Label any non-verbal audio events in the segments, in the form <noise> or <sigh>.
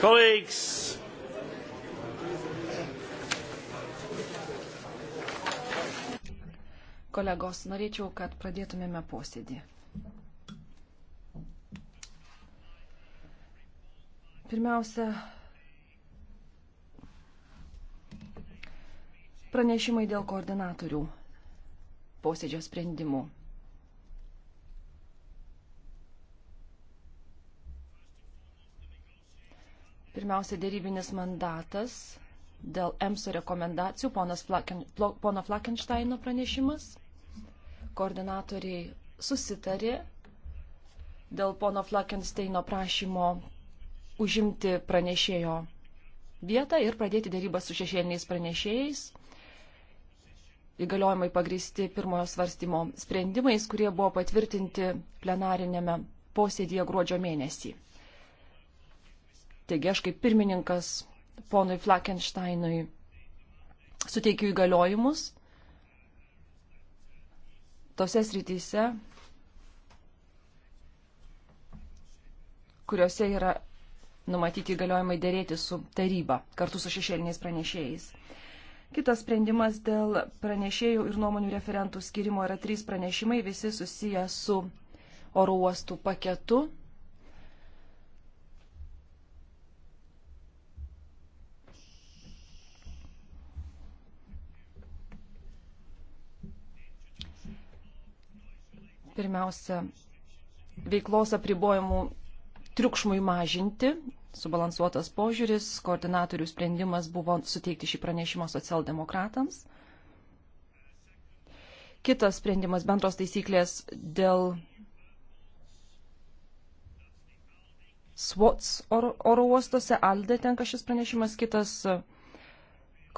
colleagues. Kolegos, norėčiau, kad pradėtumėme posėdį. Pirmiausia, pranešimai dėl koordinatorių posėdžio sprendimų. Pirmiausia, dėrybinis mandatas dėl EMSO rekomendacijų, Flaken, pono Flakensteino pranešimas. Koordinatoriai susitarė dėl pono Flakensteino prašymo užimti pranešėjo vietą ir pradėti dėrybą su šešėliniais pranešėjais. Įgaliojimai pagristi pirmojo svarstymo sprendimais, kurie buvo patvirtinti plenarinėme posėdėje gruodžio mėnesį. Taigi aš kaip pirmininkas ponui Flakensteinui suteikiu įgaliojimus tose srityse, kuriuose yra numatyti įgaliojimai dėrėti su taryba kartu su šešėliniais pranešėjais. Kitas sprendimas dėl pranešėjų ir nuomonių referentų skirimo yra trys pranešimai, visi susiję su oro uostų paketu. Pirmiausia, veiklos apribojimų triukšmui mažinti subalansuotas požiūris, koordinatorių sprendimas buvo suteikti šį pranešimą socialdemokratams. Kitas sprendimas bendros taisyklės dėl SWATS oro, oro uostuose, ALDE tenka šis pranešimas, kitas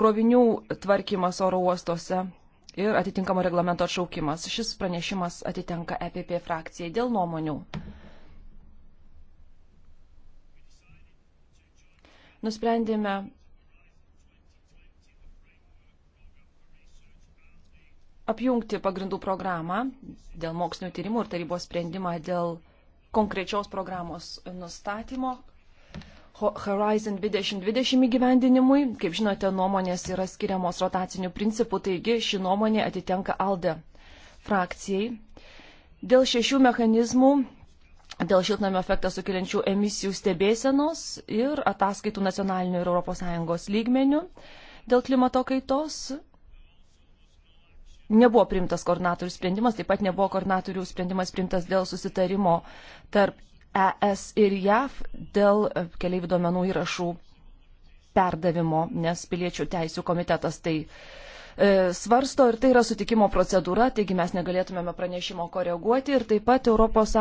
krovinių tvarkymas oro uostuose ir atitinkamo reglamento atšaukimas. Šis pranešimas atitenka EPP frakcijai dėl nuomonių. nusprendėme apjungti pagrindų programą dėl mokslinio tyrimų ir tarybos sprendimą dėl konkrečios programos nustatymo Horizon 2020 įgyvendinimui. Kaip žinote, nuomonės yra skiriamos rotacinių principų, taigi ši nuomonė atitenka ALDE frakcijai. Dėl šešių mechanizmų dėl šiltnamio efektą sukeliančių emisijų stebėsenos ir ataskaitų nacionalinių ir ES lygmenių dėl klimato kaitos. Nebuvo primtas koordinatorių sprendimas, taip pat nebuvo koordinatorių sprendimas primtas dėl susitarimo tarp ES ir JAV dėl e, keliaivių duomenų įrašų perdavimo, nes piliečių teisų komitetas tai uh, E, svarsto ir tai yra sutikimo procedūra, taigi mes negalėtumėme pranešimo koreguoti ir taip pat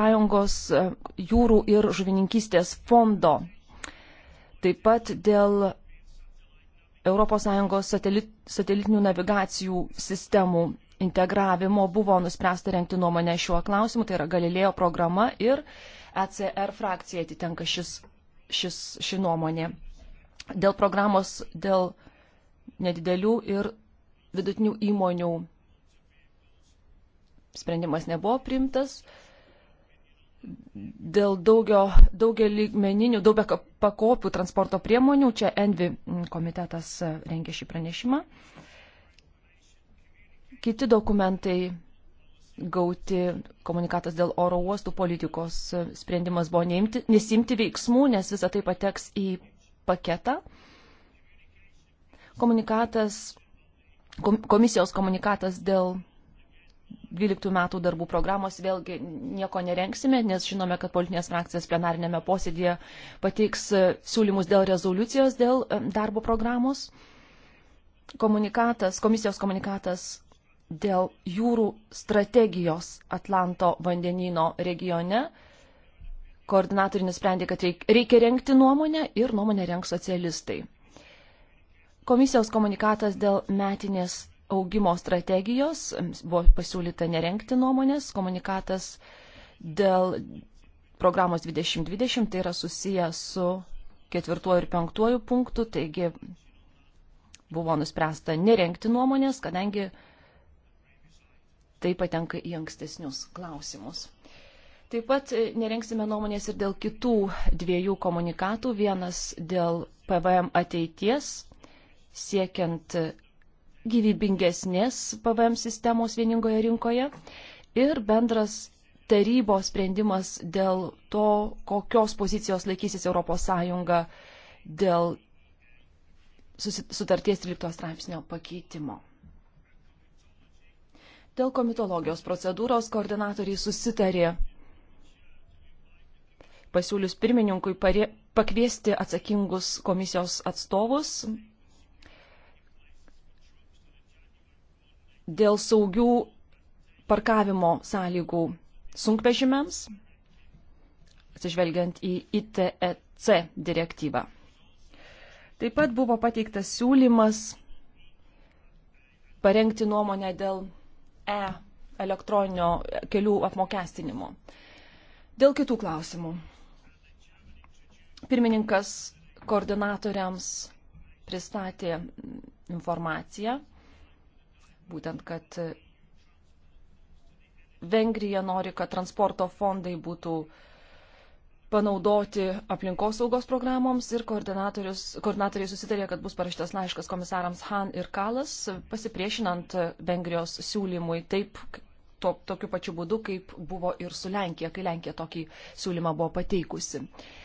ES e, jūrų ir žuvininkystės fondo. Taip pat dėl ES satelit, satelitinių navigacijų sistemų integravimo buvo nuspręsta renkti nuomonę šiuo klausimu, tai yra Galilėjo programa ir ECR frakcija atitenka šis, šis, ši nuomonė. Dėl programos, dėl nedidelių ir vidutinių įmonių sprendimas nebuvo priimtas. Dėl daugio, daugelį meninių, daug pakopų transporto priemonių, čia Envi komitetas rengė šį pranešimą. Kiti dokumentai gauti komunikatas dėl oro uostų politikos sprendimas buvo neimti, nesimti veiksmų, nes visa tai pateks į paketą. Komunikatas komisijos komunikatas dėl 12 metų darbų programos vėlgi nieko nerenksime, nes žinome, kad politinės frakcijas plenarinėme posėdėje pateiks e, siūlymus dėl rezoliucijos, dėl e, darbo programos. Komunikatas, komisijos komunikatas dėl jūrų strategijos Atlanto vandenino regione. Koordinatoriai nusprendė, kad reikia renkti nuomonę ir nuomonę renks socialistai. Komisijos komunikatas dėl metinės augimo strategijos buvo pasiūlyta nerenkti nuomonės, komunikatas dėl programos 2020 tai yra susiję su ketvirtuoju ir penktuoju punktu, taigi buvo nuspręsta nerenkti nuomonės, kadangi tai patenka į ankstesnius klausimus. Taip pat e, nerenksime nuomonės ir dėl kitų dviejų komunikatų. Vienas dėl PVM ateities siekiant gyvybingesnės PVM sistemos vieningoje rinkoje ir bendras tarybos sprendimas dėl to, kokios pozicijos laikysis ES dėl sutarties 13 straipsnio pakeitimo. Dėl komitologijos procedūros koordinatoriai susitarė pasiūlius pirmininkui pakviesti atsakingus komisijos atstovus dėl saugių parkavimo sąlygų sunkvežimiams, atsižvelgiant į ITEC direktyvą. Taip pat buvo pateiktas siūlymas parengti nuomonę dėl e elektroninio kelių apmokestinimo. Dėl kitų klausimų. Pirmininkas koordinatoriams pristatė informaciją būtent, kad Vengrija nori, kad transporto fondai būtų panaudoti aplinkosaugos programoms ir koordinatoriai susitarė, kad bus parašytas laiškas komisarams Han ir Kalas, pasipriešinant Vengrijos siūlymui taip, to, tokiu pačiu būdu, kaip buvo ir su Lenkija, kai Lenkija tokį siūlymą buvo pateikusi. Uh,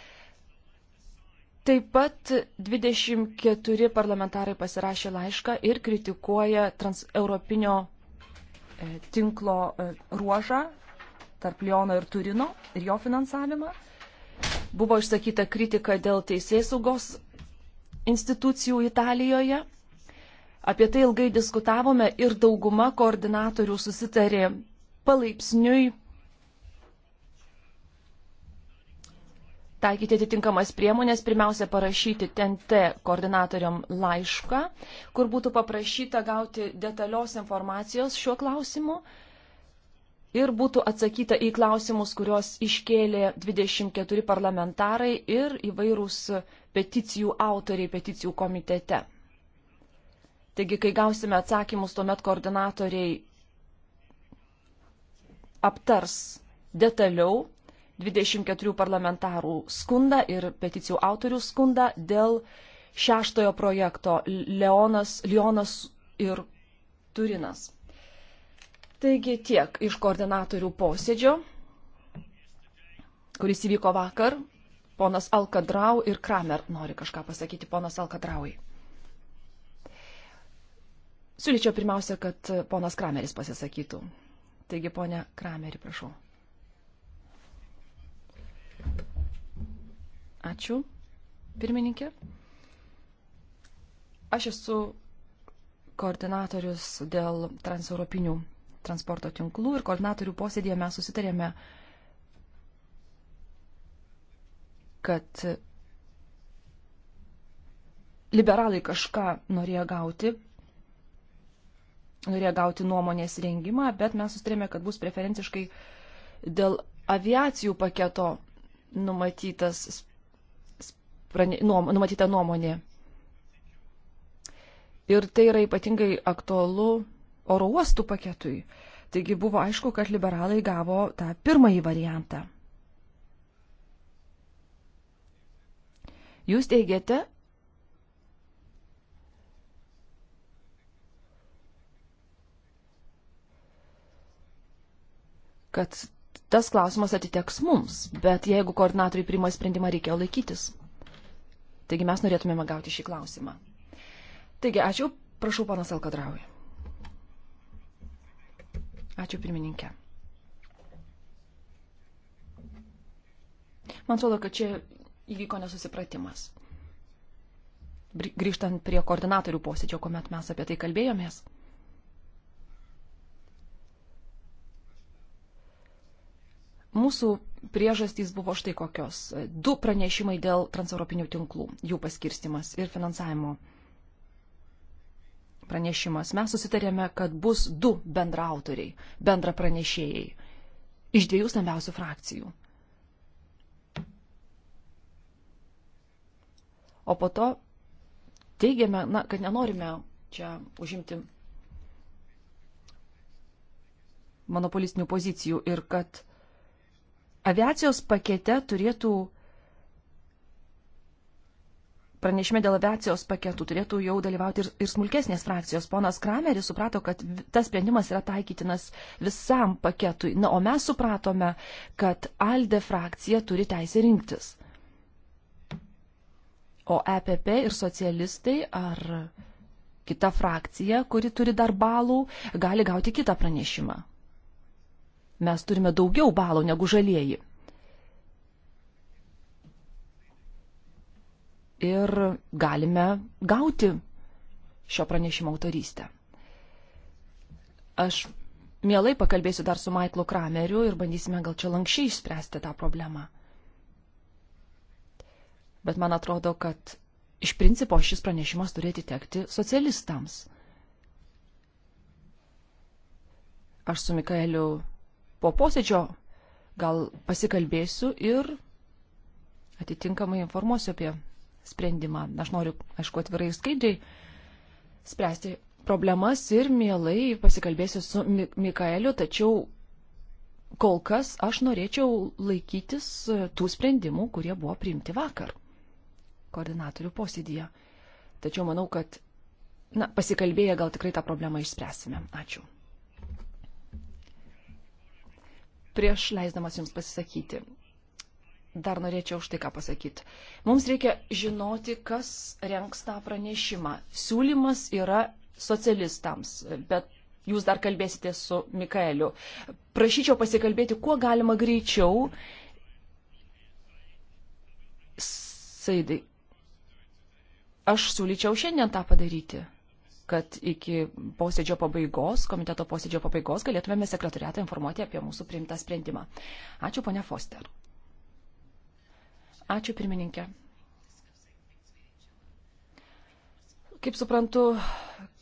Taip pat 24 parlamentarai pasirašė laišką ir kritikuoja transeuropinio e, tinklo e, ruožą tarp Liono ir Turino ir jo finansavimą. Buvo išsakyta kritika dėl teisėsaugos institucijų Italijoje. Apie tai ilgai diskutavome ir dauguma koordinatorių susitarė palaipsniui taikyti atitinkamas priemonės, pirmiausia parašyti TNT koordinatoriam laišką, kur būtų paprašyta gauti detalios informacijos šiuo klausimu ir būtų atsakyta į klausimus, kuriuos iškėlė 24 parlamentarai ir įvairūs peticijų autoriai peticijų komitete. Taigi, kai gausime atsakymus, tuomet koordinatoriai aptars detaliau 24 parlamentarų skundą ir peticijų autorių skundą dėl šeštojo projekto Leonas, Leonas ir Turinas. Taigi tiek iš koordinatorių posėdžio, kuris įvyko vakar. Ponas Alkadrau ir Kramer nori kažką pasakyti, ponas Alkadraui. Siūlyčiau pirmiausia, kad ponas Krameris pasisakytų. Taigi, ponia Kramerį, prašau. Ačiū, pirmininkė. Aš esu koordinatorius dėl transeuropinių transporto tinklų ir koordinatorių posėdėje mes susitarėme, kad liberalai kažką norėjo gauti, norėjo gauti nuomonės rengimą, bet mes susitarėme, kad bus preferenciškai dėl aviacijų paketo numatytas prane, nuom, numatyta nuomonė. Ir tai yra ypatingai aktualu oro uostų paketui. Taigi buvo aišku, kad liberalai gavo tą pirmąjį variantą. Jūs teigiate, kad tas klausimas atiteks mums, bet jeigu koordinatoriai priima sprendimą, reikėjo laikytis. Taigi mes norėtumėme gauti šį klausimą. Taigi, ačiū, prašau, panas Alkadraui. Ačiū, pirmininkė. Man atrodo, kad čia įvyko nesusipratimas. Grįžtant prie koordinatorių posėdžio, kuomet mes apie tai kalbėjomės. Mūsų priežastys buvo štai kokios. Du pranešimai dėl transeuropinių tinklų, jų paskirstimas ir finansavimo pranešimas. Mes susitarėme, kad bus du bendraautoriai, bendra pranešėjai iš dviejų stambiausių frakcijų. O po to teigiame, na, kad nenorime čia užimti monopolistinių pozicijų ir kad uh, Aviacijos pakete turėtų, pranešime dėl aviacijos paketų turėtų jau dalyvauti ir, ir smulkesnės frakcijos. Ponas Krameris suprato, kad tas sprendimas yra taikytinas visam paketui. Na, o mes supratome, kad ALDE frakcija turi teisę rinktis. O EPP ir socialistai ar kita frakcija, kuri turi dar balų, gali gauti kitą pranešimą mes turime daugiau balų negu žalieji. Ir galime gauti šio pranešimo autorystę. Aš mielai pakalbėsiu dar su Maiklu Krameriu ir bandysime gal čia lankščiai išspręsti tą problemą. Bet man atrodo, kad iš principo šis pranešimas turėtų tekti socialistams. Aš su Mikaeliu po posėdžio gal pasikalbėsiu ir atitinkamai informuosiu apie sprendimą. Aš noriu, aišku, atvirai ir skaidriai spręsti problemas ir mielai pasikalbėsiu su Mikaeliu, tačiau kol kas aš norėčiau laikytis e, tų sprendimų, kurie buvo priimti vakar koordinatorių posėdėje. Tačiau manau, kad na, pasikalbėję gal tikrai tą problemą išspręsime. Ačiū. prieš leisdamas jums pasisakyti. Dar norėčiau už tai ką pasakyti. Mums reikia žinoti, kas renks tą pranešimą. Siūlymas yra socialistams, bet jūs dar kalbėsite su Mikaeliu. Prašyčiau pasikalbėti kuo galima greičiau. Saidai, aš siūlyčiau šiandien tą padaryti kad iki posėdžio pabaigos, komiteto posėdžio pabaigos galėtumėme sekretoriatą informuoti apie mūsų priimtą sprendimą. Ačiū, ponia Foster. Ačiū, pirmininkė. Kaip suprantu,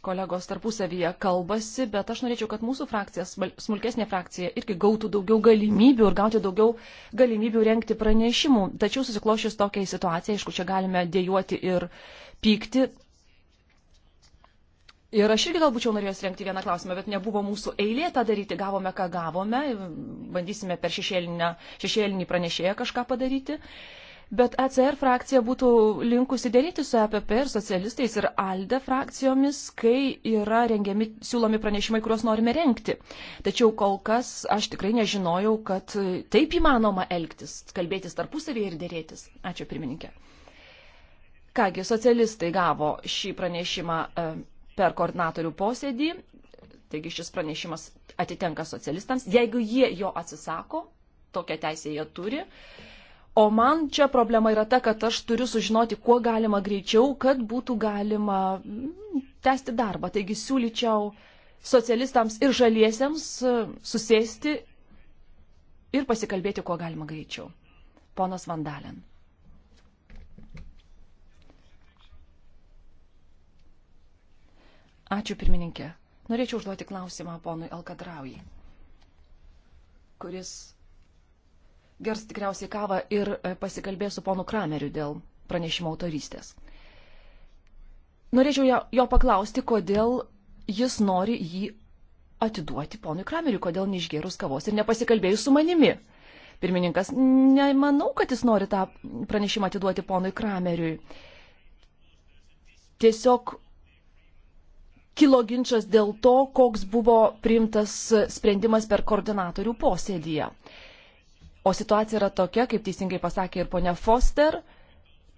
kolegos tarpusavyje kalbasi, bet aš norėčiau, kad mūsų frakcija, smulkesnė frakcija, irgi gautų daugiau galimybių ir gauti daugiau galimybių renkti pranešimų. Tačiau susiklošius tokiai situacijai, aišku, čia galime dėjoti ir pykti, Ir aš irgi gal būčiau norėjęs rengti vieną klausimą, bet nebuvo mūsų eilė tą daryti, gavome, ką gavome, bandysime per šešėlinį pranešėją kažką padaryti. Bet ECR frakcija būtų linkusi dėrėti su EPP ir socialistais ir ALDE frakcijomis, kai yra rengiami siūlomi pranešimai, kuriuos norime renkti. Tačiau kol kas aš tikrai nežinojau, kad taip įmanoma elgtis, kalbėtis tarpusavėje ir dėrėtis. Ačiū pirmininkė. Kągi, socialistai gavo šį pranešimą. E, per koordinatorių posėdį, taigi šis pranešimas atitenka socialistams, jeigu jie jo atsisako, tokią teisę jie turi. O man čia problema yra ta, kad aš turiu sužinoti, kuo galima greičiau, kad būtų galima mm, tęsti darbą. Taigi siūlyčiau socialistams ir žaliesiems e, susėsti ir pasikalbėti, kuo galima greičiau. Ponas Vandalen. Ačiū pirmininkė. Norėčiau užduoti klausimą ponui Alkadraujai, kuris gers tikriausiai kavą ir e, pasikalbės su ponu Krameriu dėl pranešimo autorystės. Norėčiau jo paklausti, kodėl jis nori jį atiduoti ponui Krameriu, kodėl neišgerus kavos ir nepasikalbėjus su manimi. Pirmininkas, nemanau, kad jis nori tą pranešimą atiduoti ponui Krameriui. Tiesiog kilo ginčas dėl to, koks buvo priimtas sprendimas per koordinatorių posėdyje. O situacija yra tokia, kaip teisingai pasakė ir ponia Foster,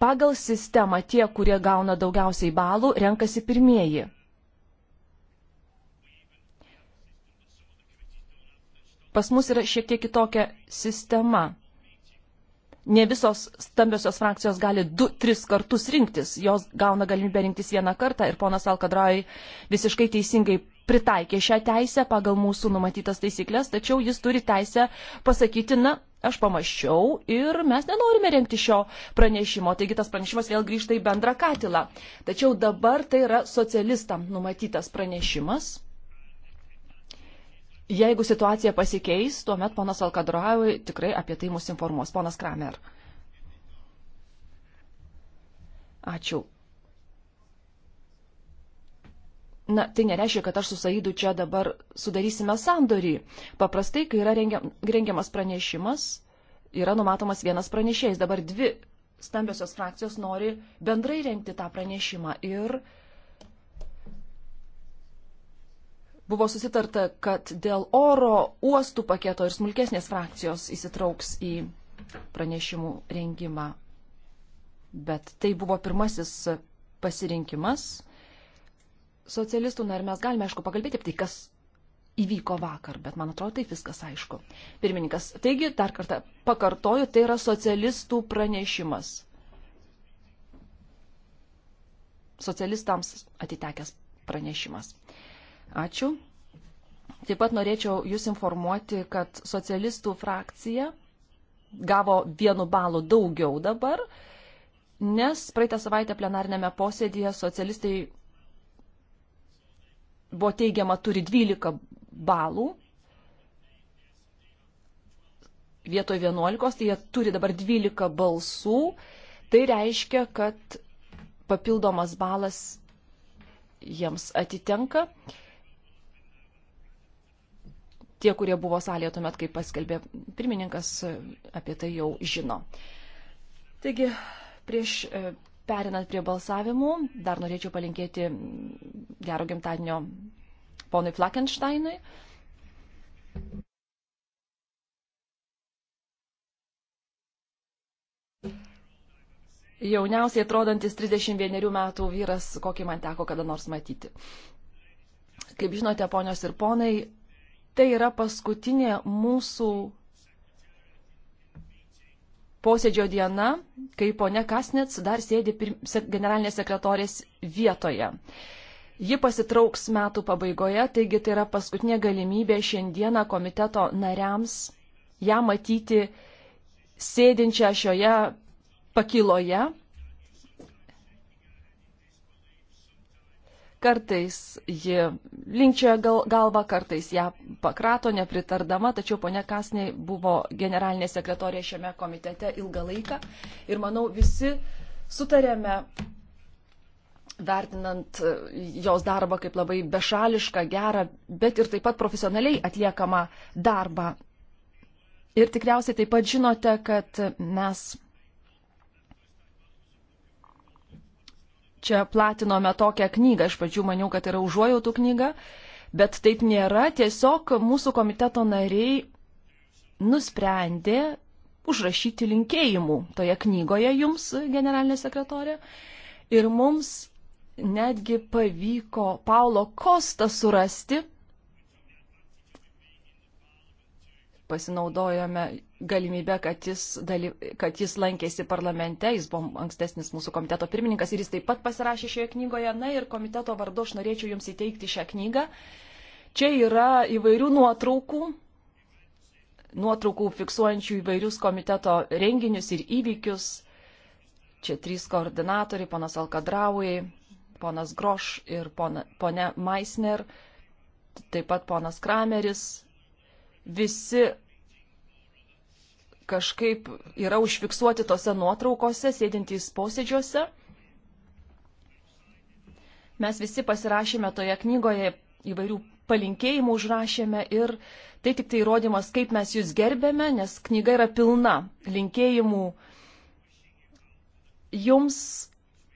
pagal sistemą tie, kurie gauna daugiausiai balų, renkasi pirmieji. Pas mus yra šiek tiek kitokia sistema ne visos stambiosios frakcijos gali du, tris kartus rinktis. Jos gauna galimybę rinktis vieną kartą ir ponas Alkadraui visiškai teisingai pritaikė šią teisę pagal mūsų numatytas taisyklės, tačiau jis turi teisę pasakyti, na, aš pamaščiau ir mes nenorime renkti šio pranešimo, taigi tas pranešimas vėl grįžta į bendrą katilą. Tačiau dabar tai yra socialistam numatytas pranešimas Jeigu situacija pasikeis, tuomet ponas Alkadraui tikrai apie tai mus informuos. Ponas Kramer. Ačiū. Na, tai nereiškia, kad aš su Saidu čia dabar sudarysime sandorį. Paprastai, kai yra rengiamas pranešimas, yra numatomas vienas pranešėjas. Dabar dvi stambiosios frakcijos nori bendrai rengti tą pranešimą. Ir uh, buvo susitarta, kad dėl oro uostų paketo ir smulkesnės frakcijos įsitrauks į pranešimų rengimą. Bet tai buvo pirmasis pasirinkimas socialistų, na ir mes galime, aišku, pakalbėti apie tai, kas įvyko vakar, bet man atrodo, taip viskas aišku. Pirmininkas, taigi, dar kartą pakartoju, tai yra socialistų pranešimas. Socialistams atitekęs pranešimas. Ačiū. Taip pat norėčiau Jūs informuoti, kad socialistų frakcija gavo vienu balu daugiau dabar, nes praeitą savaitę plenarnėme posėdėje socialistai buvo teigiama turi 12 balų vietoj 11, tai jie turi dabar 12 balsų. Tai reiškia, kad papildomas balas jiems atitenka. Uh, tie, kurie buvo salėje tuomet, kai paskelbė pirmininkas, apie tai jau žino. Taigi, prieš e, perinant prie balsavimų, dar norėčiau palinkėti gero gimtadienio ponui Flakensteinui. Jauniausiai atrodantis 31 metų vyras, kokį man teko kada nors matyti. Kaip žinote, ponios ir ponai, Tai yra paskutinė mūsų posėdžio diena, kai ponia Kasnets dar sėdi generalinės sekretorės vietoje. Ji pasitrauks metų pabaigoje, taigi tai yra paskutinė galimybė šiandieną komiteto nariams ją matyti sėdinčią šioje pakiloje Kartais ji linkčioja gal, galvą, kartais ją pakrato nepritardama, tačiau ponia Kasnei buvo generalinė sekretorija šiame komitete ilgą laiką ir manau visi sutarėme, vertinant e, jos darbą kaip labai bešališką, gerą, bet ir taip pat profesionaliai atliekamą darbą. Ir tikriausiai taip pat žinote, kad mes čia platinome tokią knygą. Iš pradžių maniau, kad yra užuojautų knyga, bet taip nėra. Tiesiog mūsų komiteto nariai nusprendė užrašyti linkėjimų toje knygoje jums, generalinė sekretorė. Ir mums netgi pavyko Paulo Kostą surasti pasinaudojome galimybę, kad jis, daly, kad jis lankėsi parlamente, jis buvo ankstesnis mūsų komiteto pirmininkas ir jis taip pat pasirašė šioje knygoje. Na ir komiteto vardu aš norėčiau Jums įteikti šią knygą. Čia yra įvairių nuotraukų, nuotraukų fiksuojančių įvairius komiteto renginius ir įvykius. Čia trys koordinatoriai, ponas Alkadraujai, ponas Groš ir pona, ponia Maisner, taip pat ponas Krameris, visi kažkaip yra užfiksuoti tose nuotraukose, sėdintys posėdžiuose. Mes visi pasirašėme toje knygoje įvairių palinkėjimų užrašėme ir tai tik tai įrodymas, kaip mes jūs gerbėme, nes knyga yra pilna linkėjimų jums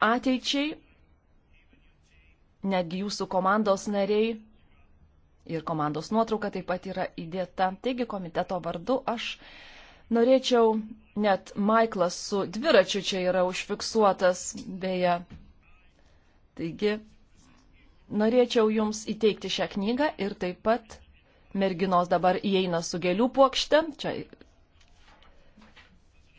ateičiai, netgi jūsų komandos nariai ir komandos nuotrauka taip pat yra įdėta. Taigi komiteto vardu aš norėčiau, net Maiklas su dviračiu čia yra užfiksuotas, beje. Taigi norėčiau jums įteikti šią knygą ir taip pat merginos dabar įeina su gėlių puokšte. Čia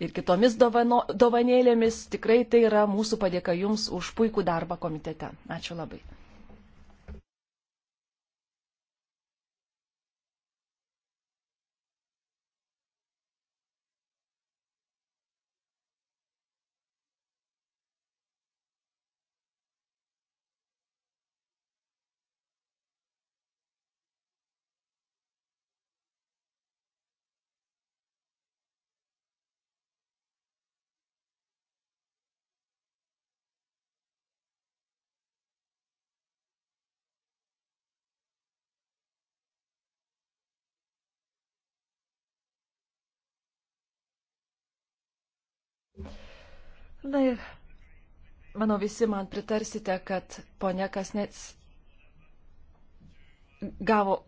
ir kitomis dovano, dovanėlėmis. Tikrai tai yra mūsų padėka Jums už puikų darbą komitete. Ačiū labai. Na ir manau visi man pritarsite, kad ponia Kasnets gavo,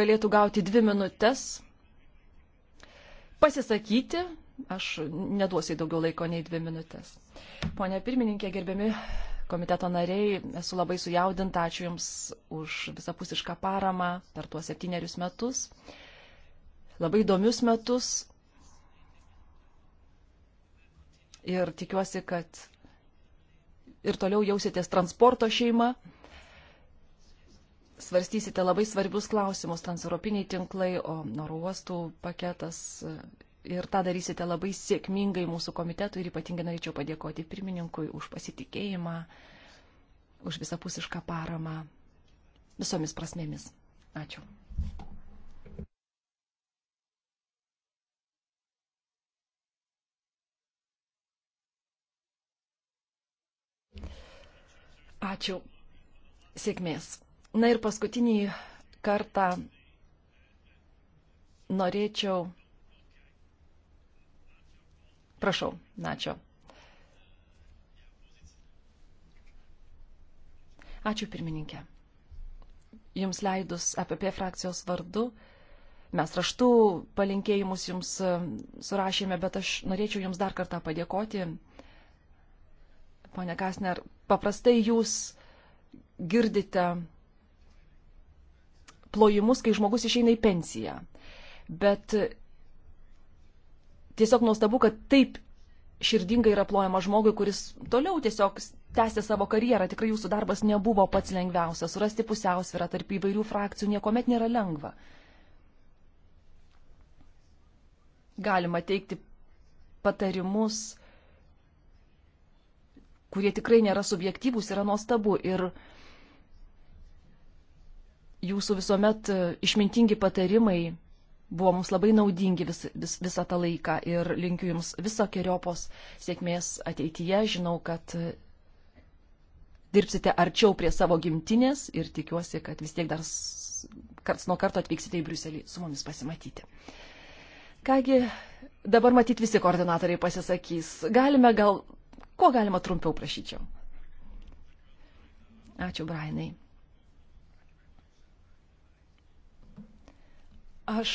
galėtų gauti dvi minutės pasisakyti. Aš neduosiu daugiau laiko nei dvi minutės. Pone pirmininkė, gerbiami komiteto nariai, esu labai sujaudinta, ačiū Jums už visapusišką paramą per tuos septynerius metus. Labai įdomius metus, ir tikiuosi, kad ir toliau jausitės transporto šeima, svarstysite labai svarbius klausimus, transeuropiniai tinklai, o noro uostų paketas. Ir tą darysite labai sėkmingai mūsų komitetui ir ypatingai norėčiau padėkoti pirmininkui už pasitikėjimą, už visapusišką paramą visomis prasmėmis. Ačiū. Ačiū. Sėkmės. Na ir paskutinį kartą norėčiau. Prašau, Načio. Ačiū pirmininkė. Jums leidus APP frakcijos vardu mes raštų palinkėjimus jums e, surašėme, bet aš norėčiau jums dar kartą padėkoti Pone Kasner, paprastai jūs girdite plojimus, kai žmogus išeina į pensiją. Bet tiesiog nuostabu, kad taip širdingai yra plojama žmogui, kuris toliau tiesiog tęsė savo karjerą. Tikrai jūsų darbas nebuvo pats lengviausias. Surasti pusiausvyrą tarp įvairių frakcijų niekuomet nėra lengva. Galima teikti patarimus kurie tikrai nėra subjektyvūs, yra nuostabu. Ir jūsų visuomet e, išmintingi patarimai buvo mums labai naudingi vis, vis, visą tą laiką ir linkiu Jums viso keriopos sėkmės ateityje. Žinau, kad e, dirbsite arčiau prie savo gimtinės ir tikiuosi, kad vis tiek dar karts nuo karto atvyksite į Briuselį su mumis pasimatyti. Kągi, dabar matyt visi koordinatoriai pasisakys. Galime gal Ko galima trumpiau prašyčiau? Ačiū, Brainai. Aš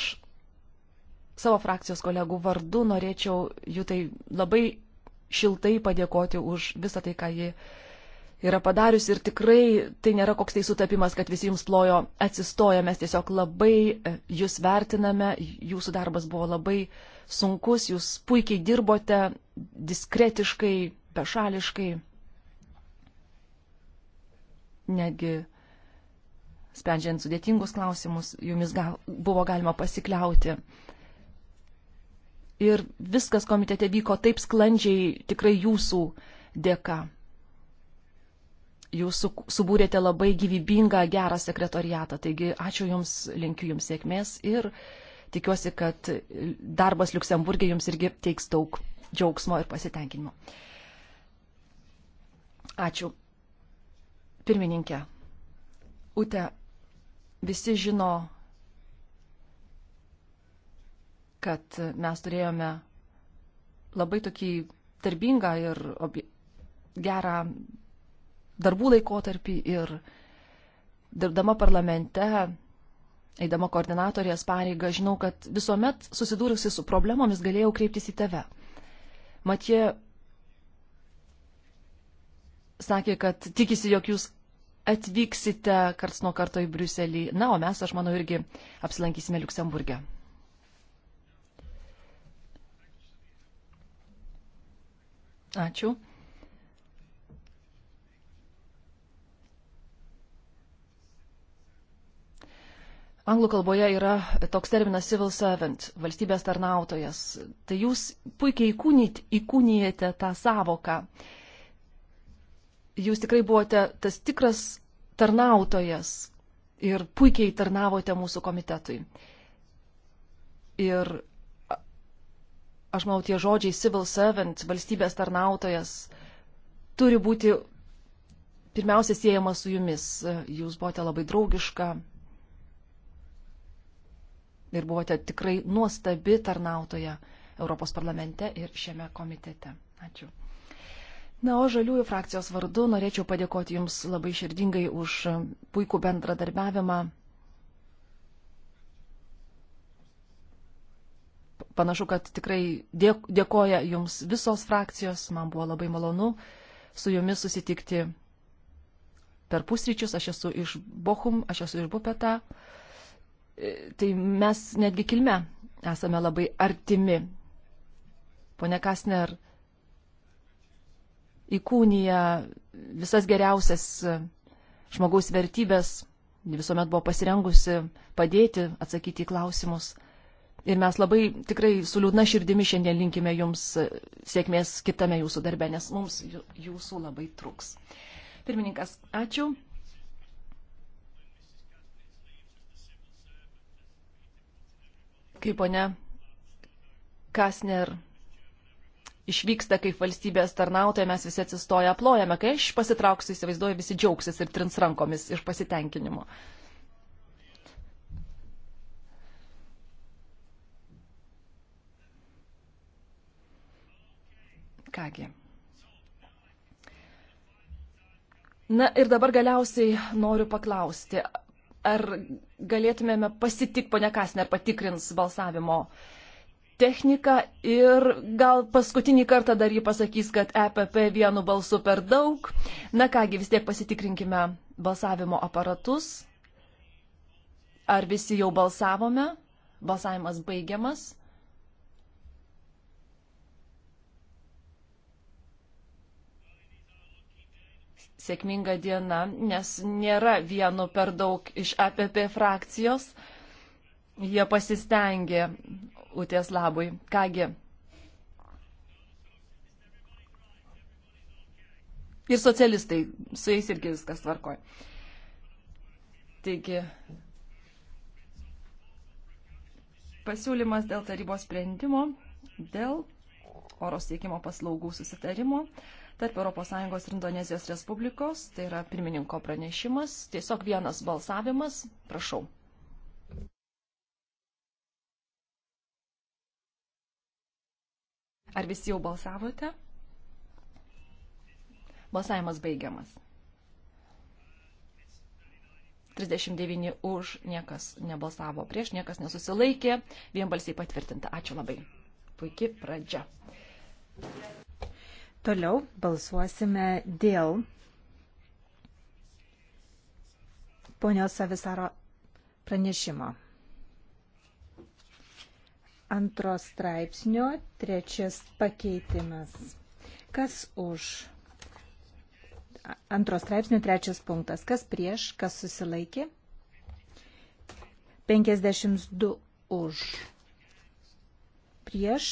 savo frakcijos kolegų vardu norėčiau jų tai labai šiltai padėkoti už visą tai, ką ji yra padariusi ir tikrai tai nėra koks tai sutapimas, kad visi jums plojo atsistoję, mes tiesiog labai e, jūs vertiname, jūsų darbas buvo labai sunkus, jūs puikiai dirbote, diskretiškai, bešališkai, netgi sprendžiant sudėtingus klausimus, jumis gal, buvo galima pasikliauti. Ir viskas komitete vyko taip sklandžiai, tikrai jūsų dėka. Jūs subūrėte labai gyvybingą, gerą sekretoriatą. Taigi ačiū Jums, linkiu Jums sėkmės ir tikiuosi, kad darbas Luksemburgė Jums irgi teiks daug džiaugsmo ir pasitenkinimo. Ačiū. Pirmininkė, Ute, visi žino, kad mes turėjome labai tokį darbingą ir gerą darbų laikotarpį ir dirbdama parlamente, eidama koordinatorės pareigą, žinau, kad visuomet susidūrusi su problemomis galėjau kreiptis į tave. Matie, sakė, kad tikisi, jog jūs atvyksite karts nuo karto į Briuselį. Na, o mes, aš manau, irgi apsilankysime Luksemburgė. Ačiū. Anglų kalboje yra toks terminas civil servant, valstybės tarnautojas. Tai jūs puikiai įkūnijate tą savoką. Uh, jūs tikrai buvote tas tikras tarnautojas ir puikiai tarnavote mūsų komitetui. Ir aš manau, tie žodžiai civil servant, valstybės tarnautojas, turi būti pirmiausia siejama su jumis. Jūs buvote labai draugiška ir buvote tikrai nuostabi tarnautoja Europos parlamente ir šiame komitete. Ačiū. Na, o žaliųjų frakcijos vardu norėčiau padėkoti Jums labai širdingai už puikų bendradarbiavimą. Panašu, kad tikrai dėkoja Jums visos frakcijos, man buvo labai malonu su Jumis susitikti per pusryčius, aš esu iš Bochum, aš esu iš Bupeta. E, tai mes netgi kilme esame labai artimi. Pone Kasner, ar įkūnyja visas geriausias e, žmogaus vertybės, visuomet buvo pasirengusi padėti atsakyti į klausimus. Ir mes labai tikrai su liūdna širdimi šiandien linkime jums e, sėkmės kitame jūsų darbe, nes mums jūsų labai truks. Pirmininkas, ačiū. Kaip ponia Kasner išvyksta kaip valstybės tarnautoja, mes visi atsistoja, aplojame, kai aš pasitrauksiu, įsivaizduoju, visi džiaugsis ir trins rankomis iš pasitenkinimo. Kągi. Na ir dabar galiausiai noriu paklausti, ar galėtumėme pasitik, ponia Kasner patikrins balsavimo uh, techniką ir gal paskutinį kartą dar ji pasakys, kad EPP vienu balsu per daug. Na kągi, vis tiek pasitikrinkime balsavimo aparatus. Ar visi jau balsavome? Balsavimas baigiamas. Sėkminga diena, nes nėra vieno per daug iš APP e frakcijos. Jie pasistengė Utės labui. Kągi. Ir socialistai, su jais irgi viskas tvarkoj. Taigi, pasiūlymas dėl tarybos sprendimo, dėl oro siekimo paslaugų susitarimo tarp ES ir Indonezijos Respublikos, tai yra pirmininko pranešimas, tiesiog vienas balsavimas, prašau. Ar visi jau balsavote? Balsavimas baigiamas. 39 už, niekas nebalsavo prieš, niekas nesusilaikė, vienbalsiai patvirtinta. Ačiū labai. Puikiai pradžia. Toliau balsuosime dėl ponios Savisaro pranešimo antros straipsnio trečias pakeitimas. Kas už? Antros straipsnio trečias punktas. Kas prieš, kas susilaikė? 52 už. Prieš,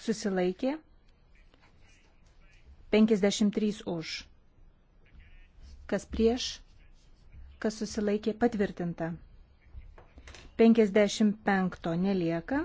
susilaikė? 53 už. Kas prieš, kas susilaikė? Patvirtinta. 55 nelieka.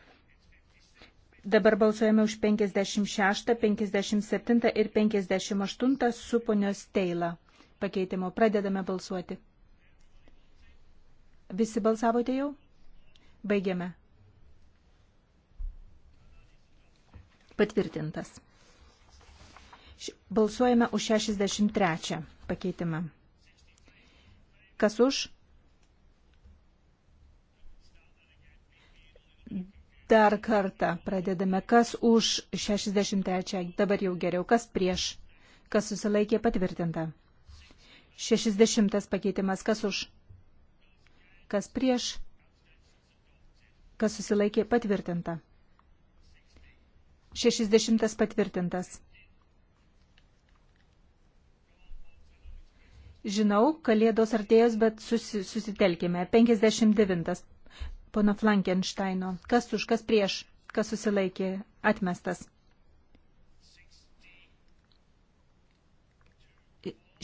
Dabar balsuojame už 56, 57 ir 58 su ponios Teila pakeitimo. Pradedame balsuoti. Visi balsavote jau? Baigiame. Patvirtintas. Balsuojame už 63 pakeitimą. Kas už? Dar kartą pradedame, kas už 63, dabar jau geriau, kas prieš, kas susilaikė patvirtinta. 60 pakeitimas, kas už, kas prieš, kas susilaikė patvirtinta. 60 patvirtintas. Žinau, kalėdos artėjos, bet susi, susitelkime. 59 pono Flankensteino. Kas už, kas prieš, kas susilaikė, atmestas.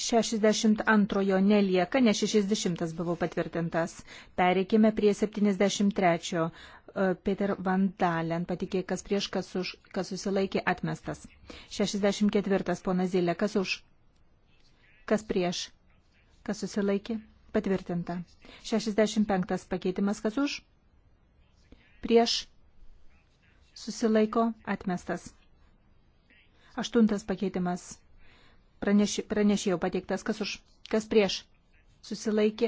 62 nelieka, nes 60 buvo patvirtintas. Pereikime prie 73. E, Peter Van Dalen patikė, kas prieš, kas, už, kas susilaikė atmestas. 64. Pona Zilė, kas už, kas prieš, kas susilaikė patvirtinta. 65. Pakeitimas, kas už, prieš susilaiko atmestas. Aštuntas pakeitimas Praneši, pranešėjo pateiktas, kas už, kas prieš susilaikė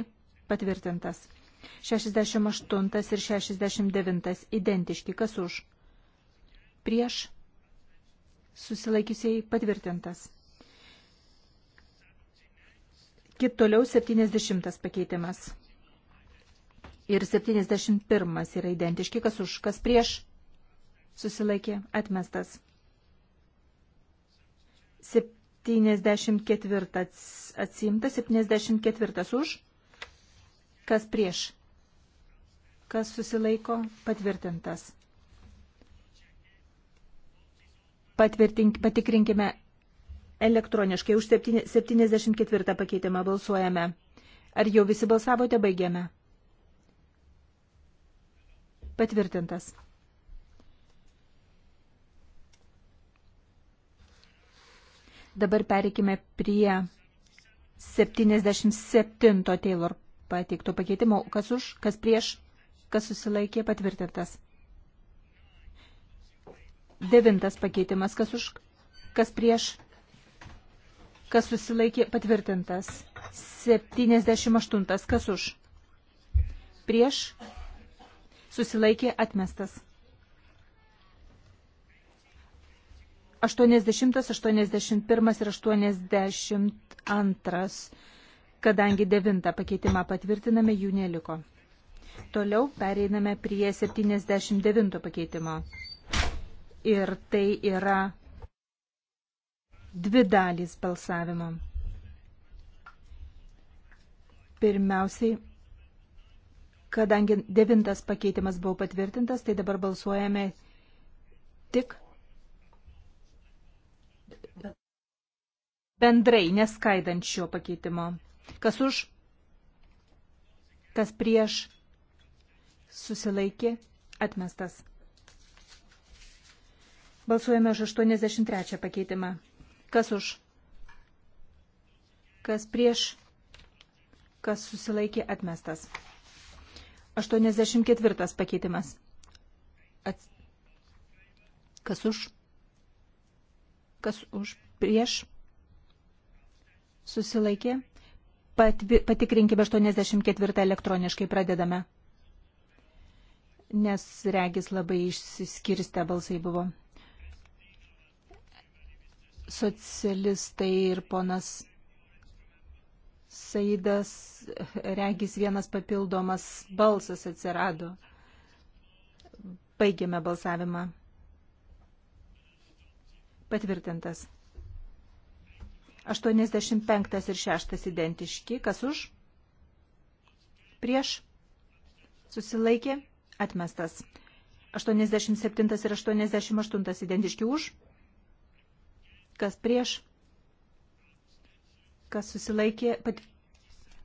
patvirtintas. 68 ir 69 identiški, kas už, prieš susilaikiusiai patvirtintas. Kit toliau 70 pakeitimas ir 71 yra identiški, kas už, kas prieš susilaikė atmestas. 74 atsimta, 74 už, kas prieš, kas susilaiko patvirtintas. Patvirtink, patikrinkime elektroniškai už 74 pakeitimą balsuojame. Ar jau visi balsavote, baigiame? Patvirtintas. Dabar pereikime prie 77 Taylor pateikto pakeitimo. Kas už, kas prieš, kas susilaikė patvirtintas. Devintas pakeitimas. Kas už, kas prieš, kas susilaikė patvirtintas. 78. Kas už? Prieš susilaikė atmestas. 80, 81 ir 82, kadangi 9 pakeitimą patvirtiname, jų neliko. Toliau pereiname prie 79 pakeitimo. Ir tai yra dvi dalys balsavimo. Pirmiausiai Kadangi devintas pakeitimas buvo patvirtintas, tai dabar balsuojame tik bendrai, neskaidant šio pakeitimo. Kas už, kas prieš, susilaikė, atmestas. Balsuojame už 83 pakeitimą. Kas už, kas prieš, kas susilaikė, atmestas. 84 pakeitimas. Ats... Kas už? Kas už? Prieš? Susilaikė? Patvi... Patikrinkime 84 elektroniškai pradedame. Nes regis labai išsiskirstę balsai buvo. Socialistai ir ponas Saidas, regis vienas papildomas balsas atsirado. Baigėme balsavimą. Patvirtintas. 85 ir 6 identiški. Kas už? Prieš? Susilaikė? Atmestas. 87 ir 88 identiški už? Kas prieš? kas susilaikė, pat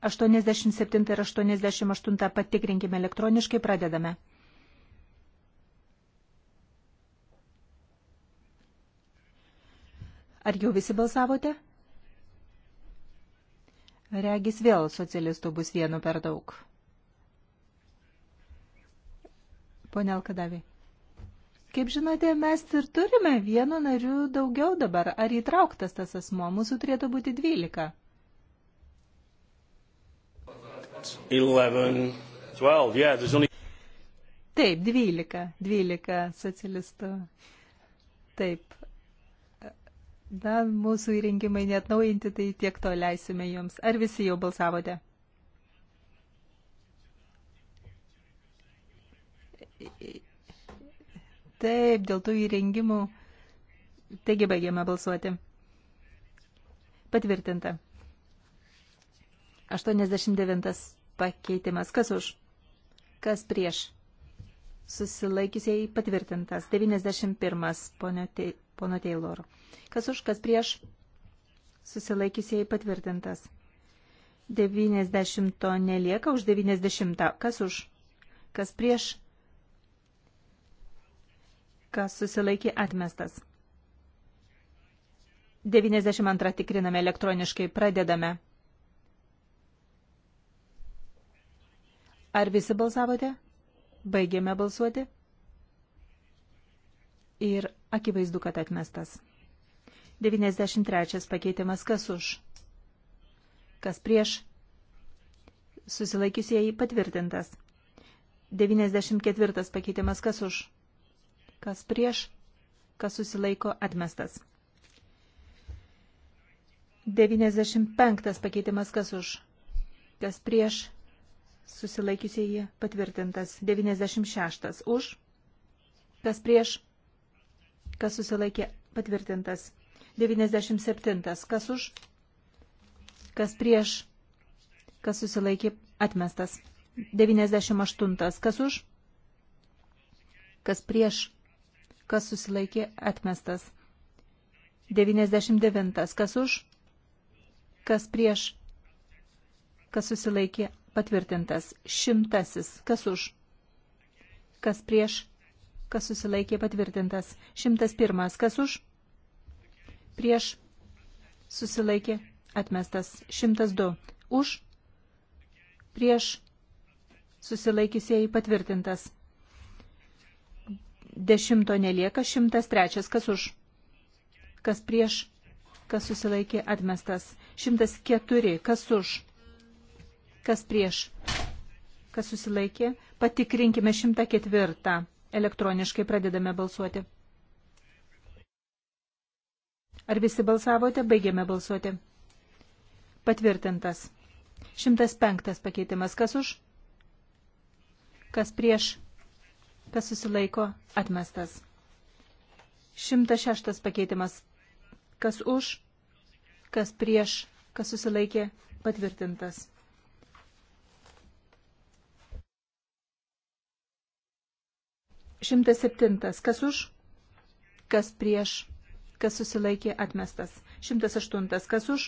87 ir 88 patikrinkime elektroniškai, pradedame. Ar jau visi balsavote? Regis vėl socialistų bus vienu per daug. Pone Alkadavi. Kaip žinote, mes ir turime vienu nariu daugiau dabar. Ar įtrauktas tas asmo? Mūsų turėtų būti 12. 11, 12, yeah, only... Taip, 12, 12 socialistų. Taip. Na, mūsų įrengimai net naujinti, tai tiek to leisime jums. Ar visi jau balsavote? Taip, dėl tų įrengimų. Taigi baigiame balsuoti. Patvirtinta. 89 pakeitimas. Kas už? Kas prieš? Susilaikiusiai patvirtintas. 91 pono, te, pono Taylor. Kas už? Kas prieš? Susilaikiusiai patvirtintas. 90 nelieka už 90. Kas už? Kas prieš? kas susilaikė atmestas. 92 tikriname elektroniškai, pradedame. Ar visi balsavote? Baigėme balsuoti? Ir akivaizdu, kad atmestas. 93 pakeitimas kas už? Kas prieš? Susilaikiusieji patvirtintas. 94 pakeitimas kas už? kas prieš, kas susilaiko atmestas. 95 pakeitimas kas už, kas prieš, susilaikiusieji patvirtintas. 96 už, kas prieš, kas susilaikė patvirtintas. 97 kas už, kas prieš, kas susilaikė atmestas. 98 kas už, kas prieš, kas susilaikė atmestas. 99. Kas už, kas prieš, kas susilaikė patvirtintas. Šimtasis. Kas už, kas prieš, kas susilaikė patvirtintas. Šimtas pirmas. Kas už, prieš, susilaikė atmestas. Šimtas du. Už, prieš, susilaikysėjai patvirtintas. Dešimto nelieka, šimtas trečias, kas už, kas prieš, kas susilaikė atmestas, šimtas keturi, kas už, kas prieš, kas susilaikė, patikrinkime šimtą ketvirtą, elektroniškai pradedame balsuoti. Ar visi balsavote, baigėme balsuoti. Patvirtintas. 105 pakeitimas. Kas už? Kas prieš? kas susilaiko, atmestas. 106 pakeitimas, kas už, kas prieš, kas susilaikė, patvirtintas. Šimtas septintas. Kas už? Kas prieš? Kas susilaikė atmestas? Šimtas aštuntas. Kas už?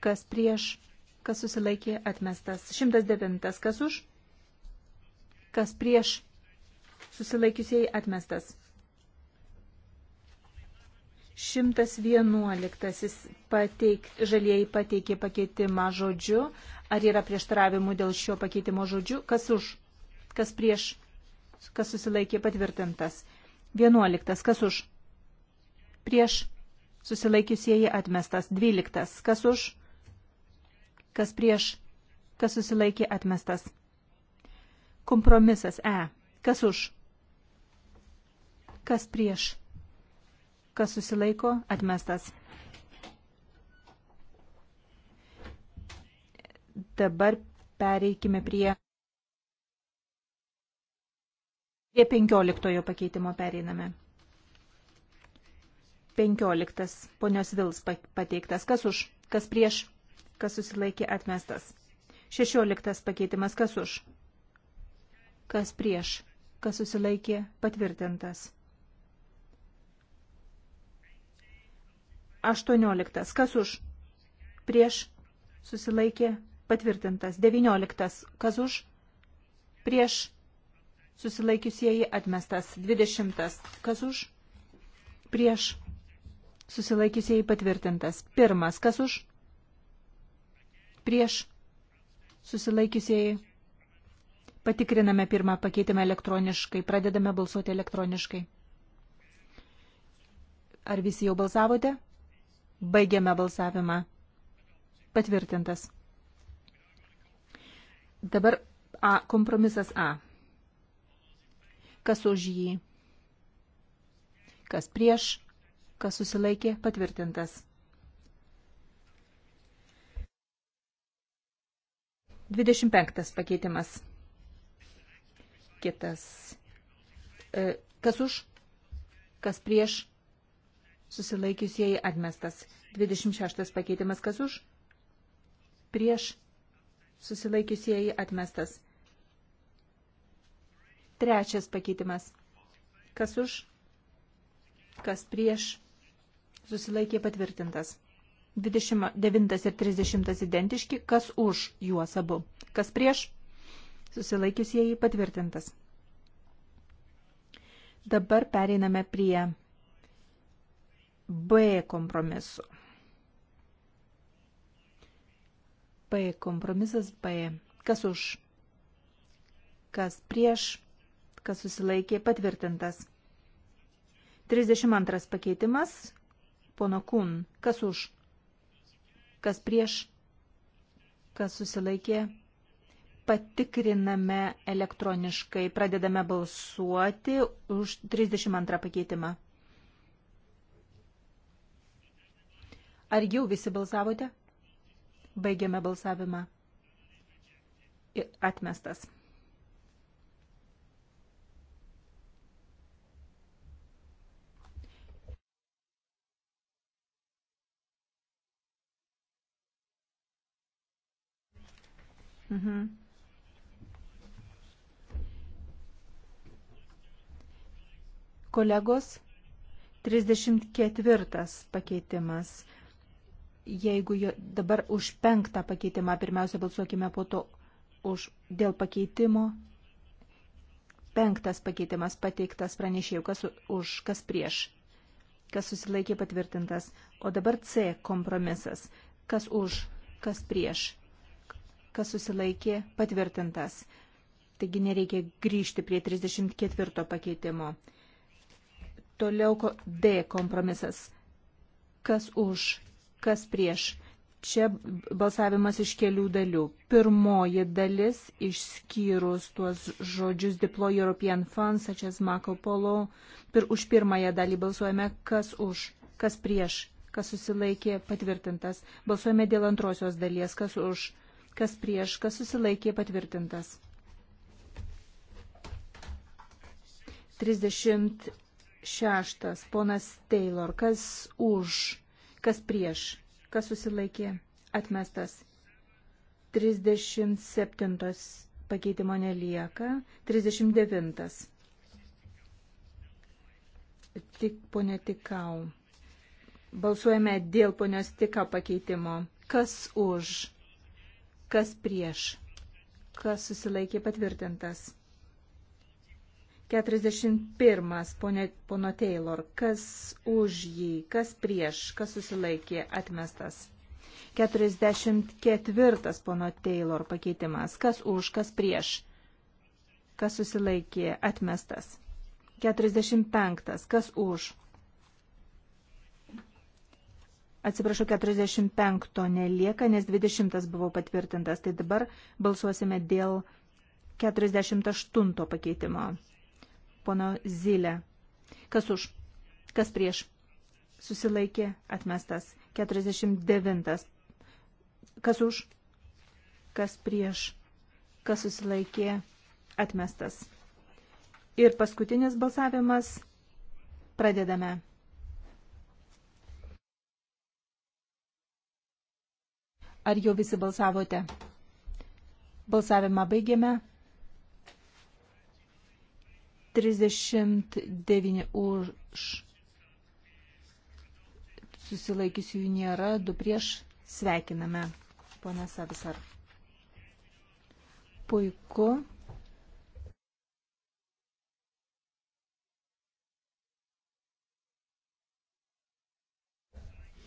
Kas prieš? Kas susilaikė atmestas? Šimtas devintas. Kas už? kas prieš susilaikiusiai atmestas. 111 pateik, žalieji pateikė pakeitimą žodžiu. Ar yra prieštaravimų dėl šio pakeitimo žodžiu? Kas už? Kas prieš? Kas susilaikė patvirtintas? 11. Kas už? Prieš susilaikiusieji atmestas. 12. Kas už? Kas prieš? Kas susilaikė atmestas. Kompromisas E. Kas už? Kas prieš? Kas susilaiko? Atmestas. Dabar pereikime prie, prie 15 pakeitimo pereiname. 15. Ponios Vils pateiktas. Kas už? Kas prieš? Kas susilaikė atmestas? 16. Pakeitimas. Kas už? kas prieš, kas susilaikė patvirtintas. 18. Kas už? Prieš susilaikė patvirtintas. 19. Kas už? Prieš susilaikiusieji atmestas. 20. Kas už? Prieš susilaikiusieji patvirtintas. 1. Kas už? Prieš susilaikiusieji Patikriname pirmą pakeitimą elektroniškai, pradedame balsuoti elektroniškai. Ar visi jau balsavote? Baigiame balsavimą. Patvirtintas. Dabar A, kompromisas A. Kas už jį? Kas prieš? Kas susilaikė? Patvirtintas. 25 pakeitimas. Kitas. E, kas už, kas prieš, susilaikiusieji atmestas. 26 pakeitimas kas už, prieš, susilaikiusieji atmestas. Trečias pakeitimas. Kas už, kas prieš, susilaikė patvirtintas. 29 ir 30 identiški, kas už juos abu, kas prieš, susilaikiusieji patvirtintas. Dabar pereiname prie B kompromisų. B kompromisas B. Kas už? Kas prieš? Kas susilaikė patvirtintas. 32 pakeitimas. Pono Kun. Kas už? Kas prieš? Kas susilaikė patikriname elektroniškai, pradedame balsuoti už 32 pakeitimą. Ar jau visi balsavote? Baigiame balsavimą. Atmestas. Mhm. Kolegos, 34 pakeitimas. Jeigu jo, dabar už penktą pakeitimą pirmiausia balsuokime po to už dėl pakeitimo. Penktas pakeitimas pateiktas pranešėjų, kas už, kas prieš, kas susilaikė patvirtintas. O dabar C kompromisas, kas už, kas prieš, kas susilaikė patvirtintas. Taigi nereikia grįžti prie 34 pakeitimo. Toliau D kompromisas. Kas už, kas prieš. Čia balsavimas iš kelių dalių. Pirmoji dalis, išskyrus tuos žodžius Deploy European Funds, Ačias Marco Polo, pir, už pirmąją dalį balsuojame, kas už, kas prieš, kas susilaikė, patvirtintas. Balsuojame dėl antrosios dalies, kas už, kas prieš, kas susilaikė, patvirtintas. 30 šeštas, ponas Taylor, kas už, kas prieš, kas susilaikė, atmestas. 37 pakeitimo nelieka, 39. Tik ponė Tikau. Balsuojame dėl ponios Tikau pakeitimo. Kas už, kas prieš, kas susilaikė patvirtintas. 41. Pone, pono Taylor. Kas už jį, kas prieš, kas susilaikė atmestas. 44. Pono Taylor pakeitimas. Kas už, kas prieš, kas susilaikė atmestas. 45. Kas už? Atsiprašau, 45 nelieka, nes 20 buvo patvirtintas. Tai dabar balsuosime dėl 48 pakeitimo pono Zilė. Kas už? Kas prieš? Susilaikė atmestas. 49. Kas už? Kas prieš? Kas susilaikė atmestas. Ir paskutinis balsavimas. Pradedame. Ar jau visi balsavote? Balsavimą baigėme. 39 už susilaikiusių nėra, du prieš sveikiname, ponas Savisar. Puiku.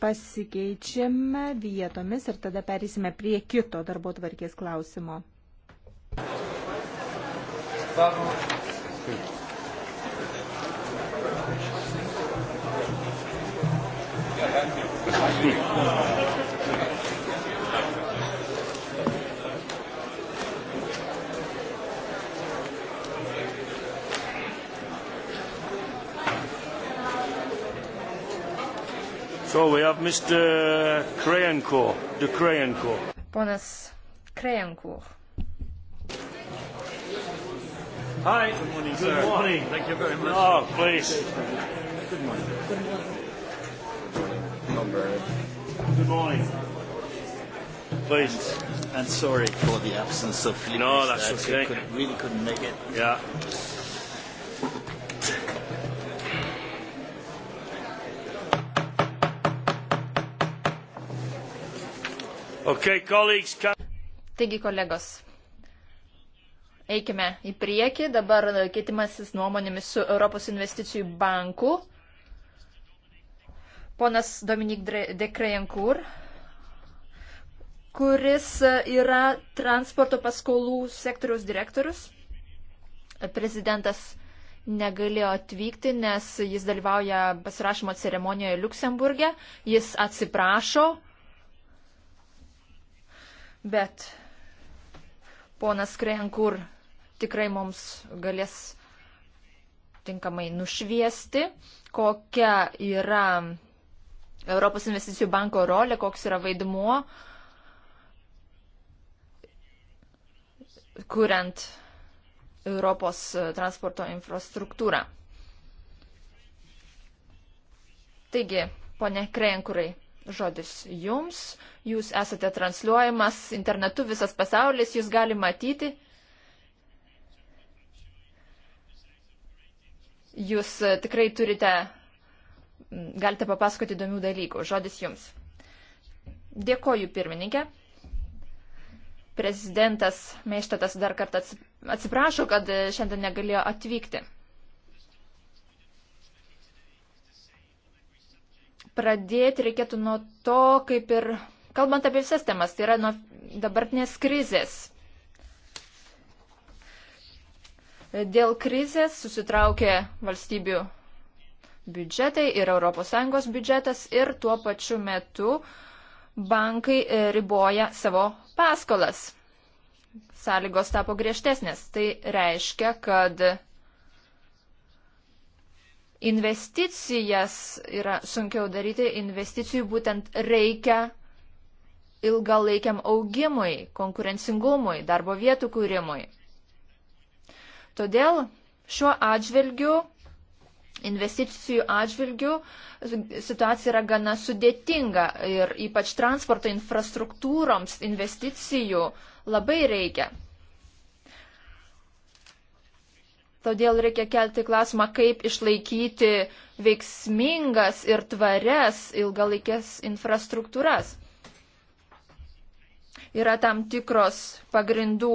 Pasikeičiame vietomis ir tada perėsime prie kito darbo tvarkės klausimo. Vamos. Sí. So we have Mr. Krayenko, the Krayenko. Ponas Krayenko. Hi. Good morning, Good sir. morning. Thank you very much. Oh, please. Good morning. Good morning number. Good morning. Please. And sorry for the absence of Philippe. No, that's that okay. Could, really couldn't make it. Yeah. Okay, colleagues, can... Taigi, kolegos, eikime į priekį. Dabar e, keitimasis nuomonėmis su Europos investicijų banku ponas Dominik de Krejankur, kuris e, yra transporto paskolų sektoriaus direktorius. Prezidentas negalėjo atvykti, nes jis dalyvauja pasirašymo ceremonijoje Luksemburgė. Jis atsiprašo, bet ponas Krejankur tikrai mums galės tinkamai nušviesti, kokia yra Europos investicijų banko rolė, koks yra vaidmuo, kuriant Europos transporto infrastruktūrą. Taigi, ponė Krejankurai, žodis jums, jūs esate transliuojamas internetu visas pasaulis, jūs gali matyti. Jūs e, tikrai turite Mm, galite papasakoti įdomių dalykų. Žodis jums. Dėkoju, pirmininkė. Prezidentas Meištatas dar kartą atsiprašo, kad šiandien negalėjo atvykti. Pradėti reikėtų nuo to, kaip ir kalbant apie visas temas, tai yra nuo dabartinės krizės. Dėl krizės susitraukė valstybių biudžetai ir ES biudžetas ir tuo pačiu metu bankai e, riboja savo paskolas. Sąlygos tapo griežtesnės. Tai reiškia, kad investicijas yra sunkiau daryti, investicijų būtent reikia ilgalaikiam augimui, konkurencingumui, darbo vietų kūrimui. Todėl šiuo atžvilgiu investicijų atžvilgių situacija yra gana sudėtinga ir ypač transporto infrastruktūroms investicijų labai reikia. Todėl reikia kelti klausimą, kaip išlaikyti veiksmingas ir tvarias ilgalaikės infrastruktūras. Yra tam tikros pagrindų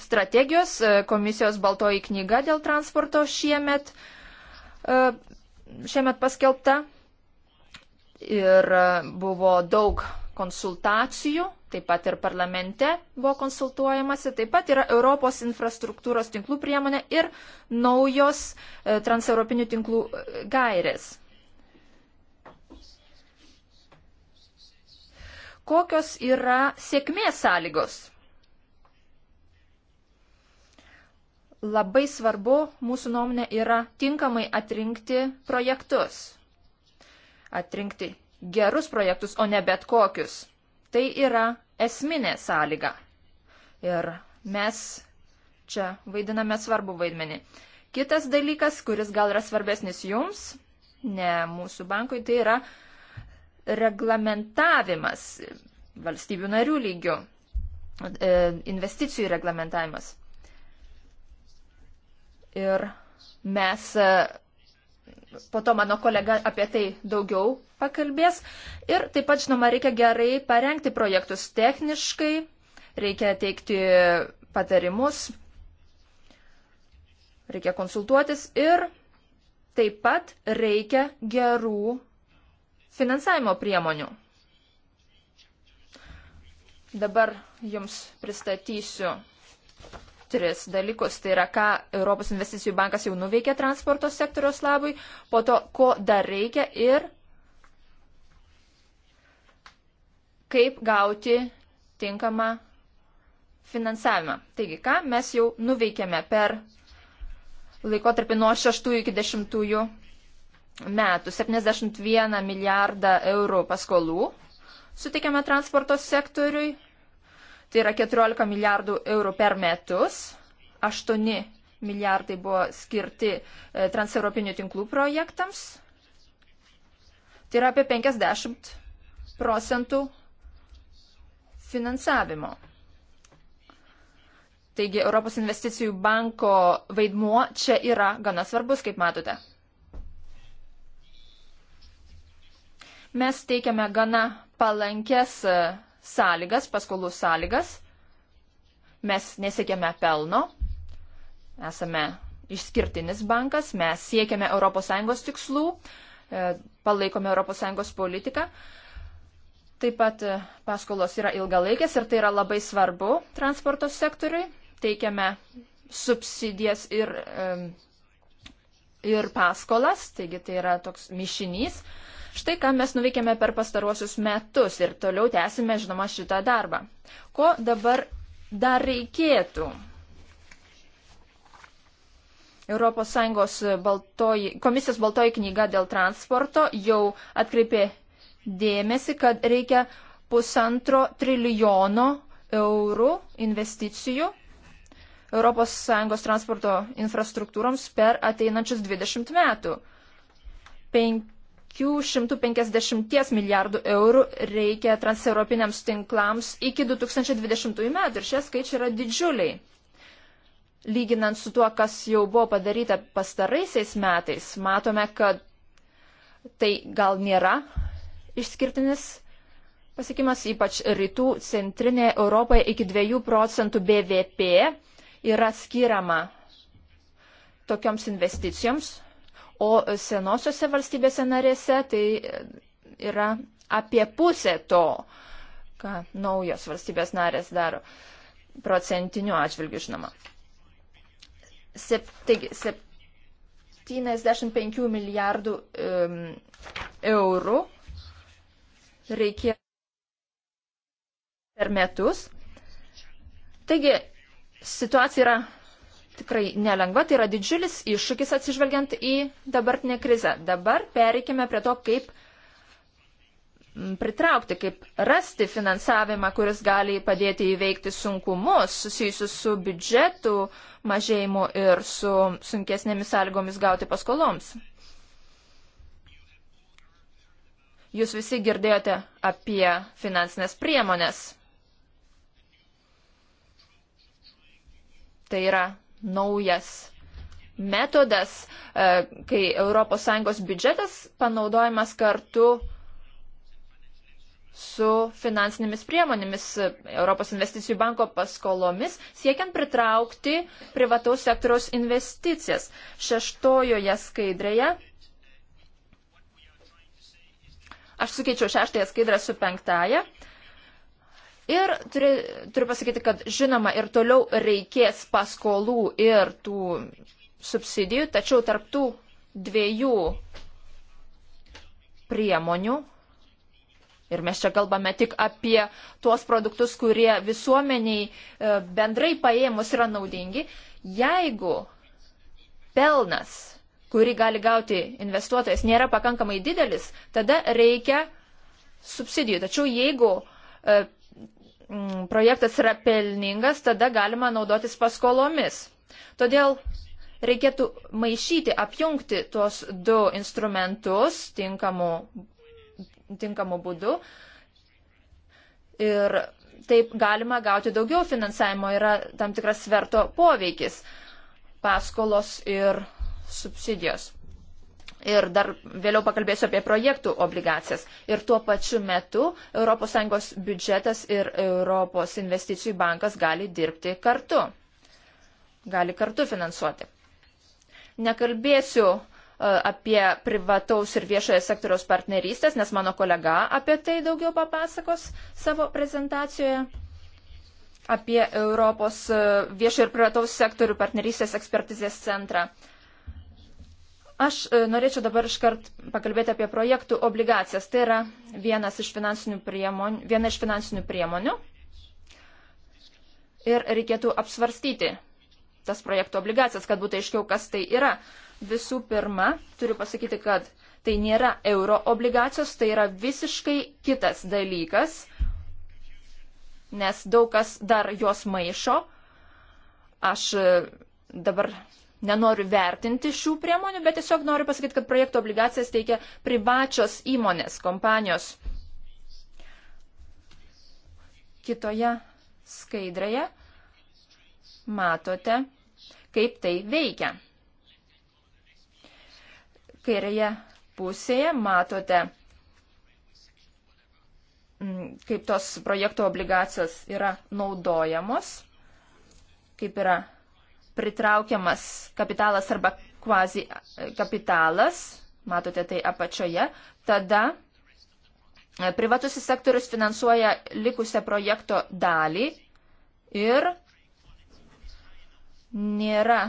strategijos, e, komisijos baltoji knyga dėl transporto šiemet, uh, E, šiemet paskelbta ir buvo daug konsultacijų, taip pat ir parlamente buvo konsultuojamasi, taip pat yra Europos infrastruktūros tinklų priemonė ir naujos e, transeuropinių tinklų e, gairės. Kokios yra sėkmės sąlygos? labai svarbu, mūsų nuomonė, yra tinkamai atrinkti projektus. Atrinkti gerus projektus, o ne bet kokius. Tai yra esminė sąlyga. Ir mes čia vaidiname svarbu vaidmenį. Kitas dalykas, kuris gal yra svarbesnis jums, ne mūsų bankui, tai yra reglamentavimas valstybių narių lygių, e, investicijų reglamentavimas. Ir mes, e, po to mano kolega apie tai daugiau pakalbės. Ir taip pat, žinoma, reikia gerai parengti projektus techniškai, reikia teikti patarimus, reikia konsultuotis ir taip pat reikia gerų finansavimo priemonių. Dabar jums pristatysiu tris dalykus. Tai yra, ką Europos investicijų bankas jau nuveikė transporto sektoriaus labui, po to, ko dar reikia ir kaip gauti tinkamą finansavimą. Taigi, ką mes jau nuveikėme per laikotarpį nuo 6 iki 10 metų 71 milijardą eurų paskolų suteikėme transporto sektoriui tai yra 14 milijardų eurų per metus, 8 milijardai buvo skirti e, transeuropinių tinklų projektams, tai yra apie 50 procentų finansavimo. Taigi Europos investicijų banko vaidmuo čia yra gana svarbus, kaip matote. Mes teikiame gana palankės e, sąlygas, paskolų sąlygas. Mes nesiekiame pelno, esame išskirtinis bankas, mes siekiame ES tikslų, e, palaikome ES politiką. Taip pat e, paskolos yra ilgalaikės ir tai yra labai svarbu transporto sektoriui. Teikiame subsidijas ir, e, ir paskolas, taigi tai yra toks mišinys. Štai ką mes nuveikėme per pastaruosius metus ir toliau tęsime, žinoma, šitą darbą. Ko dabar dar reikėtų? ES baltoji, komisijos baltoji knyga dėl transporto jau atkreipė dėmesį, kad reikia pusantro trilijono eurų investicijų ES transporto infrastruktūroms per ateinančius 20 metų. 5 550 milijardų eurų reikia transeuropiniams tinklams iki 2020 metų ir šie skaičiai yra didžiuliai. Lyginant su tuo, kas jau buvo padaryta pastaraisiais metais, matome, kad tai gal nėra išskirtinis pasiekimas, ypač rytų centrinėje Europoje iki 2 procentų BVP yra skiriama tokioms investicijoms o senosiose valstybėse narėse tai yra apie pusę to, ką naujos valstybės narės daro procentiniu atžvilgiu, žinoma. Sep, taigi, 75 milijardų um, eurų reikia per metus. Taigi, situacija yra tikrai nelengva, tai yra didžiulis iššūkis atsižvelgiant į dabartinę krizę. Dabar pereikime prie to, kaip mm, pritraukti, kaip rasti finansavimą, kuris gali padėti įveikti sunkumus susijusius su biudžetu mažėjimu ir su sunkesnėmis sąlygomis gauti paskoloms. Jūs visi girdėjote apie finansinės priemonės. Tai yra naujas metodas, e, kai ES biudžetas panaudojamas kartu su finansinėmis priemonėmis Europos investicijų banko paskolomis, siekiant pritraukti privataus sektoriaus investicijas. Šeštojoje skaidrėje. Aš sukeičiau šeštąją skaidrę su penktąją. Ir turiu, turiu pasakyti, kad žinoma ir toliau reikės paskolų ir tų subsidijų, tačiau tarptų dviejų priemonių. Ir mes čia kalbame tik apie tuos produktus, kurie visuomeniai e, bendrai paėmus yra naudingi. Jeigu pelnas, kurį gali gauti investuotojas, nėra pakankamai didelis, tada reikia subsidijų. Tačiau jeigu e, Mm, projektas yra pelningas, tada galima naudotis paskolomis. Todėl reikėtų maišyti, apjungti tuos du instrumentus tinkamu, tinkamu būdu. Ir taip galima gauti daugiau finansavimo, yra tam tikras sverto poveikis - paskolos ir subsidijos. Ir dar vėliau pakalbėsiu apie projektų obligacijas. Ir tuo pačiu metu ES biudžetas ir Europos investicijų bankas gali dirbti kartu. Gali kartu finansuoti. Nekalbėsiu e, apie privataus ir viešojo sektoriaus partnerystės, nes mano kolega apie tai daugiau papasakos savo prezentacijoje. Apie Europos e, viešojo ir privataus sektorių partnerystės ekspertizės centrą. Uh, Aš e, norėčiau dabar iškart pakalbėti apie projektų obligacijas. Tai yra vienas iš finansinių priemonių, viena iš finansinių priemonių. Ir reikėtų apsvarstyti tas projektų obligacijas, kad būtų aiškiau, kas tai yra. Visų pirma, turiu pasakyti, kad tai nėra euro obligacijos, tai yra visiškai kitas dalykas, nes daug kas dar jos maišo. Aš e, dabar Nenoriu vertinti šių priemonių, bet tiesiog noriu pasakyti, kad projektų obligacijas teikia privačios įmonės, kompanijos. Kitoje skaidrėje matote, kaip tai veikia. Kairėje pusėje matote, mm, kaip tos projekto obligacijos yra naudojamos, kaip yra pritraukiamas kapitalas arba kvazi e, kapitalas, matote tai apačioje, tada e, privatusis sektorius finansuoja likusią projekto dalį ir nėra.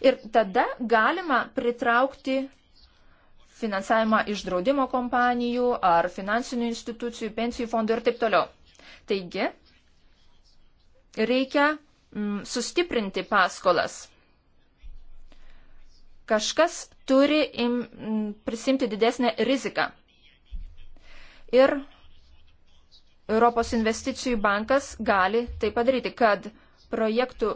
Ir tada galima pritraukti finansavimą iš draudimo kompanijų ar finansinių institucijų, pensijų fondų ir taip toliau. Taigi, reikia mm, sustiprinti paskolas. Kažkas turi im, mm, prisimti didesnę riziką. Ir Europos investicijų bankas gali tai padaryti, kad projektų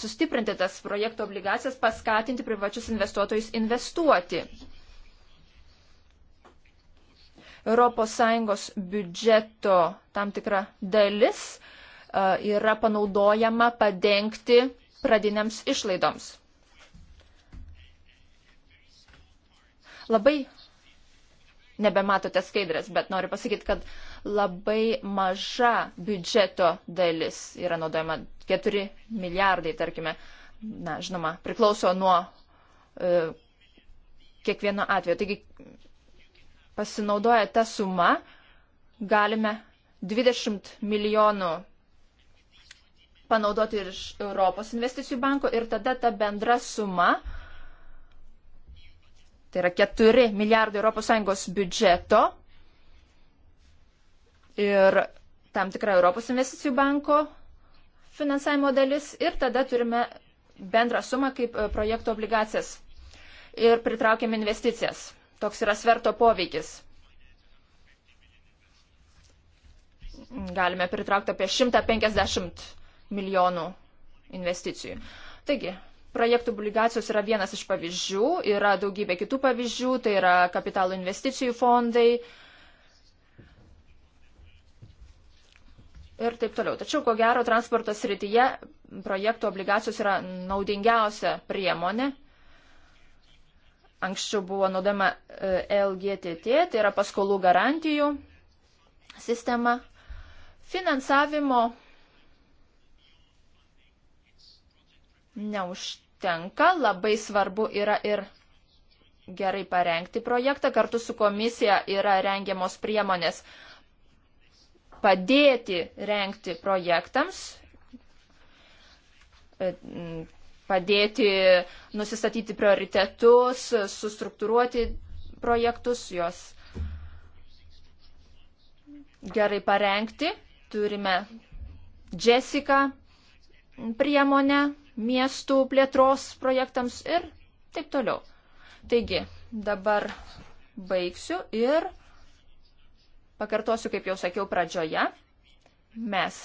sustiprinti tas projektų obligacijas, paskatinti privačius investuotojus investuoti. ES biudžeto tam tikra dalis e, yra panaudojama padengti pradiniams išlaidoms. Labai nebematote skaidrės, bet noriu pasakyti, kad labai maža biudžeto dalis yra naudojama 4 milijardai, tarkime, na, žinoma, priklauso nuo e, kiekvieno atveju. Taigi pasinaudoję tą sumą galime 20 milijonų panaudoti ir iš Europos investicijų banko ir tada ta bendra suma, tai yra 4 milijardai ES biudžeto ir tam tikra Europos investicijų banko finansavimo dalis ir tada turime bendrą sumą kaip e, projektų obligacijas ir pritraukėme investicijas. Toks yra sverto poveikis. Galime pritraukti apie 150 milijonų investicijų. Taigi, projektų obligacijos yra vienas iš pavyzdžių, yra daugybė kitų pavyzdžių, tai yra kapitalo investicijų fondai ir taip toliau. Tačiau, ko gero, transporto srityje projektų obligacijos yra naudingiausia priemonė anksčiau buvo naudojama e, LGTT, tai yra paskolų garantijų sistema. Finansavimo neužtenka, labai svarbu yra ir gerai parengti projektą. Kartu su komisija yra rengiamos priemonės padėti rengti projektams e, padėti nusistatyti prioritetus, sustruktūruoti projektus, juos gerai parengti. Turime Jessica priemonę miestų plėtros projektams ir taip toliau. Taigi, dabar baigsiu ir pakartosiu, kaip jau sakiau pradžioje. Mes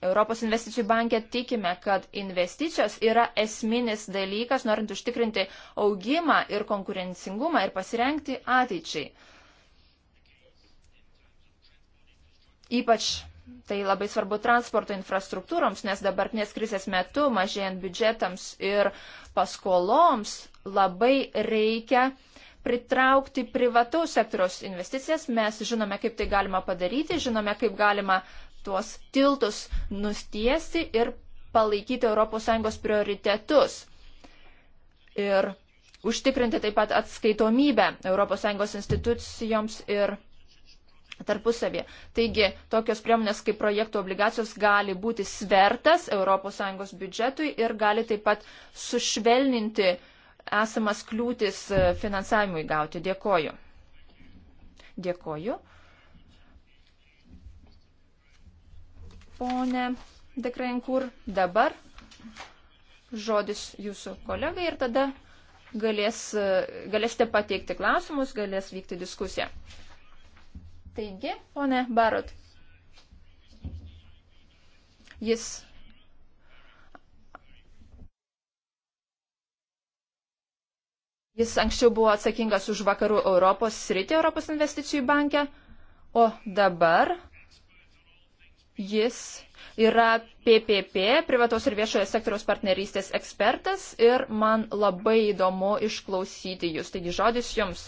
Europos investicijų bankė tikime, kad investicijos yra esminis dalykas, norint užtikrinti augimą ir konkurencingumą ir pasirengti ateičiai. Ypač tai labai svarbu transporto infrastruktūroms, nes dabartinės krizės metu, mažėjant biudžetams ir paskoloms, labai reikia pritraukti privataus sektoriaus investicijas. Mes žinome, kaip tai galima padaryti, žinome, kaip galima tuos tiltus nustiesi ir palaikyti ES prioritetus. Ir užtikrinti taip pat atskaitomybę ES institucijoms ir tarpusavė. Taigi, tokios priemonės kaip projektų obligacijos gali būti svertas ES biudžetui ir gali taip pat sušvelninti esamas kliūtis finansavimui gauti. Dėkoju. Dėkoju. ponė Dekrenkur. Dabar žodis jūsų kolegai ir tada galės, galėsite pateikti klausimus, galės vykti diskusija. Taigi, ponė Barot, jis. Jis anksčiau buvo atsakingas už vakarų Europos sritį Europos investicijų bankę, o dabar Jis yra PPP, privataus ir viešojo sektoriaus partnerystės ekspertas ir man labai įdomu išklausyti jūs. Taigi žodis jums.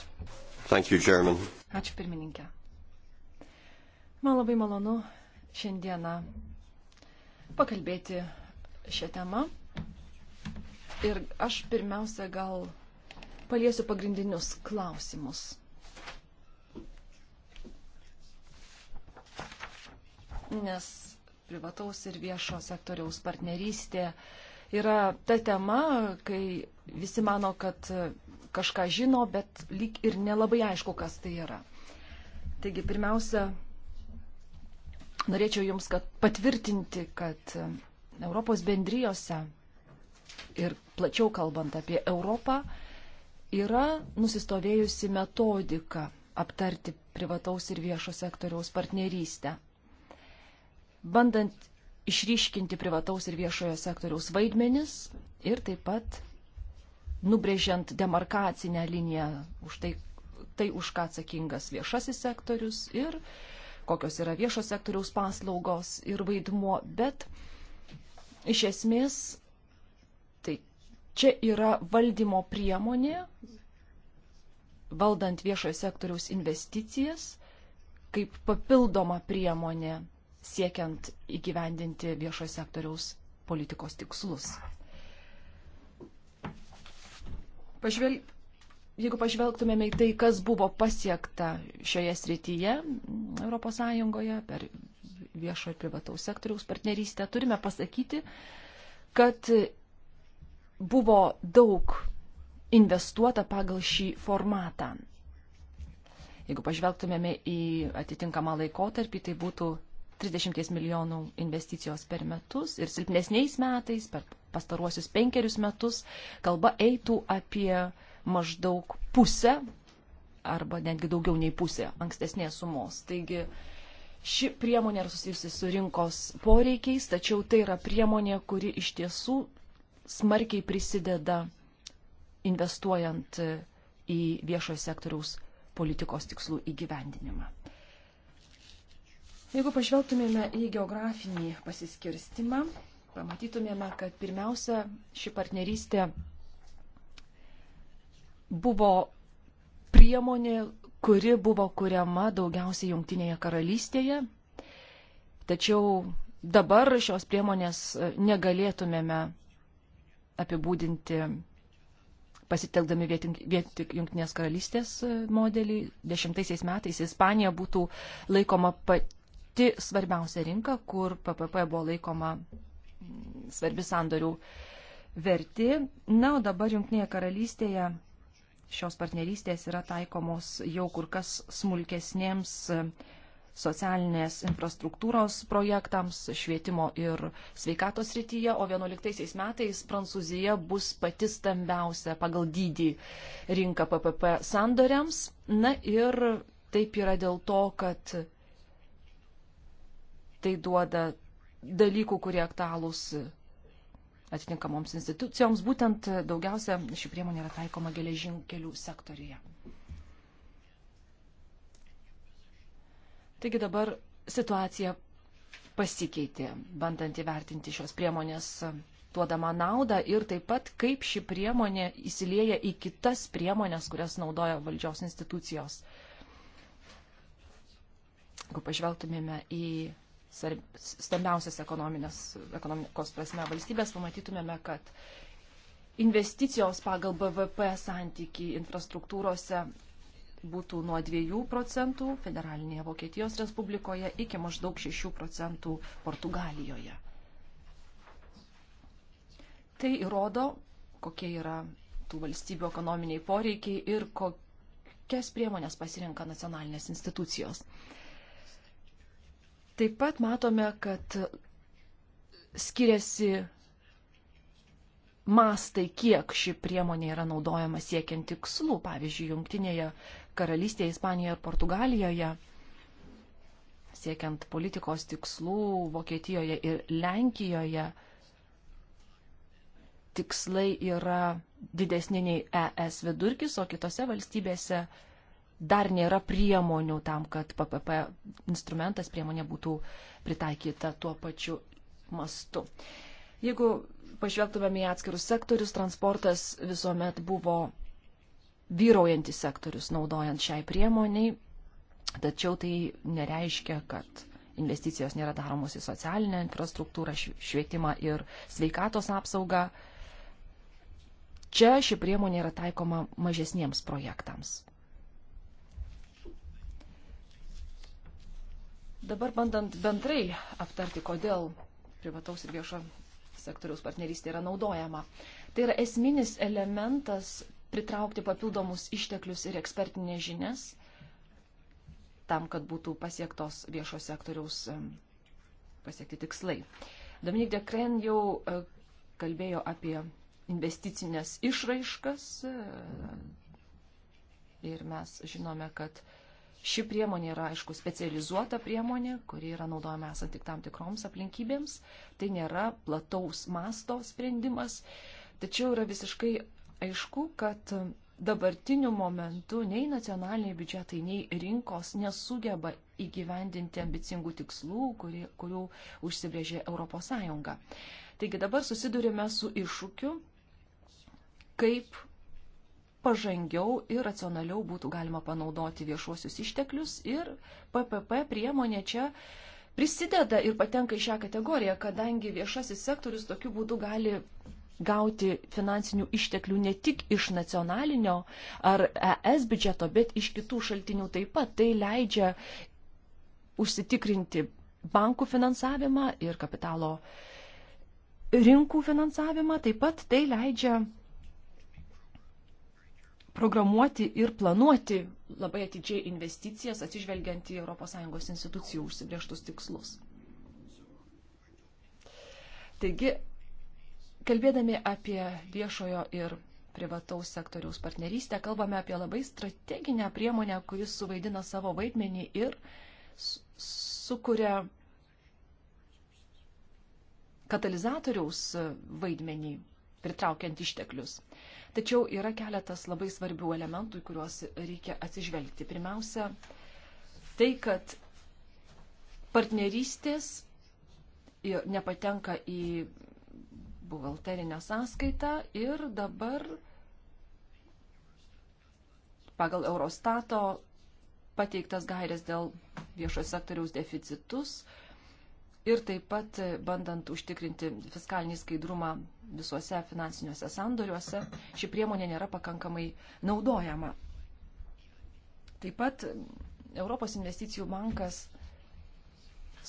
Thank you, German. Ačiū pirmininkė. Man labai malonu šiandieną pakalbėti šią temą. Ir aš pirmiausia gal paliesiu pagrindinius klausimus nes privataus ir viešo sektoriaus partnerystė yra ta tema, kai visi mano, kad kažką žino, bet lyg ir nelabai aišku, kas tai yra. Taigi, pirmiausia, norėčiau Jums kad patvirtinti, kad Europos bendrijose ir plačiau kalbant apie Europą yra nusistovėjusi metodika aptarti privataus ir viešo sektoriaus partnerystę bandant išryškinti privataus ir viešojo sektoriaus vaidmenis ir taip pat nubrėžiant demarkacinę liniją už tai, tai už ką atsakingas viešasis sektorius ir kokios yra viešo sektoriaus paslaugos ir vaidmuo, bet iš esmės tai čia yra valdymo priemonė, valdant viešojo sektoriaus investicijas, kaip papildoma priemonė siekiant įgyvendinti viešo sektoriaus politikos tikslus. Pažvelg... Jeigu pažvelgtumėme į tai, kas buvo pasiekta šioje srityje ES per viešo ir privataus sektoriaus partnerystę, turime pasakyti, kad buvo daug investuota pagal šį formatą. Jeigu pažvelgtumėme į atitinkamą laikotarpį, tai būtų 30 milijonų investicijos per metus ir silpnesniais metais, per pastaruosius penkerius metus, kalba eitų apie maždaug pusę arba netgi daugiau nei pusė ankstesnės sumos. Taigi ši priemonė yra susijusi su rinkos poreikiais, tačiau tai yra priemonė, kuri iš tiesų smarkiai prisideda investuojant į viešojo sektoriaus politikos tikslų įgyvendinimą. Jeigu pažvelgtumėme į geografinį pasiskirstimą, pamatytumėme, kad pirmiausia ši partnerystė buvo priemonė, kuri buvo kuriama daugiausiai Junktinėje karalystėje. Tačiau dabar šios priemonės e, negalėtumėme apibūdinti pasitelkdami vien tik Junktinės karalystės e, modelį. Dešimtaisiais metais Ispanija būtų laikoma pat pati svarbiausia rinka, kur PPP buvo laikoma mm, svarbi sandorių verti. Na, o dabar Junktinėje karalystėje šios partnerystės yra taikomos jau kur kas smulkesnėms e, socialinės infrastruktūros projektams, švietimo ir sveikatos rytyje, o 11 metais Prancūzija bus pati stambiausia pagal dydį rinka PPP sandoriams. Na ir taip yra dėl to, kad tai duoda dalykų, kurie aktualūs atitinkamoms institucijoms. Būtent daugiausia ši priemonė yra taikoma geležinkelių sektorija. Taigi dabar situacija pasikeitė, bandant įvertinti šios priemonės duodama naudą ir taip pat kaip ši priemonė įsilieja į kitas priemonės, kurias naudoja valdžios institucijos. Jeigu pažvelgtumėme į stambiausias ekonomikos prasme valstybės, pamatytumėme, kad investicijos pagal BVP santyki infrastruktūrose būtų nuo 2 procentų federalinėje Vokietijos Respublikoje iki maždaug 6 procentų Portugalijoje. Tai įrodo, kokie yra tų valstybių ekonominiai poreikiai ir kokias priemonės pasirenka nacionalinės institucijos. Taip pat matome, kad skiriasi mastai, kiek ši priemonė yra naudojama siekiant tikslų. Pavyzdžiui, Junktinėje karalystėje, Ispanijoje ir Portugalijoje siekiant politikos tikslų Vokietijoje ir Lenkijoje tikslai yra didesni nei ES vidurkis, o kitose valstybėse dar nėra priemonių tam, kad PPP instrumentas priemonė būtų pritaikyta tuo pačiu mastu. Jeigu pažvelgtumėme į atskirus sektorius, transportas visuomet buvo vyraujantis sektorius naudojant šiai priemoniai, tačiau tai nereiškia, kad investicijos nėra daromos į socialinę infrastruktūrą, švietimą ir sveikatos apsaugą. Čia ši priemonė yra taikoma mažesniems projektams. Dabar bandant bendrai aptarti, kodėl privataus ir viešo sektoriaus partnerystė yra naudojama. Tai yra esminis elementas pritraukti papildomus išteklius ir ekspertinės žinias tam, kad būtų pasiektos viešo sektoriaus pasiekti tikslai. Dominik Dekren jau e, kalbėjo apie investicinės išraiškas e, ir mes žinome, kad Ši priemonė yra, aišku, specializuota priemonė, kuri yra naudojama esant tik tam tikroms aplinkybėms. Tai nėra plataus masto sprendimas. Tačiau yra visiškai aišku, kad dabartiniu momentu nei nacionaliniai biudžetai, nei rinkos nesugeba įgyvendinti ambicingų tikslų, kuri, kurių užsibrėžė ES. Taigi dabar susidurime su iššūkiu, kaip pažangiau ir racionaliau būtų galima panaudoti viešuosius išteklius ir PPP priemonė čia prisideda ir patenka į šią kategoriją, kadangi viešasis sektorius tokiu būdu gali gauti finansinių išteklių ne tik iš nacionalinio ar ES biudžeto, bet iš kitų šaltinių taip pat. Tai leidžia užsitikrinti bankų finansavimą ir kapitalo rinkų finansavimą, taip pat tai leidžia programuoti ir planuoti labai atidžiai investicijas, atsižvelgiant į ES institucijų užsibrieštus tikslus. Taigi, kalbėdami apie viešojo ir privataus sektoriaus partnerystę, kalbame apie labai strateginę priemonę, kuris suvaidina savo vaidmenį ir sukuria katalizatoriaus vaidmenį, pritraukiant išteklius. Tačiau yra keletas labai svarbių elementų, į kuriuos reikia atsižvelgti. Pirmiausia, tai, kad partnerystės nepatenka į buhalterinę sąskaitą ir dabar pagal Eurostato pateiktas gairės dėl viešo sektoriaus deficitus ir taip pat e, bandant užtikrinti fiskalinį skaidrumą visuose finansiniuose sandoriuose ši priemonė nėra pakankamai naudojama. Taip pat Europos investicijų bankas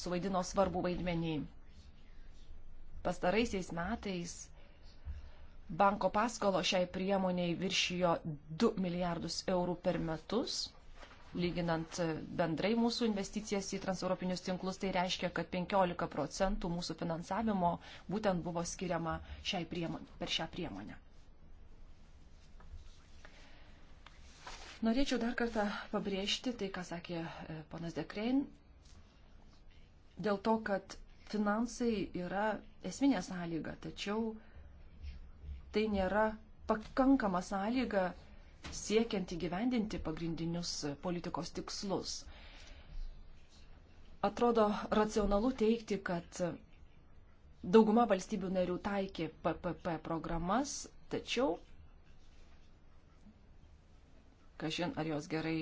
suvaidino svarbų vaidmenį. Pastaraisiais metais banko paskolo šiai priemoniai viršijo 2 milijardus eurų per metus lyginant e, bendrai mūsų investicijas į transeuropinius tinklus, tai reiškia, kad 15 procentų mūsų finansavimo būtent buvo skiriama šiai priemonė, per šią priemonę. Norėčiau dar kartą pabrėžti tai, ką sakė e, ponas Dekrein, dėl to, kad finansai yra esminė sąlyga, tačiau tai nėra pakankama sąlyga siekiant įgyvendinti pagrindinius politikos tikslus. Atrodo racionalu teikti, kad dauguma valstybių narių taikė PPP programas, tačiau, kažin ar jos gerai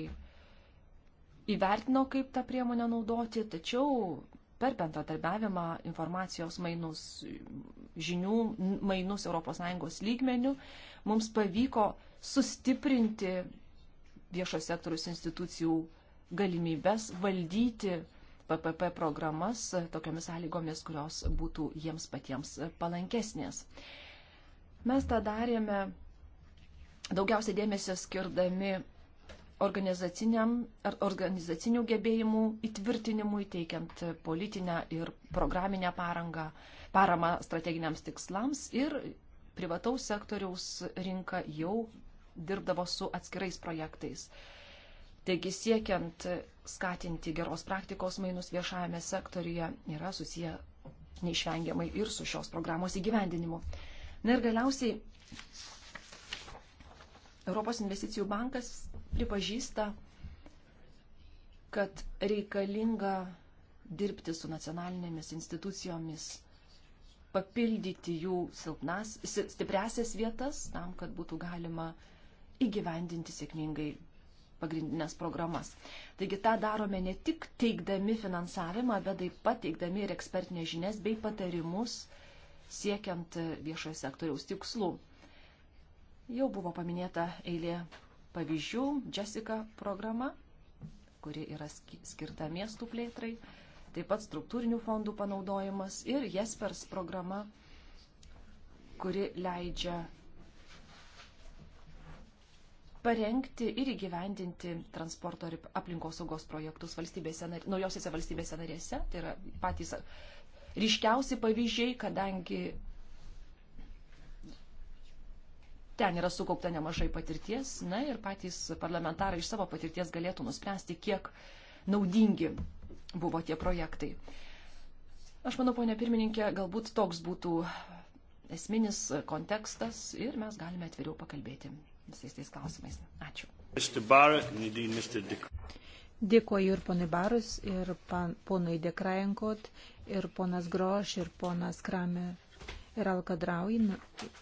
įvertino, kaip tą priemonę naudoti, tačiau per bendradarbiavimą informacijos mainus, žinių mainus ES lygmenių mums pavyko sustiprinti viešo sektoriaus institucijų galimybės valdyti PPP programas tokiamis sąlygomis, kurios būtų jiems patiems palankesnės. Mes tą darėme daugiausia dėmesio skirdami organizacinių gebėjimų įtvirtinimui, teikiant politinę ir programinę parangą, paramą strateginiams tikslams ir privataus sektoriaus rinka jau dirbdavo su atskirais projektais. Taigi siekiant skatinti geros praktikos mainus viešajame sektorija yra susiję neišvengiamai ir su šios programos įgyvendinimu. Na ir galiausiai Europos investicijų bankas pripažįsta, kad reikalinga dirbti su nacionalinėmis institucijomis, papildyti jų silpnas, stipresias vietas, tam, kad būtų galima uh, įgyvendinti sėkmingai pagrindinės programas. Taigi tą darome ne tik teikdami finansavimą, bet taip pat teikdami ir ekspertinės žinias bei patarimus siekiant viešojo sektoriaus tikslų. Jau buvo paminėta eilė pavyzdžių Jessica programa, kuri yra skirta miestų plėtrai, taip pat struktūrinių fondų panaudojimas ir Jespers programa, kuri leidžia parengti ir įgyvendinti transporto ir aplinkosaugos projektus valstybėse, naujosiose valstybėse narėse. Tai yra patys ryškiausi pavyzdžiai, kadangi ten yra sukaupta nemažai patirties. Na ir patys parlamentarai iš savo patirties galėtų nuspręsti, kiek naudingi buvo tie projektai. Aš manau, ponia pirmininkė, galbūt toks būtų esminis kontekstas ir mes galime atviriau pakalbėti visais tais klausimais. Ačiū. Dėkuoju ir ponui Barus, ir ponui Dekrajenkot, ir ponas Groš, ir ponas Kramer. Ir Alkadraui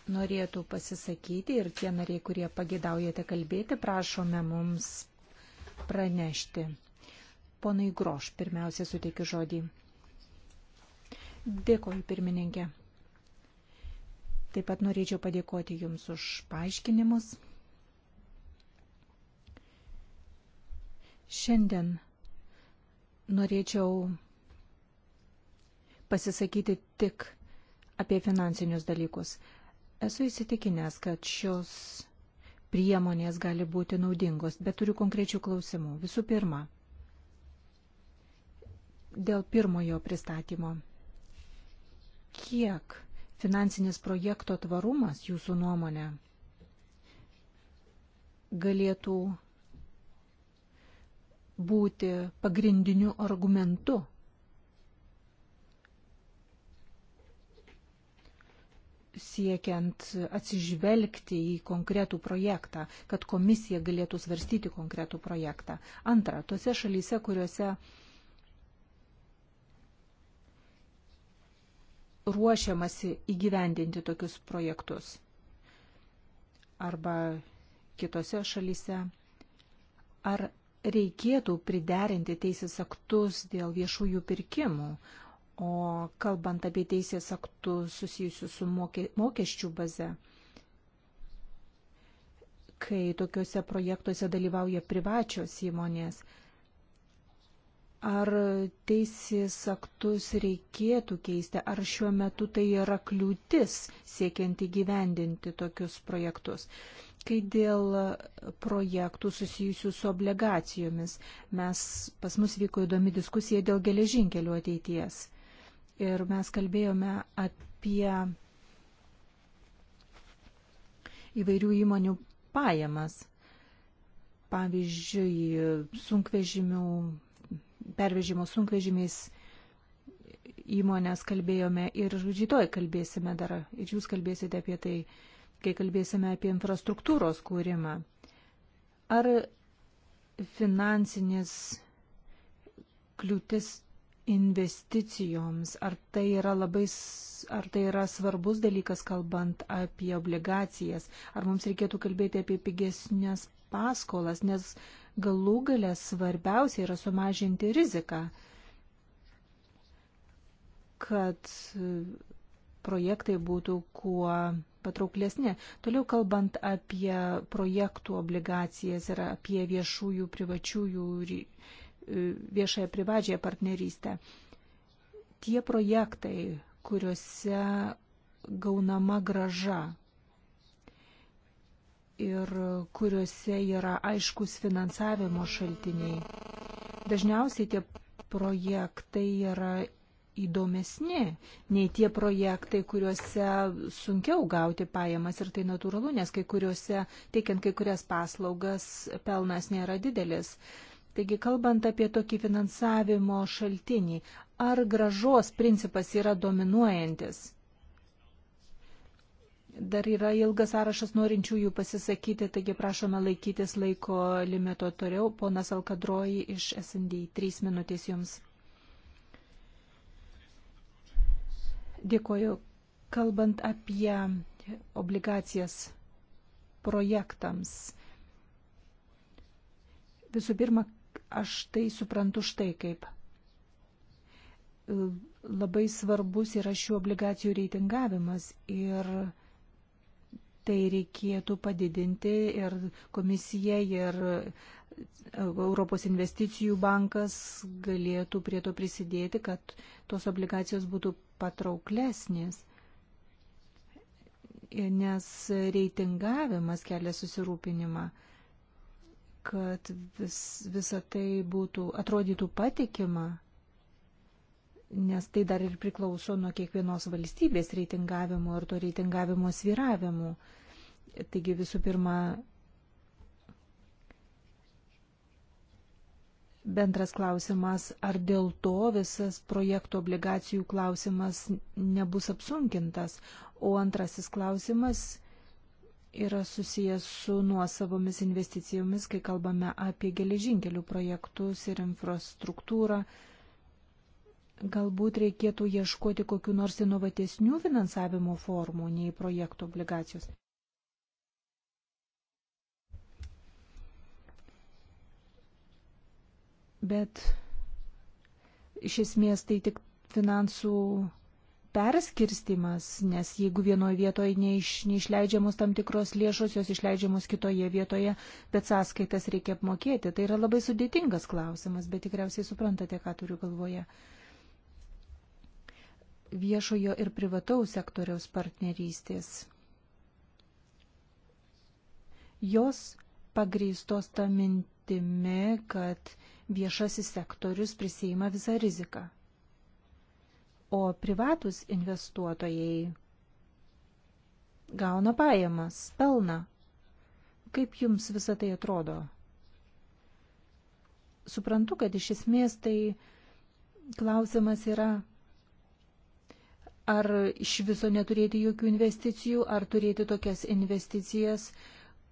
norėtų pasisakyti ir tie nariai, kurie pagėdaujate kalbėti, prašome mums pranešti. Ponai Groš, pirmiausia, suteikiu žodį. Dėkoju, pirmininkė. Taip pat norėčiau padėkoti Jums už paaiškinimus. Šiandien norėčiau pasisakyti tik apie finansinius dalykus. Esu įsitikinęs, kad šios priemonės gali būti naudingos, bet turiu konkrečių klausimų. Visų pirma, dėl pirmojo pristatymo. Kiek finansinis projekto tvarumas jūsų nuomonė galėtų būti pagrindiniu argumentu. siekiant atsižvelgti į konkretų projektą, kad komisija galėtų svarstyti konkretų projektą. Antra, tose šalyse, kuriuose ruošiamasi įgyvendinti tokius projektus arba kitose šalyse, ar reikėtų priderinti teisės aktus dėl viešųjų pirkimų, o kalbant apie teisės aktus susijusius su mokesčių baze, kai tokiuose projektuose dalyvauja privačios įmonės, ar teisės aktus reikėtų keisti, ar šiuo metu tai yra kliūtis siekiant įgyvendinti tokius projektus kai dėl projektų susijusių su obligacijomis, mes, pas mus vyko įdomi diskusija dėl geležinkelių ateities. Ir mes kalbėjome apie įvairių įmonių pajamas. Pavyzdžiui, sunkvežimių, pervežimo sunkvežimiais įmonės kalbėjome ir rytoj kalbėsime dar, ir jūs kalbėsite apie tai. Uh, kai kalbėsime apie infrastruktūros kūrimą. Ar finansinės kliūtis investicijoms, ar tai yra labai, ar tai yra svarbus dalykas, kalbant apie obligacijas, ar mums reikėtų kalbėti apie pigesnės paskolas, nes galų galę svarbiausia yra sumažinti riziką, kad projektai būtų kuo patrauklesni. Toliau kalbant apie projektų obligacijas ir apie viešųjų, privačiųjų, e, viešąją privačią partnerystę. Tie projektai, kuriuose gaunama graža ir kuriuose yra aiškus finansavimo šaltiniai. Dažniausiai tie projektai yra įdomesni nei tie projektai, kuriuose sunkiau gauti pajamas ir tai natūralu, nes kai kuriuose, teikiant kai kurias paslaugas, pelnas nėra didelis. Taigi, kalbant apie tokį finansavimo šaltinį, ar gražos principas yra dominuojantis? Dar yra ilgas sąrašas norinčiųjų pasisakyti, taigi prašome laikytis laiko limito toliau. Ponas Alkadroji iš SND, trys minutės jums. Dėkoju. Kalbant apie obligacijas projektams, visų pirma, aš tai suprantu štai kaip. Labai svarbus yra šių obligacijų reitingavimas ir tai reikėtų padidinti ir komisija ir Europos investicijų bankas galėtų prie to prisidėti, kad tos obligacijos būtų patrauklesnės, nes reitingavimas kelia susirūpinimą, kad vis, visa tai būtų, atrodytų patikima, nes tai dar ir priklauso nuo kiekvienos valstybės reitingavimo ir to reitingavimo sviravimų. Taigi visų pirma, Bendras klausimas, ar dėl to visas projektų obligacijų klausimas nebus apsunkintas. O antrasis klausimas yra susijęs su nuosavomis investicijomis, kai kalbame apie geležinkelių projektus ir infrastruktūrą. Galbūt reikėtų ieškoti kokiu nors inovatesnių finansavimo formų nei projektų obligacijos. bet iš esmės tai tik finansų perskirstimas, nes jeigu vienoje vietoje neiš, neišleidžiamos tam tikros lėšos, jos išleidžiamos kitoje vietoje, bet sąskaitas reikia apmokėti. Tai yra labai sudėtingas klausimas, bet tikriausiai suprantate, ką turiu galvoje. Viešojo ir privataus sektoriaus partnerystės. Jos pagrįstos tą mintimį, kad viešasis sektorius prisima visą riziką. O privatus investuotojai gauna pajamas, pelną. Kaip jums visą tai atrodo? Suprantu, kad iš esmės tai klausimas yra ar iš viso neturėti jokių investicijų, ar turėti tokias investicijas,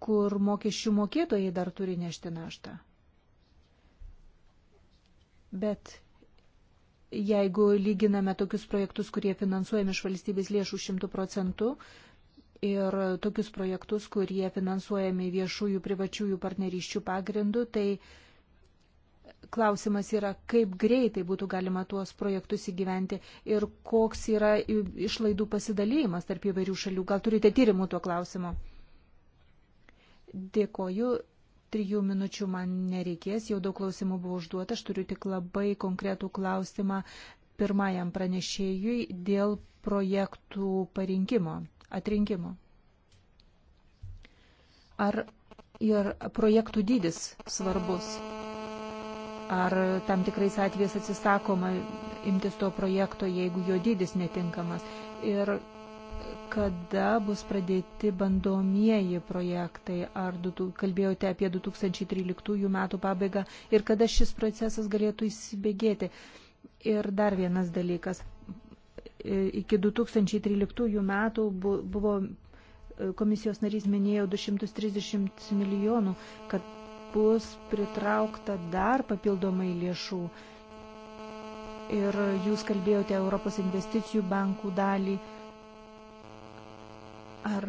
kur mokesčių mokėtojai dar turi nešti naštą. Bet jeigu lyginame tokius projektus, kurie finansuojami iš valstybės lėšų šimtų procentų ir tokius projektus, kurie finansuojami viešųjų privačiųjų partnerysčių pagrindų, tai klausimas yra, kaip greitai būtų galima tuos projektus įgyventi ir koks yra išlaidų pasidalėjimas tarp įvairių šalių. Gal turite tyrimų tuo klausimu? Dėkoju trijų minučių man nereikės, jau daug klausimų buvo užduota, aš turiu tik labai konkretų klausimą pirmajam pranešėjui dėl projektų parinkimo, atrinkimo. Ar ir projektų dydis svarbus? Ar tam tikrais atvejais atsisakoma imtis to projekto, jeigu jo dydis netinkamas? Ir kada bus pradėti bandomieji projektai, ar du, kalbėjote apie 2013 metų pabaigą ir kada šis procesas galėtų įsibėgėti. Ir dar vienas dalykas. E, iki 2013 metų buvo e, komisijos narys minėjo 230 milijonų, kad bus pritraukta dar papildomai lėšų. Ir jūs kalbėjote Europos investicijų bankų dalį Ar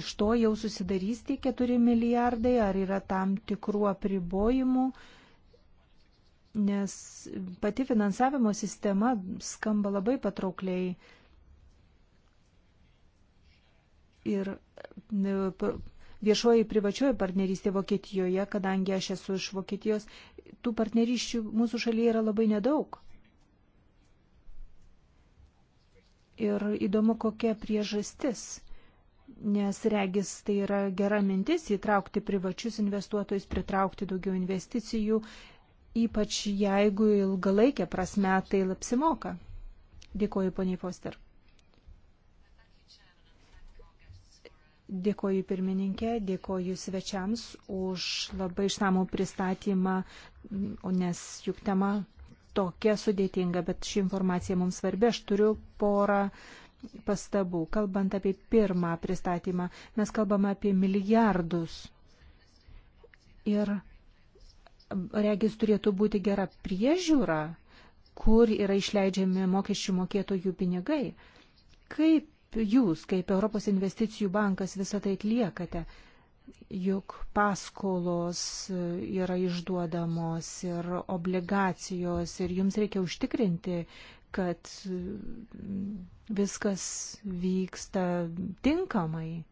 iš to jau susidarys tie 4 milijardai, ar yra tam tikrų apribojimų? Nes pati finansavimo sistema skamba labai patraukliai. Ir e, viešoji privačioji partnerystė Vokietijoje, kadangi aš esu iš Vokietijos, tų partnerysčių mūsų šalyje yra labai nedaug. Ir įdomu, kokia priežastis nes regis tai yra gera mintis įtraukti privačius investuotojus, pritraukti daugiau investicijų, ypač jeigu ilgalaikė prasme tai apsimoka. Dėkuoju, poniai Foster. Dėkoju pirmininkė, dėkoju svečiams už labai išsamų pristatymą, nes juk tema tokia sudėtinga, bet ši informacija mums svarbi. Aš turiu porą pastabų. Kalbant apie pirmą pristatymą, mes kalbame apie milijardus. Ir regis turėtų būti gera priežiūra, kur yra išleidžiami mokesčių mokėtojų pinigai. Kaip jūs, kaip Europos investicijų bankas, visą tai atliekate? Juk paskolos yra išduodamos ir obligacijos ir jums reikia užtikrinti, kad viskas vyksta tinkamai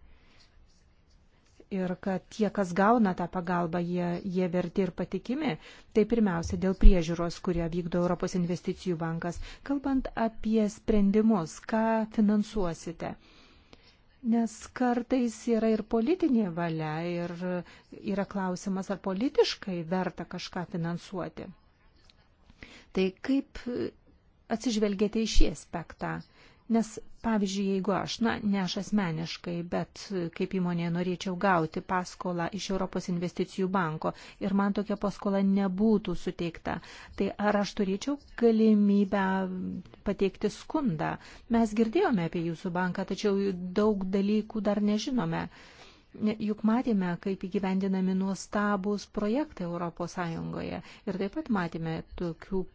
ir kad tie, kas gauna tą pagalbą, jie, jie verti ir patikimi. Tai pirmiausia dėl priežiūros, kurią vykdo Europos investicijų bankas. Kalbant apie sprendimus, ką finansuosite. Nes kartais yra ir politinė valia ir yra klausimas, ar politiškai verta kažką finansuoti. Tai kaip atsižvelgėte į šį aspektą? Nes, pavyzdžiui, jeigu aš, na, ne aš asmeniškai, bet kaip įmonė norėčiau gauti paskolą iš Europos investicijų banko ir man tokia paskola nebūtų suteikta, tai ar aš turėčiau galimybę pateikti skundą? Mes girdėjome apie jūsų banką, tačiau daug dalykų dar nežinome. Juk matėme, kaip įgyvendinami nuostabus projektai ES ir taip pat matėme tokių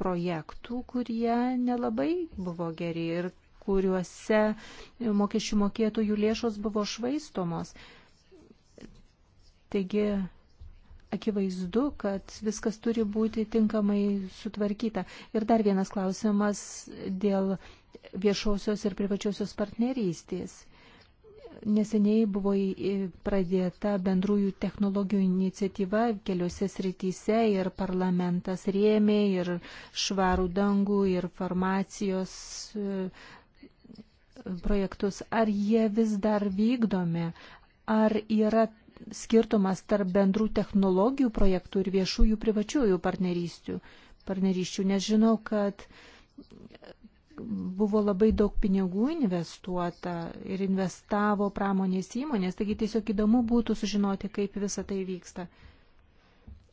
projektų, kurie nelabai buvo geri ir kuriuose mokesčių mokėtojų lėšos buvo švaistomos. Taigi akivaizdu, kad viskas turi būti tinkamai sutvarkyta. Ir dar vienas klausimas dėl viešosios ir privačiosios partnerystės. Neseniai buvo pradėta bendrųjų technologijų iniciatyva keliose srityse ir parlamentas rėmė ir švarų dangų, ir farmacijos e, projektus. Ar jie vis dar vykdomi? Ar yra skirtumas tarp bendrų technologijų projektų ir viešųjų privačiųjų partnerysčių? partnerysčių, nes žinau, kad buvo labai daug pinigų investuota ir investavo pramonės įmonės, taigi tiesiog įdomu būtų sužinoti, kaip visa tai vyksta.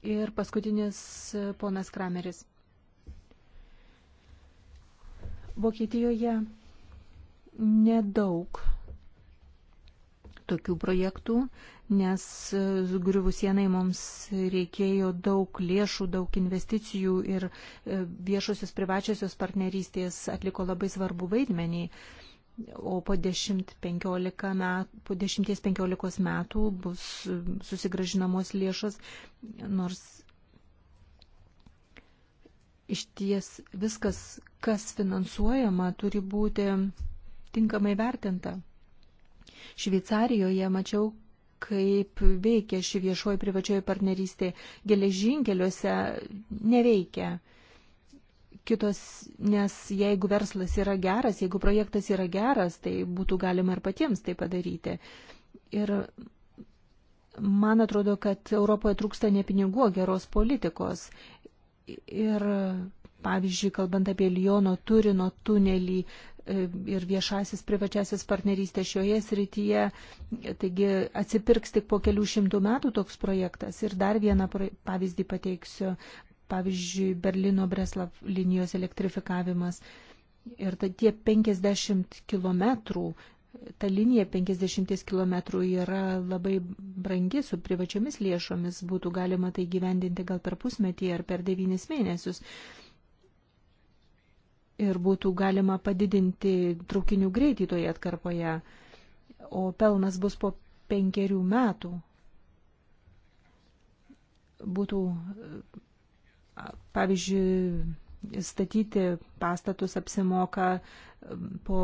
Ir paskutinis e, ponas Krameris. Vokietijoje nedaug tokių projektų nes e, griuvus sienai mums reikėjo daug lėšų, daug investicijų ir e, viešosios privačiosios partnerystės atliko labai svarbu vaidmenį. O po 10-15 metų, 10 metų bus e, susigražinamos lėšos, nors iš ties viskas, kas finansuojama, turi būti tinkamai vertinta. Šveicarijoje mačiau, kaip veikia ši viešoji privačioji partnerystė geležinkeliuose, neveikia. Kitos, nes jeigu verslas yra geras, jeigu projektas yra geras, tai būtų galima ir patiems tai padaryti. Ir man atrodo, kad Europoje trūksta ne pinigų, o geros politikos. Ir pavyzdžiui, kalbant apie Liono Turino tunelį, ir viešasis privačiasis partnerystė šioje srityje. Taigi atsipirks tik po kelių šimtų metų toks projektas. Ir dar vieną pavyzdį pateiksiu. Pavyzdžiui, Berlyno Breslav linijos elektrifikavimas. Ir tai tie 50 km, ta linija 50 km yra labai brangi su privačiomis lėšomis, būtų galima tai gyvendinti gal per pusmetį ar per devynis mėnesius ir būtų galima padidinti traukinių greitį toje atkarpoje, o pelnas bus po penkerių metų. Būtų, pavyzdžiui, statyti pastatus apsimoka po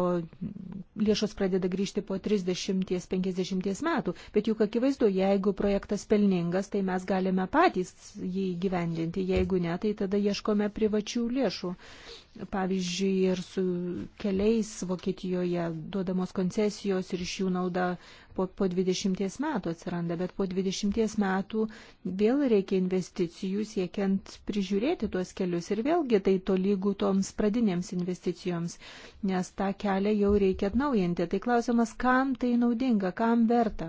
lėšos pradeda grįžti po 30-50 metų. Bet juk akivaizdu, jeigu projektas pelningas, tai mes galime patys jį gyvendinti. Jeigu ne, tai tada ieškome privačių lėšų. Pavyzdžiui, ir su keliais Vokietijoje duodamos koncesijos ir iš jų nauda po, po 20 metų atsiranda, bet po 20 metų vėl reikia investicijų siekiant prižiūrėti tuos kelius ir vėlgi tai tolygų toms pradinėms investicijoms, nes tą kelią jau reikia atnaujinti. Tai klausimas, kam tai naudinga, kam verta.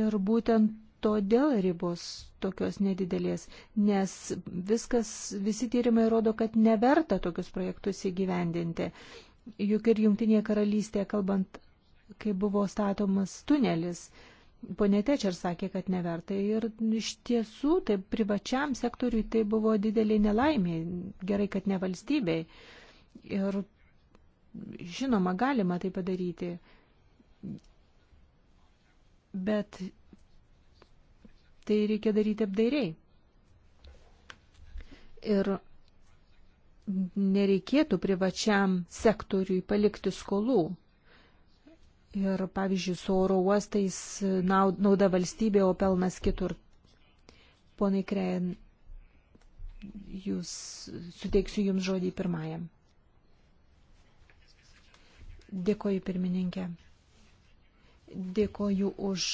Ir būtent todėl ribos tokios nedidelės, nes viskas, visi tyrimai rodo, kad neverta tokius projektus įgyvendinti. Juk ir Junktinėje karalystėje, kalbant, kai buvo statomas tunelis, ponė Tečer sakė, kad neverta. Ir iš tiesų, tai privačiam sektoriui tai buvo didelė nelaimė, gerai, kad ne valstybei. Ir žinoma, galima tai padaryti, bet tai reikia daryti apdairiai. Ir nereikėtų privačiam sektoriui palikti skolų. Ir pavyzdžiui, su oro uostais nauda valstybė, o pelnas kitur. Ponai Krejan, jūs suteiksiu jums žodį pirmajam. Dėkoju pirmininkė. Dėkoju už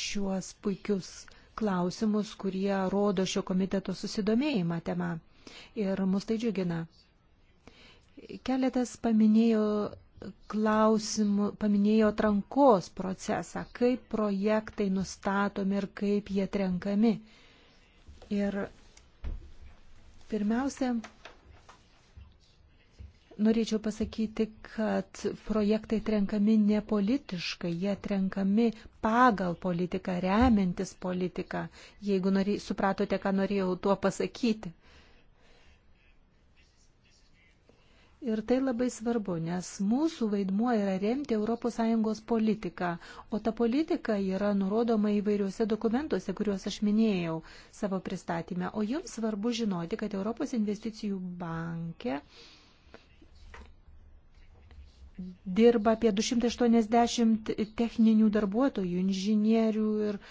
šiuos puikius klausimus, kurie rodo šio komiteto susidomėjimą tema ir mus tai džiugina. Keletas paminėjo klausimų, paminėjo atrankos procesą, kaip projektai nustatomi ir kaip jie trenkami. Ir pirmiausia, norėčiau pasakyti, kad projektai trenkami nepolitiškai, jie trenkami pagal politiką, remiantis politiką, jeigu norė, supratote, ką norėjau tuo pasakyti. Ir tai labai svarbu, nes mūsų vaidmuo yra remti ES politiką, o ta politika yra nurodoma įvairiuose dokumentuose, kuriuos aš minėjau savo pristatymę. O jums svarbu žinoti, kad Europos investicijų banke dirba apie 280 techninių darbuotojų, inžinierių ir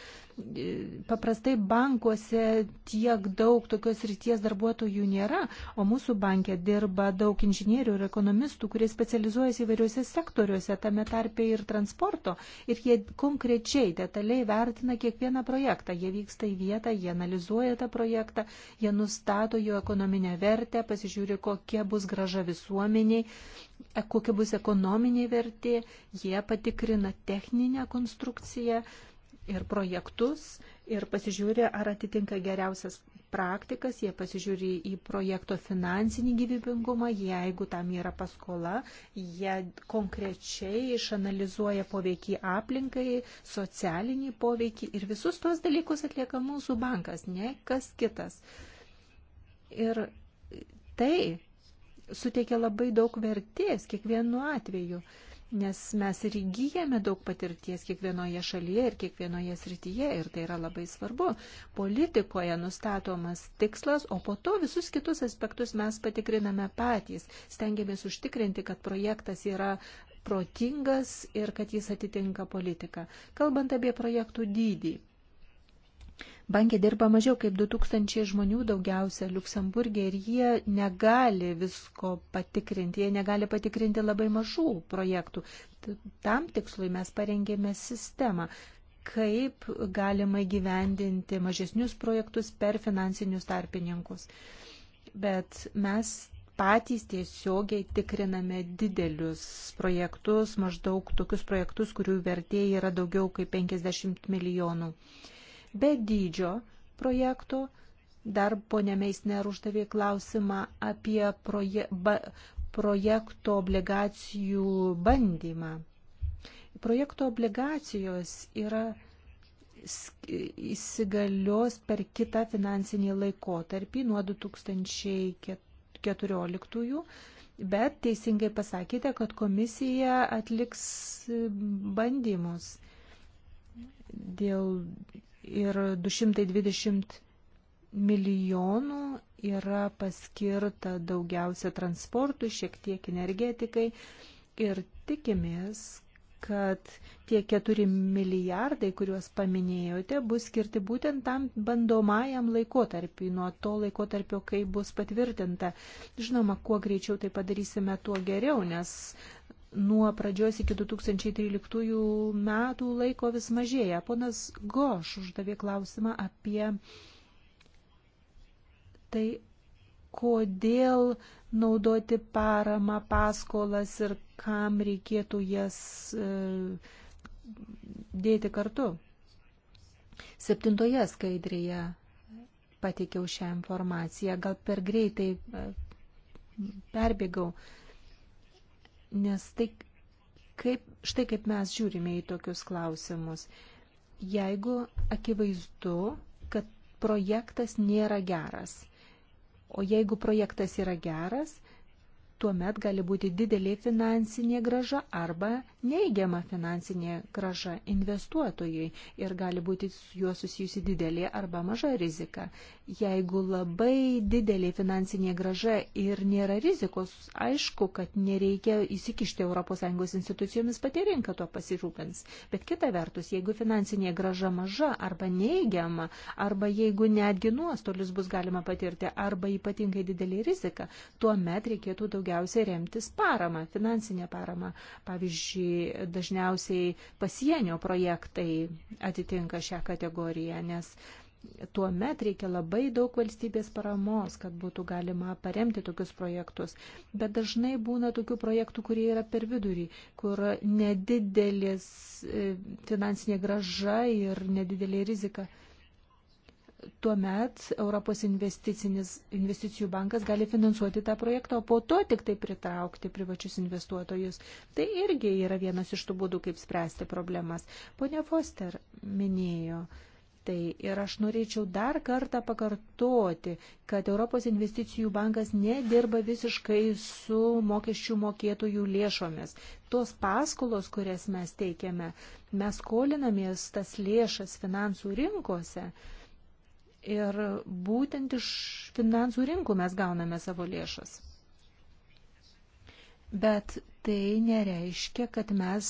paprastai bankuose tiek daug tokios ryties darbuotojų nėra, o mūsų bankė dirba daug inžinierių ir ekonomistų, kurie specializuojasi įvairiuose sektoriuose, tame tarpe ir transporto. Ir jie konkrečiai, detaliai vertina kiekvieną projektą. Jie vyksta į vietą, jie analizuoja tą projektą, jie nustato jo ekonominę vertę, pasižiūri, kokia bus graža visuomeniai, e, kokia bus ekonominė vertė, jie patikrina techninę konstrukciją ir projektus ir pasižiūri, ar atitinka geriausias praktikas, jie pasižiūri į projekto finansinį gyvybingumą, jeigu tam yra paskola, jie konkrečiai išanalizuoja poveikį aplinkai, socialinį poveikį ir visus tuos dalykus atlieka mūsų bankas, ne kas kitas. Ir tai suteikia labai daug vertės kiekvienu atveju nes mes ir įgyjame daug patirties kiekvienoje šalyje ir kiekvienoje srityje ir tai yra labai svarbu. Politikoje nustatomas tikslas, o po to visus kitus aspektus mes patikriname patys. Stengiamės užtikrinti, kad projektas yra protingas ir kad jis atitinka politiką. Kalbant apie projektų dydį. Bankė dirba mažiau kaip 2000 žmonių daugiausia Luksemburgė ir jie negali visko patikrinti, jie negali patikrinti labai mažų projektų. Tam tikslui mes parengėme sistemą kaip galima įgyvendinti mažesnius projektus per finansinius tarpininkus. Bet mes patys tiesiogiai tikriname didelius projektus, maždaug tokius projektus, kurių vertė yra daugiau kaip 50 milijonų. Uh, be dydžio projektų. Dar ponė Meisner uždavė klausimą apie proje, ba, projekto obligacijų bandymą. Projekto obligacijos yra įsigalios per kitą finansinį laikotarpį nuo 2014, bet teisingai pasakėte, kad komisija atliks bandymus dėl ir 220 milijonų yra paskirta daugiausia transportui, šiek tiek energetikai ir tikimės, kad tie 4 milijardai, kuriuos paminėjote, bus skirti būtent tam bandomajam laikotarpiu, nuo to laikotarpio, kai bus patvirtinta. Žinoma, kuo greičiau tai padarysime, tuo geriau, nes nuo pradžios iki 2013 metų laiko vis mažėja. Ponas Goš uždavė klausimą apie tai, kodėl naudoti paramą, paskolas ir kam reikėtų jas e, dėti kartu. Septintoje skaidrėje pateikiau šią informaciją, gal per greitai e, perbėgau. Nes tai, kaip, štai kaip mes žiūrime į tokius klausimus. Jeigu akivaizdu, kad projektas nėra geras, o jeigu projektas yra geras, tuomet gali būti didelė finansinė graža arba neigiama finansinė graža investuotojui ir gali būti su juo susijusi didelė arba maža rizika. Jeigu labai didelė finansinė graža ir nėra rizikos, aišku, kad nereikia įsikišti ES institucijomis pati rinka tuo pasirūpins. Bet kita vertus, jeigu finansinė graža maža arba neigiama, arba jeigu netgi nuostolius bus galima patirti, arba ypatingai didelė rizika, tuomet reikėtų daugiau daugiausiai remtis parama, finansinė parama. Pavyzdžiui, dažniausiai pasienio projektai atitinka šią kategoriją, nes tuo met reikia labai daug valstybės paramos, kad būtų galima paremti tokius projektus. Bet dažnai būna tokių projektų, kurie yra per vidurį, kur nedidelis e, finansinė graža ir nedidelė rizika tuomet Europos investicijų bankas gali finansuoti tą projektą, o po to tik tai pritraukti privačius investuotojus. Tai irgi yra vienas iš tų būdų, kaip spręsti problemas. Pone Foster minėjo. Tai ir aš norėčiau dar kartą pakartoti, kad Europos investicijų bankas nedirba visiškai su mokesčių mokėtojų lėšomis. Tos paskolos, kurias mes teikiame, mes skolinamės tas lėšas finansų rinkose. Uh, Ir būtent iš finansų rinkų mes gauname savo lėšas. Bet tai nereiškia, kad mes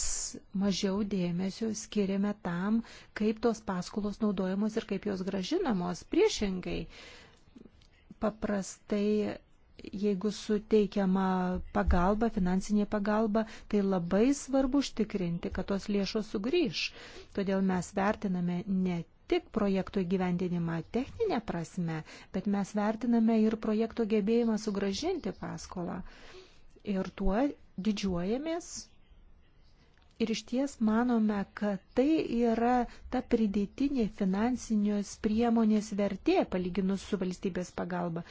mažiau dėmesio skiriame tam, kaip tos paskolos naudojamos ir kaip jos gražinamos. Priešingai, paprastai jeigu suteikiama pagalba, finansinė pagalba, tai labai svarbu užtikrinti, kad tos lėšos sugrįž. Todėl mes vertiname ne tik projektų įgyvendinimą techninę prasme, bet mes vertiname ir projekto gebėjimą sugražinti paskolą. Ir tuo didžiuojamės. Ir iš ties manome, kad tai yra ta pridėtinė finansinės priemonės vertė palyginus su valstybės pagalba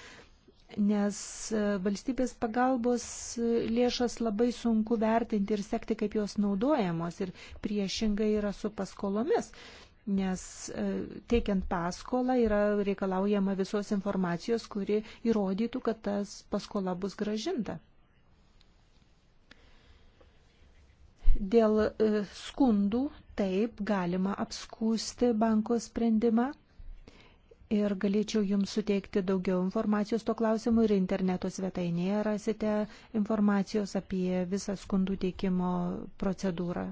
nes e, valstybės pagalbos e, lėšas labai sunku vertinti ir sekti, kaip jos naudojamos ir priešingai yra su paskolomis nes e, teikiant paskolą yra reikalaujama visos informacijos, kuri įrodytų, kad tas paskola bus gražinta. Dėl e, skundų taip galima apskūsti banko sprendimą. Ir galėčiau Jums suteikti daugiau informacijos to klausimu ir interneto svetainėje rasite informacijos apie visą skundų teikimo procedūrą.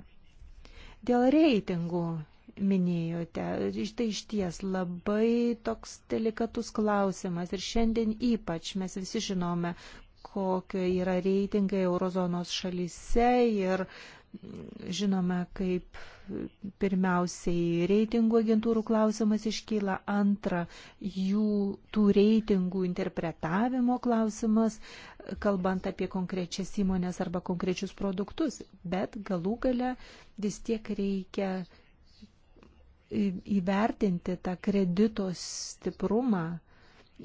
Dėl reitingų minėjote. Tai iš ties labai toks delikatus klausimas ir šiandien ypač mes visi žinome, kokio yra reitingai eurozonos šalyse ir žinome, kaip pirmiausiai reitingų agentūrų klausimas iškyla, antra, jų tų reitingų interpretavimo klausimas, kalbant apie konkrečias įmonės arba konkrečius produktus, bet galų gale vis tiek reikia įvertinti tą kredito stiprumą.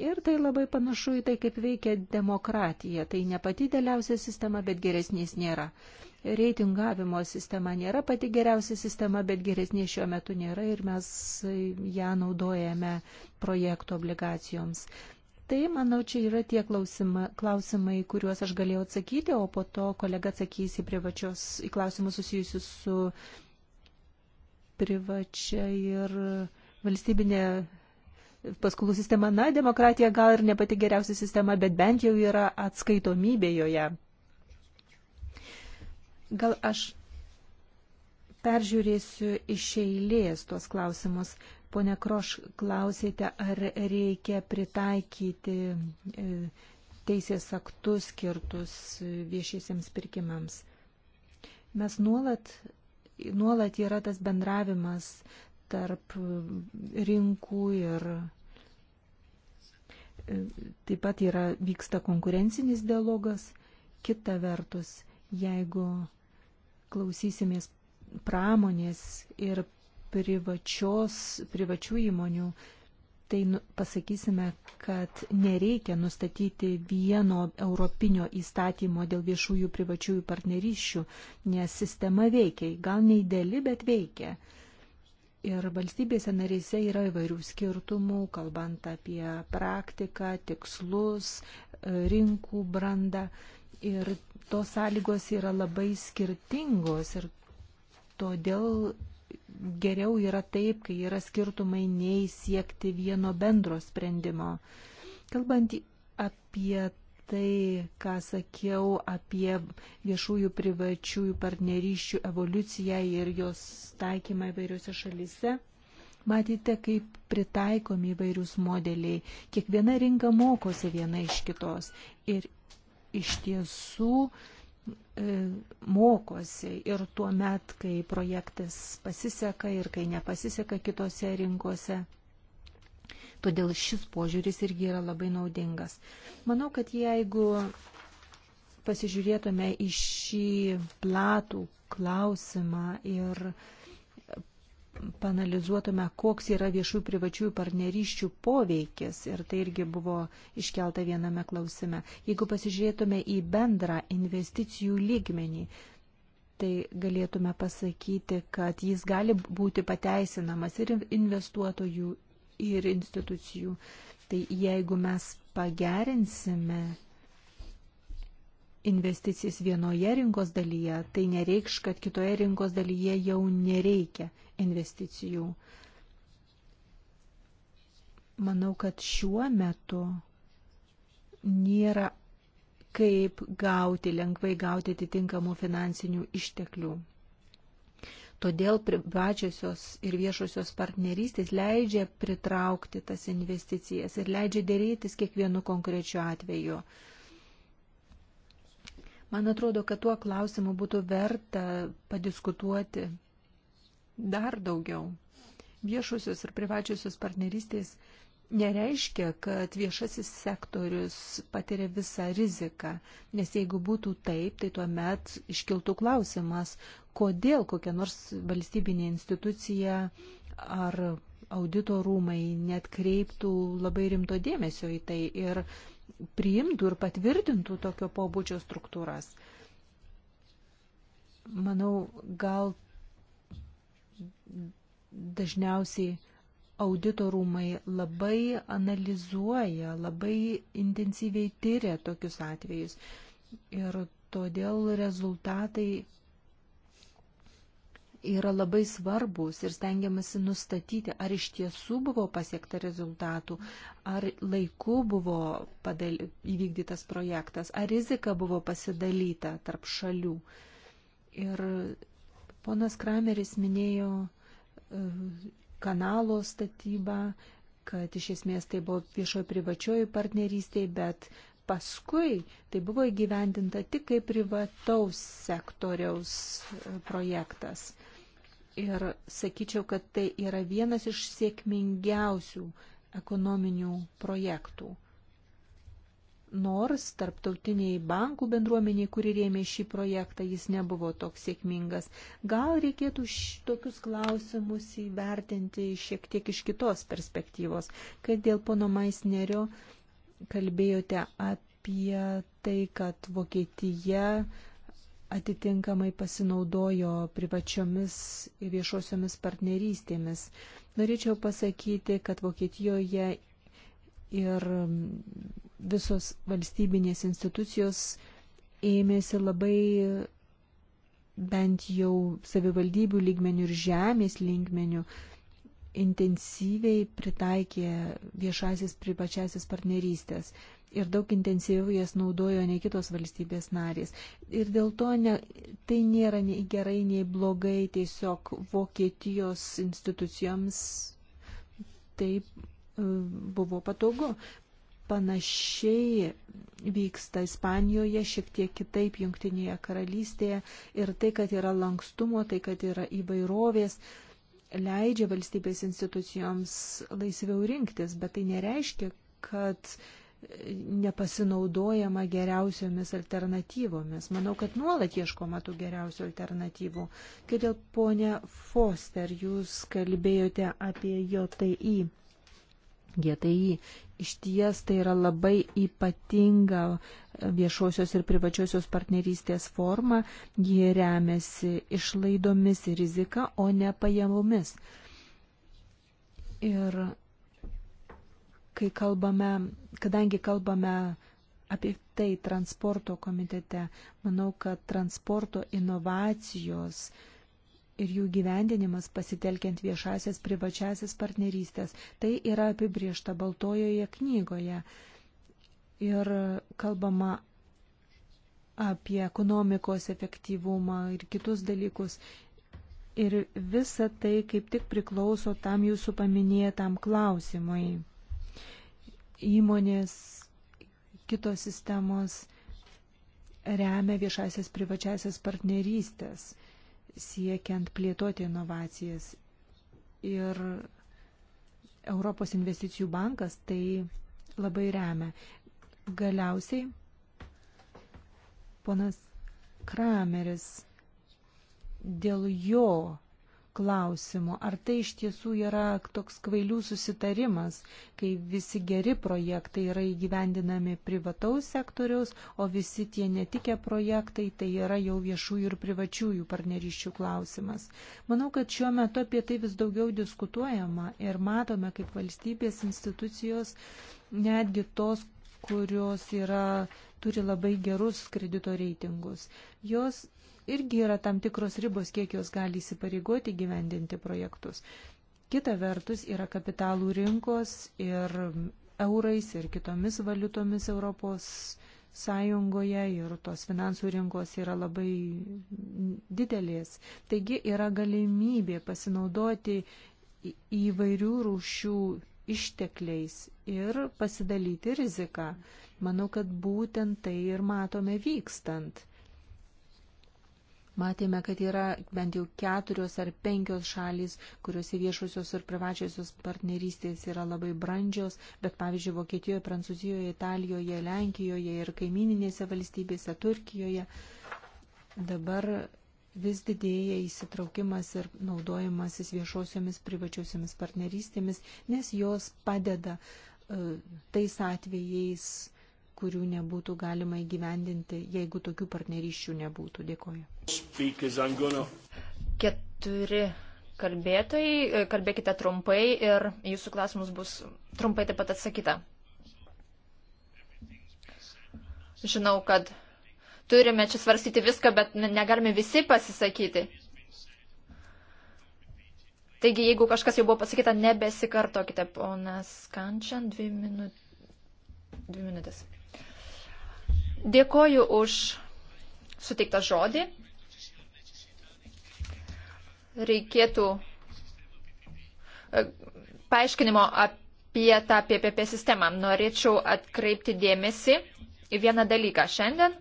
Ir tai labai panašu į tai, kaip veikia demokratija. Tai ne pati dėliausia sistema, bet geresnės nėra. Reitingavimo sistema nėra pati geriausia sistema, bet geresnė šiuo metu nėra ir mes ją naudojame projektų obligacijoms. Tai, manau, čia yra tie klausima, klausimai, kuriuos aš galėjau atsakyti, o po to kolega atsakys į privačios, į klausimus susijusius su privačia ir valstybinė paskolų sistema. Na, demokratija gal ir ne pati geriausia sistema, bet bent jau yra atskaitomybė joje. Gal aš peržiūrėsiu iš eilės tuos klausimus. Pone Kroš, klausėte, ar reikia pritaikyti e, teisės aktus skirtus viešiesiems pirkimams. Mes nuolat nuolat yra tas bendravimas tarp rinkų ir e, taip pat yra, vyksta konkurencinis dialogas. Kita vertus, jeigu klausysimės pramonės ir privačios, privačių įmonių tai nu, pasakysime, kad nereikia nustatyti vieno europinio įstatymo dėl viešųjų privačiųjų partnerysčių, nes sistema veikia, gal neįdėli, bet veikia. Ir valstybėse narėse yra įvairių skirtumų, kalbant apie praktiką, tikslus, e, rinkų brandą. Ir tos sąlygos yra labai skirtingos ir todėl geriau yra taip, kai yra skirtumai, nei siekti vieno bendro sprendimo. Kalbant apie tai, ką sakiau apie viešųjų privačiųjų partnerysčių evoliuciją ir jos taikymą įvairiose šalise. Matėte, kaip pritaikomi įvairius modeliai. Kiekviena rinka mokosi viena iš kitos. Ir iš tiesų uh, E, mokosi ir tuo met, kai projektas pasiseka ir kai nepasiseka kitose rinkose. Todėl šis požiūris irgi yra labai naudingas. Manau, kad jeigu pasižiūrėtume į šį platų klausimą ir uh, panalizuotume, koks yra viešų privačių partnerysčių poveikis, ir tai irgi buvo iškelta viename klausime, jeigu pasižiūrėtume į bendrą investicijų lygmenį, tai galėtume pasakyti, kad jis gali būti pateisinamas ir investuotojų, ir institucijų. Tai jeigu mes pagerinsime investicijas vienoje rinkos dalyje, tai nereikš, kad kitoje rinkos dalyje jau nereikia investicijų. Manau, kad šiuo metu nėra kaip gauti, lengvai gauti atitinkamų finansinių išteklių. Todėl privačiosios ir viešosios partnerystės leidžia pritraukti tas investicijas ir leidžia dėrėtis kiekvienu konkrečiu atveju. Man atrodo, kad tuo klausimu būtų verta padiskutuoti dar daugiau. Viešusios ir privačiosios partnerystės nereiškia, kad viešasis sektorius patiria visą riziką, nes jeigu būtų taip, tai tuomet iškiltų klausimas, kodėl kokia nors valstybinė institucija ar audito rūmai net kreiptų labai rimto dėmesio į tai ir priimtų ir patvirtintų tokio pobūdžio struktūras. Manau, gal dažniausiai auditorumai labai analizuoja, labai intensyviai tyria tokius atvejus. Ir todėl rezultatai yra labai svarbus ir stengiamasi nustatyti, ar iš tiesų buvo pasiekta rezultatų, ar laiku buvo padal... įvykdytas projektas, ar rizika buvo pasidalyta tarp šalių. Ir ponas Krameris minėjo e, kanalo statybą, kad iš esmės tai buvo viešoji privačioji partnerystėje, bet paskui tai buvo įgyvendinta tik kaip privataus sektoriaus e, projektas. Ir sakyčiau, kad tai yra vienas iš sėkmingiausių ekonominių projektų. Nors tarptautiniai bankų bendruomeniai, kuri rėmė šį projektą, jis nebuvo toks sėkmingas. Gal reikėtų tokius klausimus įvertinti šiek tiek iš kitos perspektyvos, kad dėl pono Maisnerio kalbėjote apie tai, kad Vokietija uh, atitinkamai pasinaudojo privačiomis viešosiomis partnerystėmis. Norėčiau pasakyti, kad Vokietijoje ir visos valstybinės institucijos ėmėsi labai bent jau savivaldybių lygmenių ir žemės lygmenių intensyviai pritaikė viešasis privačiasis partnerystės ir daug intensyviau jas naudojo ne kitos valstybės narės. Ir dėl to ne, tai nėra nei gerai, nei blogai, tiesiog Vokietijos institucijoms taip e, buvo patogu. Panašiai vyksta Ispanijoje, šiek tiek kitaip Junktinėje karalystėje ir tai, kad yra lankstumo, tai, kad yra įvairovės, uh, leidžia valstybės institucijoms laisviau rinktis, bet tai nereiškia, kad nepasinaudojama geriausiomis alternatyvomis. Manau, kad nuolat ieškoma tų geriausių alternatyvų. Kai dėl ponia Foster jūs kalbėjote apie JTI. JTI iš ties tai yra labai ypatinga viešosios ir privačiosios partnerystės forma, ji remiasi išlaidomis ir rizika, o ne pajamomis. Ir kai kalbame, kadangi kalbame apie tai transporto komitete, manau, kad transporto inovacijos ir jų gyvendinimas pasitelkiant viešasias privačiasias partnerystės, tai yra apibriešta Baltojoje knygoje ir kalbama apie ekonomikos efektyvumą ir kitus dalykus. Ir visa tai kaip tik priklauso tam jūsų paminėtam klausimui. Įmonės, kitos sistemos remia viešasias privačiasias partnerystės, siekiant plėtoti inovacijas. Ir Europos investicijų bankas tai labai remia. Galiausiai ponas Krameris dėl jo klausimo, ar tai iš tiesų yra toks kvailių susitarimas, kai visi geri projektai yra įgyvendinami privataus sektoriaus, o visi tie netikę projektai tai yra jau viešųjų ir privačiųjų partnerysčių klausimas. Manau, kad šiuo metu apie tai vis daugiau diskutuojama ir matome, kaip valstybės institucijos netgi tos, kurios yra, turi labai gerus kredito reitingus. Jos irgi yra tam tikros ribos, kiek jos gali įsipareigoti gyvendinti projektus. Kita vertus yra kapitalų rinkos ir eurais ir kitomis valiutomis Europos sąjungoje ir tos finansų rinkos yra labai didelės. Taigi yra galimybė pasinaudoti įvairių rūšių ištekliais ir pasidalyti riziką. Manau, kad būtent tai ir matome vykstant. Matėme, kad yra bent jau keturios ar penkios šalys, kuriuose viešusios ir privačiosios partnerystės yra labai brandžios, bet pavyzdžiui, Vokietijoje, Prancūzijoje, Italijoje, Lenkijoje ir kaimininėse valstybėse, Turkijoje dabar vis didėja įsitraukimas ir naudojimasis viešosiomis privačiosiomis partnerystėmis, nes jos padeda e, tais atvejais, kurių nebūtų galima įgyvendinti, jeigu tokių partnerysčių nebūtų. Dėkoju. Keturi kalbėtojai, e, kalbėkite trumpai ir jūsų klausimus bus trumpai taip pat atsakyta. Žinau, kad turime čia svarstyti viską, bet negalime visi pasisakyti. Taigi, jeigu kažkas jau buvo pasakyta, nebesikartokite, ponas Kančian, dvi, minut... dvi minutės. Dėkoju už suteiktą žodį. Reikėtų e, paaiškinimo apie tą PPP sistemą. Norėčiau atkreipti dėmesį į vieną dalyką. Šiandien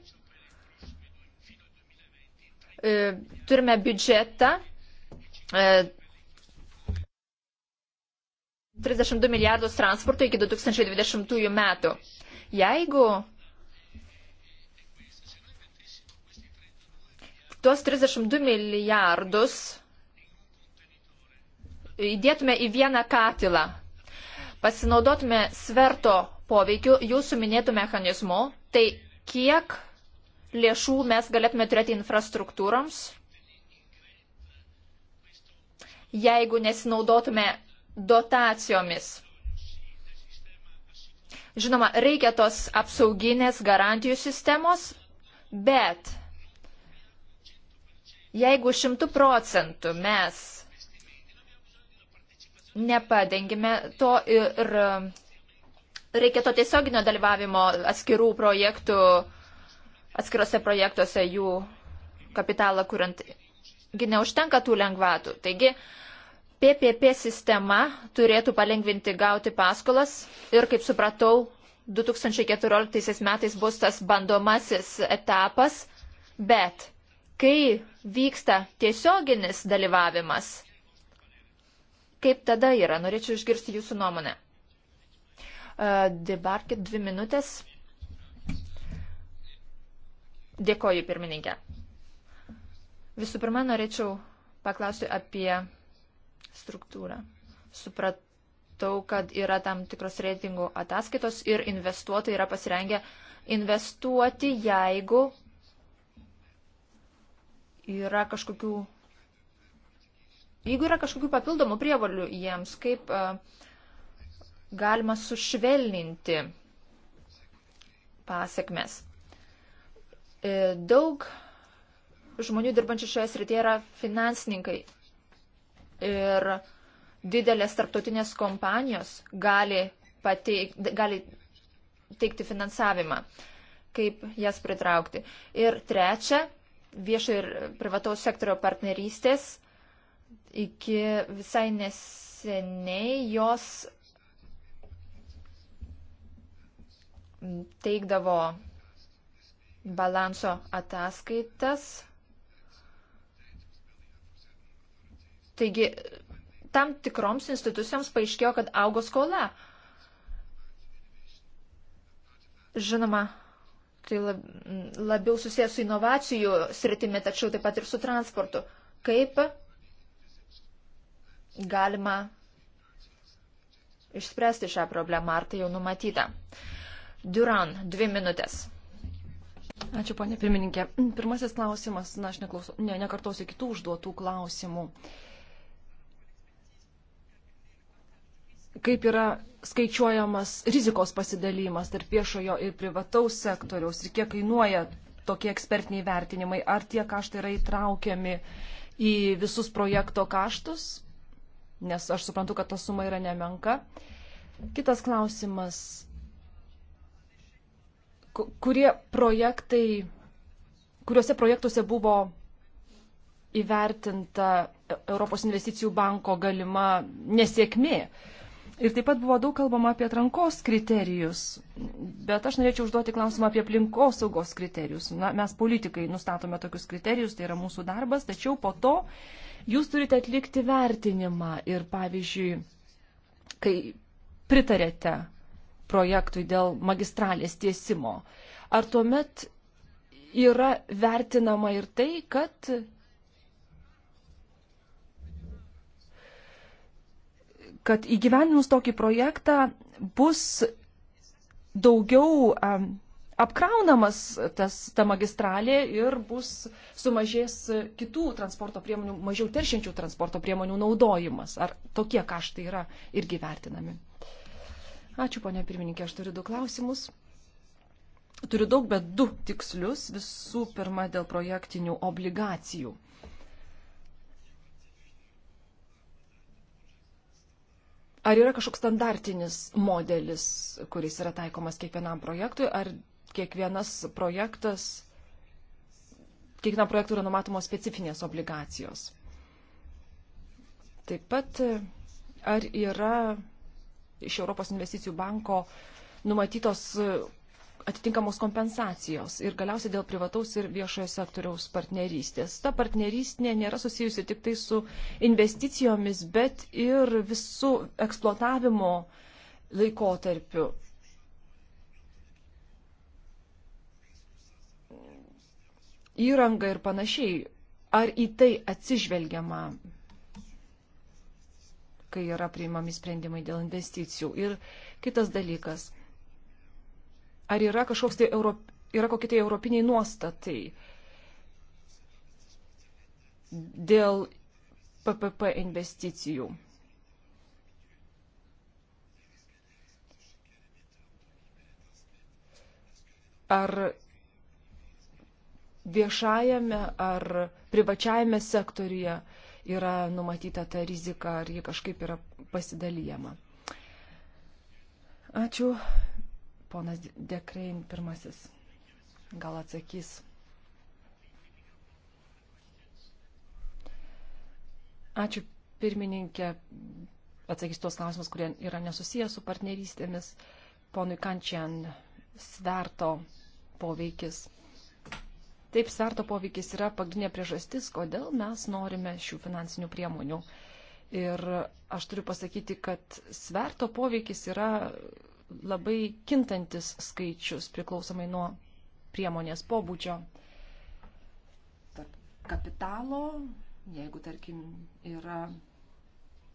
E, turime biudžetą 32 e, milijardus transportui iki 2020 metų. Jeigu tuos 32 milijardus įdėtume į vieną katilą, pasinaudotume sverto poveikiu jūsų minėtų mechanizmų, tai kiek lėšų mes galėtume turėti infrastruktūroms, jeigu nesinaudotume dotacijomis. Žinoma, reikia tos apsauginės garantijų sistemos, bet jeigu šimtų procentų mes nepadengime to ir reikia to tiesioginio dalyvavimo atskirų projektų uh, atskirose projektuose jų kapitalą kuriant. Gi neužtenka tų lengvatų. Taigi PPP sistema turėtų palengvinti gauti paskolas ir, kaip supratau, 2014 metais bus tas bandomasis etapas, bet kai vyksta tiesioginis dalyvavimas, kaip tada yra? Norėčiau išgirsti jūsų nuomonę. Debarkit dvi minutės. Dėkoju, pirmininkė. Visų pirma, norėčiau paklausti apie struktūrą. Supratau, kad yra tam tikros reitingų ataskaitos ir investuotojai yra pasirengę investuoti, jeigu yra kažkokių, jeigu yra kažkokių papildomų prievalių jiems, kaip a, e, galima sušvelninti pasiekmes. E, daug žmonių dirbančių šioje srityje yra finansininkai. Ir didelės tarptautinės kompanijos gali, pateik, gali teikti finansavimą, kaip jas pritraukti. Ir trečia, viešo ir privataus sektorio partnerystės. Iki visai neseniai jos teikdavo balanso ataskaitas. Taigi, tam tikroms institucijoms paaiškėjo, kad augo skola. Žinoma, tai lab, labiau susijęs su inovacijų sritimi, tačiau taip pat ir su transportu. Kaip galima išspręsti šią problemą, ar tai jau numatyta. Duran, dvi minutės. Ačiū, ponė pirmininkė. Pirmasis klausimas, na, aš neklausau, ne, nekartosiu kitų užduotų klausimų. Kaip yra skaičiuojamas rizikos pasidalymas tarp viešojo ir privataus sektoriaus ir kiek kainuoja tokie ekspertiniai vertinimai, ar tie kaštai yra įtraukiami į visus projekto kaštus, nes aš suprantu, kad ta suma yra nemenka. Kitas klausimas kurie projektai, kuriuose projektuose buvo įvertinta Europos investicijų banko galima nesėkmė. Ir taip pat buvo daug kalbama apie atrankos kriterijus, bet aš norėčiau užduoti klausimą apie aplinkosaugos kriterijus. Na, mes politikai nustatome tokius kriterijus, tai yra mūsų darbas, tačiau po to jūs turite atlikti vertinimą ir, pavyzdžiui, kai pritarėte projektui dėl magistralės tiesimo, ar tuomet yra vertinama ir tai, kad kad įgyveninus tokį projektą bus daugiau um, apkraunamas tas, ta magistralė ir bus sumažės kitų transporto priemonių, mažiau teršiančių transporto priemonių naudojimas. Ar tokie kaštai yra irgi vertinami? Uh, Ačiū, ponė pirmininkė, aš turiu du klausimus. Turiu daug, bet du tikslius. Visų pirma, dėl projektinių obligacijų. Ar yra kažkoks standartinis modelis, kuris yra taikomas kiekvienam projektui, ar kiekvienas projektas, kiekvienam projektui yra numatomos specifinės obligacijos? Taip pat, ar yra iš Europos investicijų banko numatytos e, atitinkamos kompensacijos ir galiausiai dėl privataus ir viešojo sektoriaus partnerystės. Ta partnerystė nėra susijusi tik tai su investicijomis, bet ir visų eksploatavimo laikotarpiu. Įranga ir panašiai. Ar į tai atsižvelgiama kai yra priimami sprendimai dėl investicijų. Ir kitas dalykas, ar yra kažkoks tai Europ... yra kokie tai europiniai nuostatai dėl PPP investicijų? Ar viešajame ar privačiajame sektoriuje uh, yra numatyta ta rizika, ar ji kažkaip yra pasidalyjama. Ačiū. Ponas Dekrein pirmasis gal atsakys. Ačiū pirmininkė. Atsakys tuos klausimus, kurie yra nesusijęs su partnerystėmis. Ponui Kančian sverto poveikis Taip, sverto poveikis yra pagrindinė priežastis, kodėl mes norime šių finansinių priemonių. Ir aš turiu pasakyti, kad sverto poveikis yra labai kintantis skaičius priklausomai nuo priemonės pobūdžio. Tarp kapitalo, jeigu tarkim yra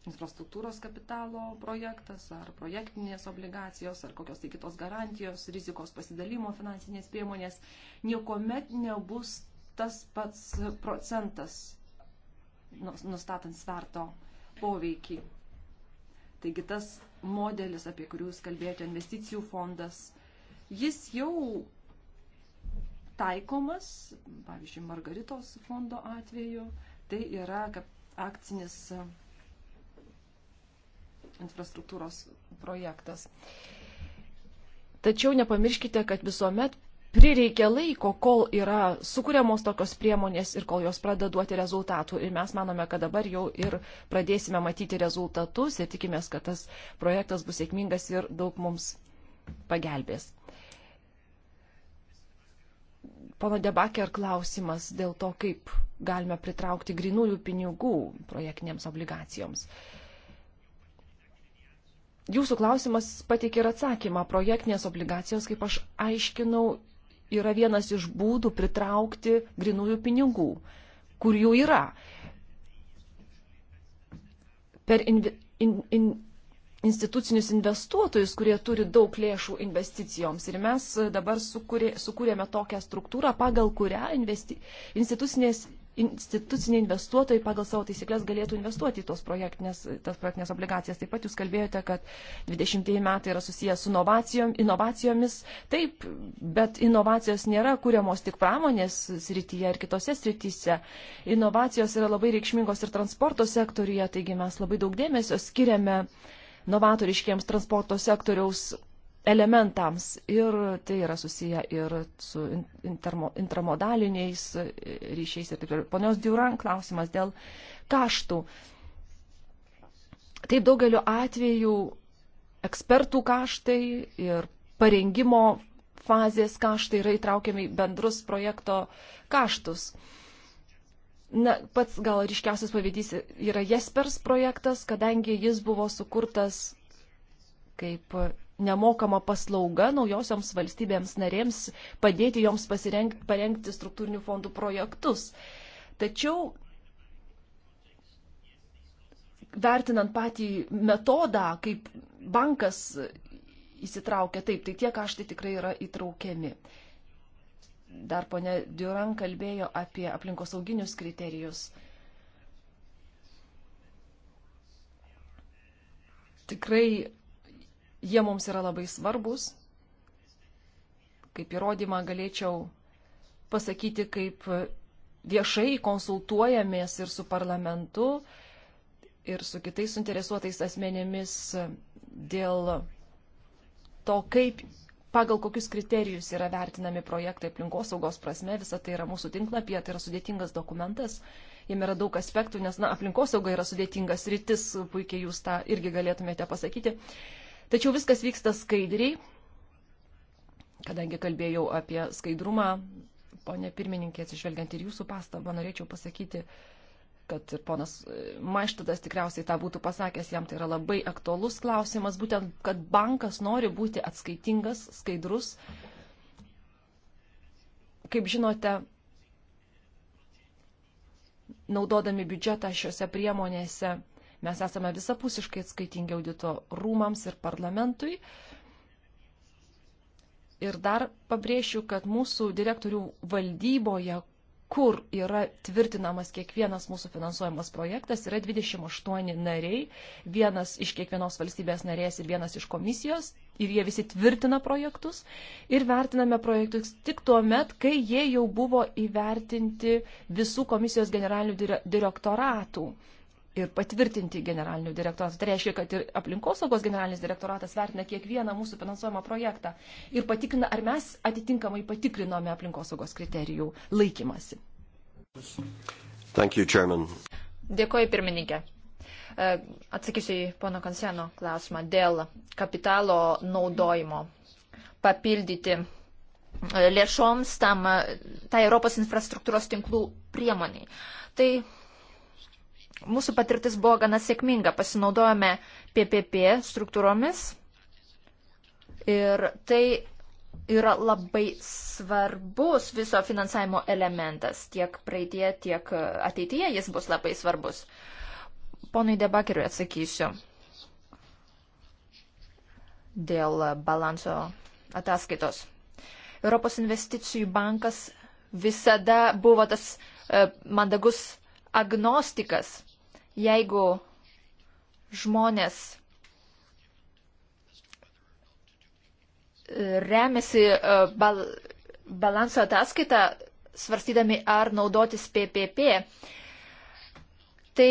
infrastruktūros kapitalo projektas, ar projektinės obligacijos, ar kokios tai kitos garantijos, rizikos pasidalimo finansinės priemonės, niekuomet nebus tas pats procentas nustatant sverto poveikį. Taigi tas modelis, apie kurį jūs kalbėjote, investicijų fondas, jis jau taikomas, pavyzdžiui, Margaritos fondo atveju, tai yra akcinis infrastruktūros projektas. Tačiau nepamirškite, kad visuomet prireikia laiko, kol yra sukūriamos tokios priemonės ir kol jos pradeda duoti rezultatų. Ir mes manome, kad dabar jau ir pradėsime matyti rezultatus ir tikimės, kad tas projektas bus sėkmingas ir daug mums pagelbės. Pono Debaker klausimas dėl to, kaip galime pritraukti grinųjų pinigų projektinėms obligacijoms. Uh, jūsų klausimas pateikė ir atsakymą. Projektinės obligacijos, kaip aš aiškinau, yra vienas iš būdų pritraukti grinųjų pinigų, kur jų yra. Per in, in, in, institucinius investuotojus, kurie turi daug lėšų investicijoms. Ir mes dabar sukūrė, sukūrėme tokią struktūrą, pagal kurią investi, institucinės instituciniai investuotojai pagal savo taisyklės galėtų investuoti į tos projektinės, tas projektinės obligacijas. Taip pat jūs kalbėjote, kad 20 metai yra susijęs su inovacijom, inovacijomis. Taip, bet inovacijos nėra kūriamos tik pramonės srityje ir kitose srityse. Inovacijos yra labai reikšmingos ir transporto sektoriuje, taigi mes labai daug dėmesio skiriame novatoriškiems transporto sektoriaus elementams ir tai yra susiję ir su intermo, intramodaliniais e, ryšiais ir taip toliau. Ponios Diuran klausimas dėl kaštų. Taip daugeliu atveju ekspertų kaštai ir parengimo fazės kaštai yra įtraukiami bendrus projekto kaštus. Na, pats gal ryškiausias pavyzdys yra Jespers projektas, kadangi jis buvo sukurtas kaip nemokama paslauga naujosioms valstybėms narėms, padėti joms pasireng, parengti struktūrinių fondų projektus. Tačiau vertinant patį metodą, kaip bankas įsitraukia, taip, tai tie kaštai tikrai yra įtraukiami. Dar ponė Duran kalbėjo apie aplinkosauginius kriterijus. Tikrai Jie mums yra labai svarbus. Kaip įrodymą galėčiau pasakyti, kaip viešai konsultuojamės ir su parlamentu, ir su kitais suinteresuotais asmenėmis dėl to, kaip pagal kokius kriterijus yra vertinami projektai aplinkosaugos prasme, visa tai yra mūsų tinklapyje, tai yra sudėtingas dokumentas, jame yra daug aspektų, nes, na, aplinkosauga yra sudėtingas rytis, puikiai jūs tą irgi galėtumėte pasakyti. Tačiau viskas vyksta skaidriai, kadangi kalbėjau apie skaidrumą, ponė pirmininkė, atsižvelgiant ir jūsų pastabą, norėčiau pasakyti, kad ir ponas e, Maištadas tikriausiai tą būtų pasakęs, jam tai yra labai aktuolus klausimas, būtent, kad bankas nori būti atskaitingas, skaidrus. Kaip žinote, naudodami biudžetą šiuose priemonėse Mes esame visapusiškai atskaitingi audito rūmams ir parlamentui. Ir dar pabrėšiu, kad mūsų direktorių valdyboje, kur yra tvirtinamas kiekvienas mūsų finansuojamas projektas, yra 28 nariai, vienas iš kiekvienos valstybės narės ir vienas iš komisijos, ir jie visi tvirtina projektus ir vertiname projektus tik tuo met, kai jie jau buvo įvertinti visų komisijos generalinių direktoratų ir patvirtinti generalinių direktoratų. Tai reiškia, kad ir aplinkosaugos generalinis direktoratas vertina kiekvieną mūsų finansuojamą projektą ir patikrina, ar mes atitinkamai patikrinome aplinkosaugos kriterijų laikymasi. Thank you, Chairman. Dėkoju, pirmininkė. E, atsakysiu į pono Konseno klausimą dėl kapitalo naudojimo. Papildyti e, lėšoms tam, e, tai Europos infrastruktūros tinklų priemoniai. Tai Mūsų patirtis buvo gana sėkminga, pasinaudojome PPP struktūromis ir tai yra labai svarbus viso finansavimo elementas. Tiek praeitie, tiek ateityje jis bus labai svarbus. Ponui Debakeriui atsakysiu dėl balanso ataskaitos. Europos investicijų bankas visada buvo tas e, mandagus agnostikas jeigu žmonės remiasi e, bal, balanso ataskaitą, svarstydami ar naudotis PPP, tai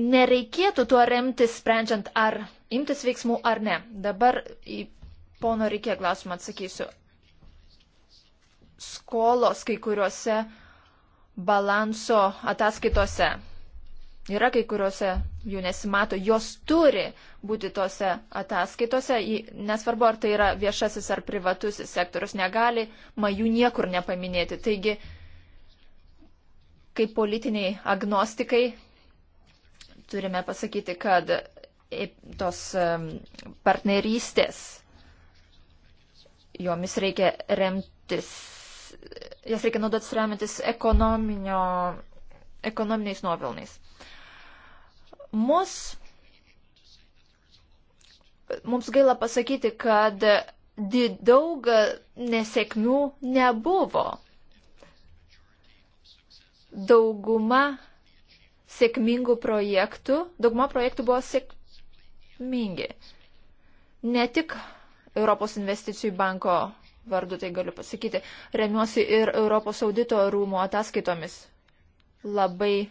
nereikėtų tuo remtis, sprendžiant ar imtis veiksmų ar ne. Dabar į pono reikė klausimą atsakysiu. Skolos kai kuriuose uh, balanso ataskaitose yra kai kuriuose jų nesimato, jos turi būti tose ataskaitose, nesvarbu ar tai yra viešasis ar privatusis sektorius, negali ma jų niekur nepaminėti. Taigi, kaip politiniai agnostikai, turime pasakyti, kad tos partnerystės, jomis reikia remtis jas reikia naudotis remiantis ekonominiais nuopelnais. Mus, mums gaila pasakyti, kad daug nesėkmių nebuvo. Dauguma sėkmingų projektų, dauguma projektų buvo sėkmingi. Ne tik Europos investicijų banko vardu tai galiu pasakyti, remiuosi ir Europos audito rūmų ataskaitomis. Labai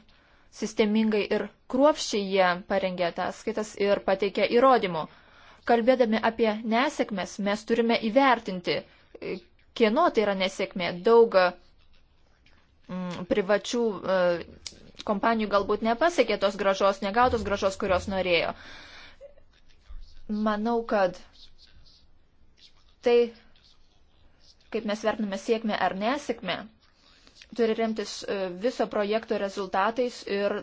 sistemingai ir kruopščiai jie parengė ataskaitas ir pateikė įrodymų. Kalbėdami apie nesėkmes, mes turime įvertinti, kieno tai yra nesėkmė. Daug mm, privačių e, kompanijų galbūt nepasiekė tos gražos, negautos gražos, kurios norėjo. Manau, kad tai kaip mes vertiname sėkmę ar nesėkmę, turi remtis e, viso projekto rezultatais ir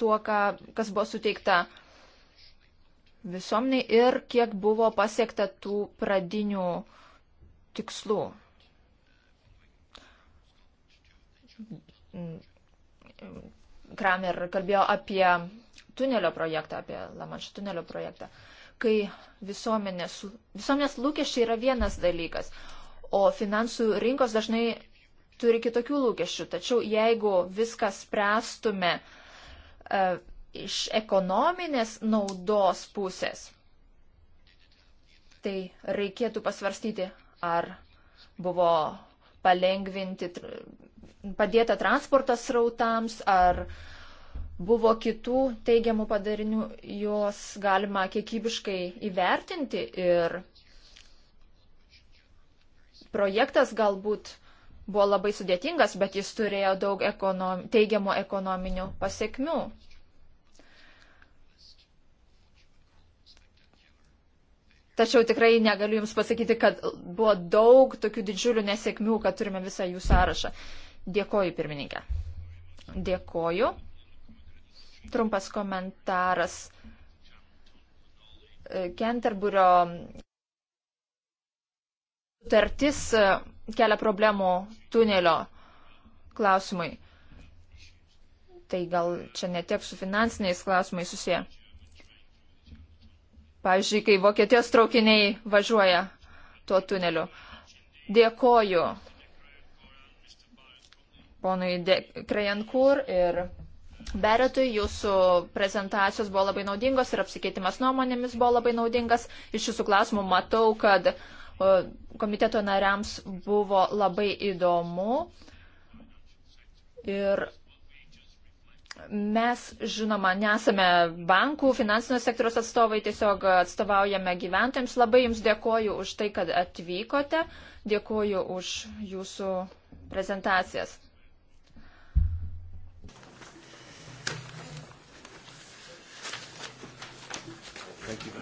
tuo, ką, kas buvo suteikta visuomeniai ir kiek buvo pasiekta tų pradinių tikslų. Kramer kalbėjo apie tunelio projektą, apie Lamanšo tunelio projektą. Uh, kai visuomenės, visuomenės lūkesčiai yra vienas dalykas, o finansų rinkos dažnai turi kitokių lūkesčių. Tačiau jeigu viską spręstume e, iš ekonominės naudos pusės, tai reikėtų pasvarstyti, ar buvo palengvinti, padėta transportas rautams, ar uh, buvo kitų teigiamų padarinių, juos galima kiekybiškai įvertinti ir projektas galbūt buvo labai sudėtingas, bet jis turėjo daug ekonom, teigiamų ekonominių pasiekmių. Tačiau tikrai negaliu Jums pasakyti, kad buvo daug tokių didžiulių nesėkmių, kad turime visą jų sąrašą. Dėkoju, pirmininkė. Dėkoju. Trumpas komentaras. Kenterburio sutartis e, kelia problemų tunelio klausimai. Tai gal čia netiek su finansiniais klausimais susiję. Pavyzdžiui, kai Vokietijos traukiniai važiuoja tuo tuneliu. Dėkoju ponui De Krajankur ir Beretui jūsų prezentacijos buvo labai naudingos ir apsikeitimas nuomonėmis buvo labai naudingas. Iš jūsų klausimų matau, kad komiteto nariams buvo labai įdomu. Ir mes, žinoma, nesame bankų, finansinio sektoriaus atstovai, tiesiog atstovaujame gyventojams. Labai Jums dėkoju už tai, kad atvykote, dėkoju už Jūsų prezentacijas. Thank you.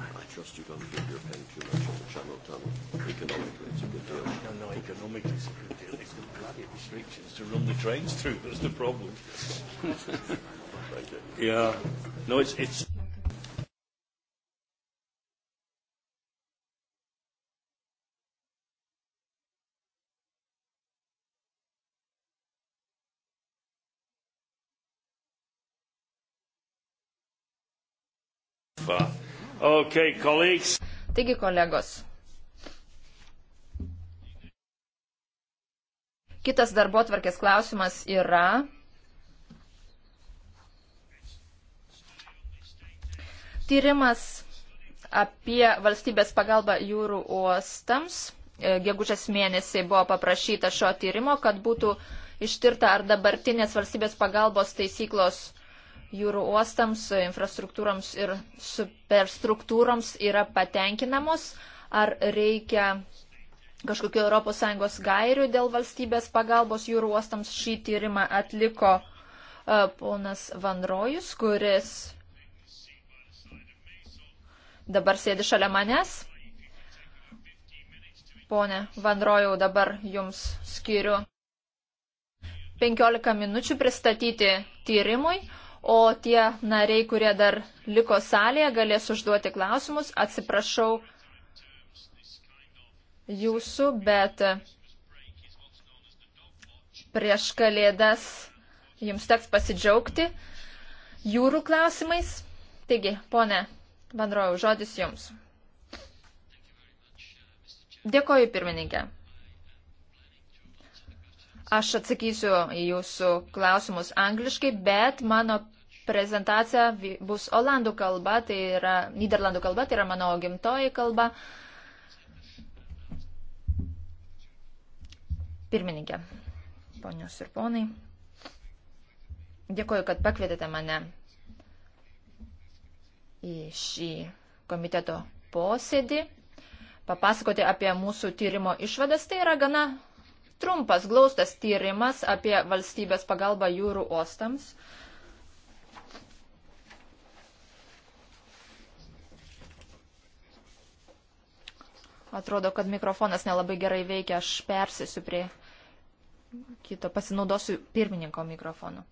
I trust you don't give your pen too much on the Channel Tunnel. Economically, it's a good deal. No, no, economically it's a good deal. It's the bloody restrictions to run the trains through that's the problem. <laughs> Thank you. Yeah. No, it's it's. Okay, colleagues. Taigi, kolegos. Kitas darbo tvarkės klausimas yra. Tyrimas apie valstybės pagalbą jūrų uostams. E, gegužės mėnesiai buvo paprašyta šio tyrimo, kad būtų ištirta, ar dabartinės valstybės pagalbos taisyklos jūrų uostams, infrastruktūroms ir superstruktūroms yra patenkinamos, ar reikia kažkokio ES gairių dėl valstybės pagalbos jūrų uostams. Šį tyrimą atliko uh, ponas Van Rojus, kuris dabar sėdi šalia manęs. Pone Van Rojau, dabar jums skiriu 15 minučių pristatyti tyrimui, o tie nariai, kurie dar liko salėje, galės užduoti klausimus. Atsiprašau jūsų, bet prieš kalėdas jums teks pasidžiaugti jūrų klausimais. Taigi, ponė Vandrojau, žodis jums. Dėkoju, pirmininkė. Aš atsakysiu į jūsų klausimus angliškai, bet mano prezentacija bus olandų kalba, tai yra Niderlandų kalba, tai yra mano gimtoji kalba. Pirmininkė, ponios ir ponai, dėkoju, kad pakvietėte mane į šį komiteto posėdį, papasakoti apie mūsų tyrimo išvadas. Tai yra gana trumpas glaustas tyrimas apie valstybės pagalbą jūrų ostams. Atrodo, kad mikrofonas nelabai gerai veikia, aš persėsiu prie kito, pasinaudosiu pirmininko mikrofonu.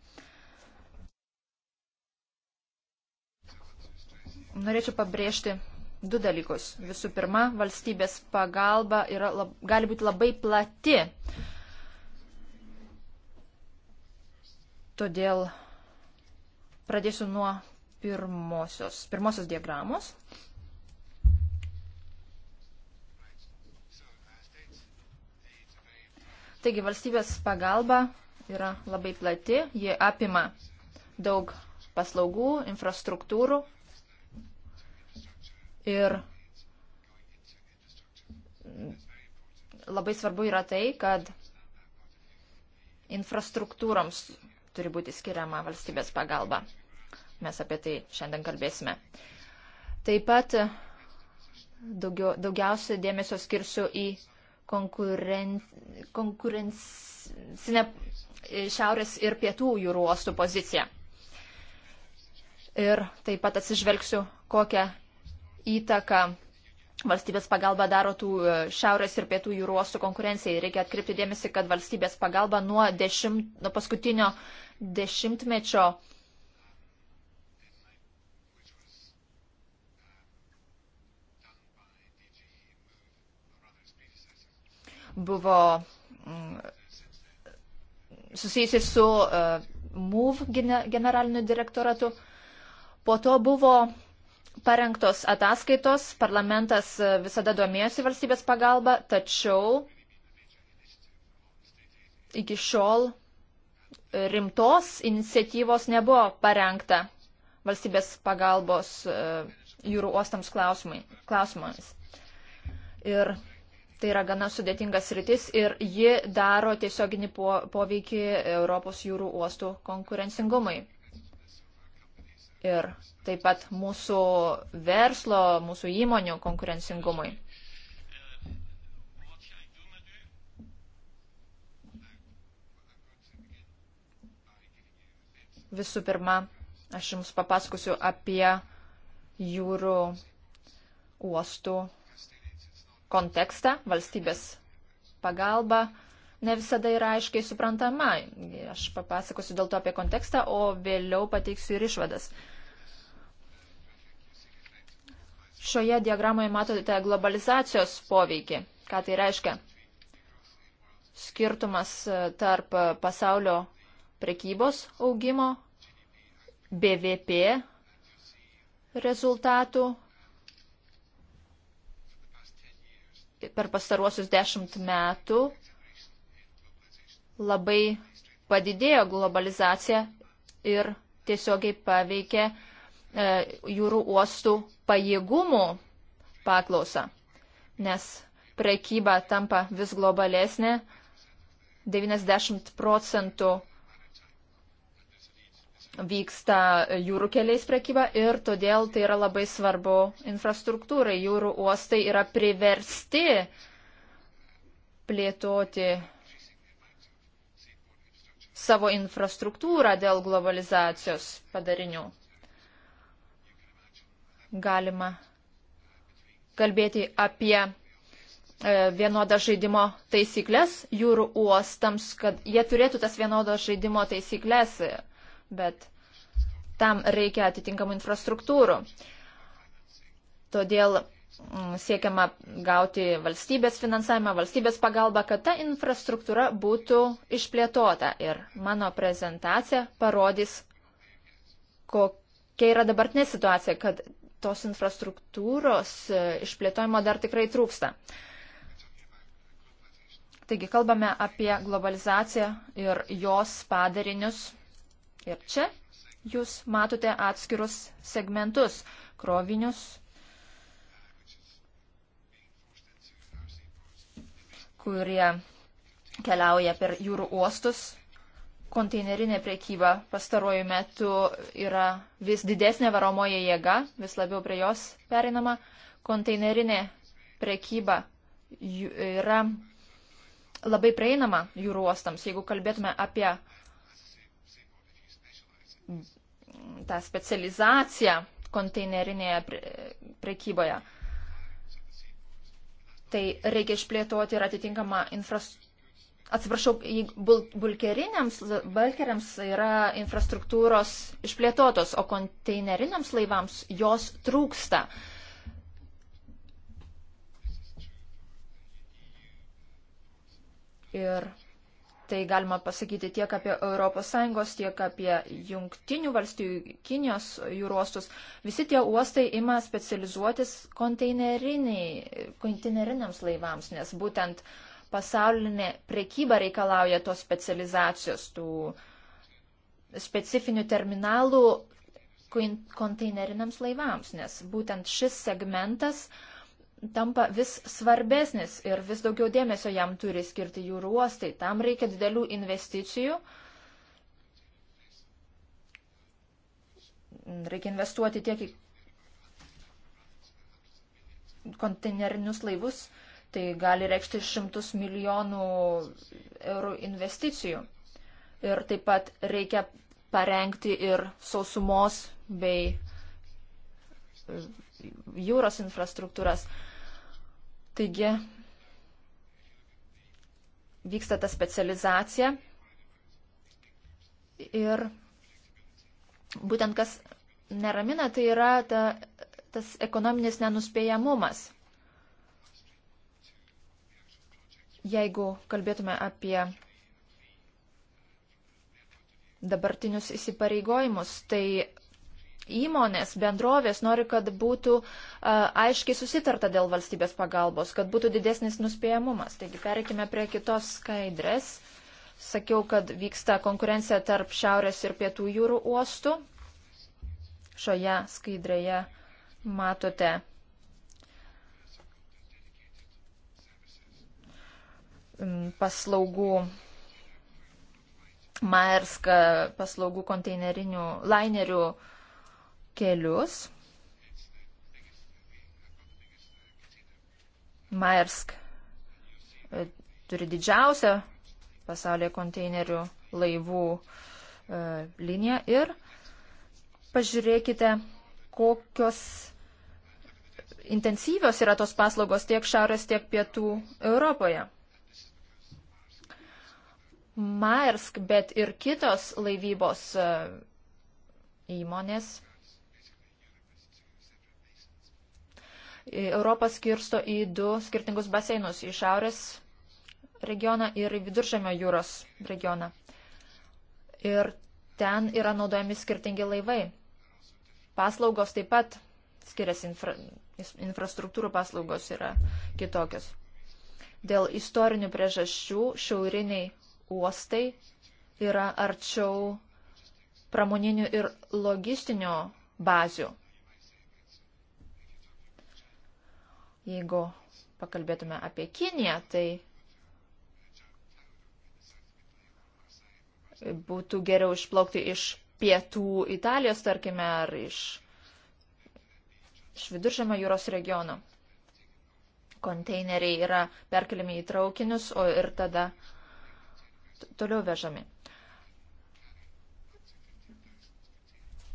Norėčiau pabrėžti du dalykus. Visų pirma, valstybės pagalba yra, lab, gali būti labai plati. Todėl pradėsiu nuo pirmosios, pirmosios diagramos. Taigi valstybės pagalba yra labai plati, ji apima daug paslaugų, infrastruktūrų, Ir labai svarbu yra tai, kad infrastruktūroms turi būti skiriama valstybės pagalba. Mes apie tai šiandien kalbėsime. Taip pat daugiau, daugiausia dėmesio skirsiu į konkuren, konkurencinę e, šiaurės ir pietų jūrų uostų poziciją. Ir taip pat atsižvelgsiu, kokią įtaką valstybės pagalba daro tų e, šiaurės ir pietų jūrų uostų konkurencijai. Reikia atkreipti dėmesį, kad valstybės pagalba nuo, dešimt, nuo paskutinio dešimtmečio buvo mm, susijusi su e, MUV generaliniu direktoratu. Po to buvo parengtos ataskaitos, parlamentas e, visada domėjosi valstybės pagalba, tačiau iki šiol rimtos iniciatyvos nebuvo parengta valstybės pagalbos e, jūrų uostams klausimais. Ir tai yra gana sudėtingas rytis ir ji daro tiesioginį poveikį Europos jūrų uostų konkurencingumui ir taip pat mūsų verslo, mūsų įmonių konkurencingumui. Visų pirma, aš Jums papasakosiu apie jūrų uostų kontekstą, valstybės pagalbą ne visada yra aiškiai suprantama. Aš papasakosiu dėl to apie kontekstą, o vėliau pateiksiu ir išvadas. Šioje diagramoje matote globalizacijos poveikį. Ką tai reiškia? Skirtumas e, tarp e, pasaulio prekybos augimo, BVP rezultatų per pastaruosius dešimt metų labai padidėjo globalizacija ir tiesiogiai paveikė e, jūrų uostų pajėgumų paklausą, nes prekyba tampa vis globalesnė, 90 procentų vyksta jūrų keliais prekyba ir todėl tai yra labai svarbu infrastruktūrai. Jūrų uostai yra priversti plėtoti savo infrastruktūrą dėl globalizacijos padarinių. Galima kalbėti apie e, vienodas žaidimo taisyklės jūrų uostams, kad jie turėtų tas vienodas žaidimo taisyklės, bet tam reikia atitinkamų infrastruktūrų. Todėl Mm, siekiama gauti valstybės finansavimą, valstybės pagalbą, kad ta infrastruktūra būtų išplėtota. Ir mano prezentacija parodys, kokia yra dabartinė situacija, kad tos infrastruktūros e, išplėtojimo dar tikrai trūksta. Taigi kalbame apie globalizaciją ir jos padarinius. Ir čia jūs matote atskirus segmentus - krovinius, kurie keliauja per jūrų uostus. Konteinerinė priekyba pastaruoju metu yra vis didesnė varomoji jėga, vis labiau prie jos perinama. Konteinerinė priekyba yra labai prieinama jūrų uostams. Jeigu kalbėtume apie tą specializaciją konteinerinėje prekyboje, tai reikia išplėtoti ir atitinkamą infrastruktūrą. Atsiprašau, bul bulkeriniams, bulkeriams yra infrastruktūros išplėtotos, o konteineriniams laivams jos trūksta. Ir Tai galima pasakyti tiek apie ES, tiek apie jungtinių valstybių, Kinijos jūrostus. Visi tie uostai ima specializuotis konteineriniams laivams, nes būtent pasaulinė prekyba reikalauja tos specializacijos, tų specifinių terminalų konteineriniams laivams, nes būtent šis segmentas uh, tampa vis svarbesnis ir vis daugiau dėmesio jam turi skirti jūrų uostai. Tam reikia didelių investicijų. Reikia investuoti tiek į konteinerinius laivus, tai gali reikšti šimtus milijonų eurų investicijų. Ir taip pat reikia parengti ir sausumos bei jūros infrastruktūras. Taigi vyksta ta specializacija ir būtent kas neramina, tai yra ta, tas ekonominis nenuspėjamumas. Jeigu kalbėtume apie dabartinius įsipareigojimus, tai įmonės, bendrovės nori, kad būtų aiškiai susitarta dėl valstybės pagalbos, kad būtų didesnis nuspėjamumas. Taigi pereikime prie kitos skaidrės. Sakiau, kad vyksta konkurencija tarp šiaurės ir pietų jūrų uostų. Šioje skaidrėje matote paslaugų Maerska paslaugų konteinerinių lainerių kelius. Maersk e, turi didžiausią pasaulyje konteinerių laivų e, liniją ir pažiūrėkite, kokios intensyvios yra tos paslaugos tiek šiaurės, tiek pietų Europoje. Maersk, bet ir kitos laivybos e, įmonės Europą skirsto į du skirtingus baseinus - į šiaurės regioną ir į viduržemio jūros regioną. Ir ten yra naudojami skirtingi laivai. Paslaugos taip pat skiriasi, infra, infrastruktūrų paslaugos yra kitokios. Dėl istorinių priežasčių šiauriniai uostai yra arčiau pramoninių ir logistinių bazių. Jeigu pakalbėtume apie Kiniją, tai būtų geriau išplaukti iš pietų Italijos, tarkime, ar iš, iš viduržėmio jūros regiono. Konteineriai yra perkeliami į traukinius, o ir tada toliau vežami.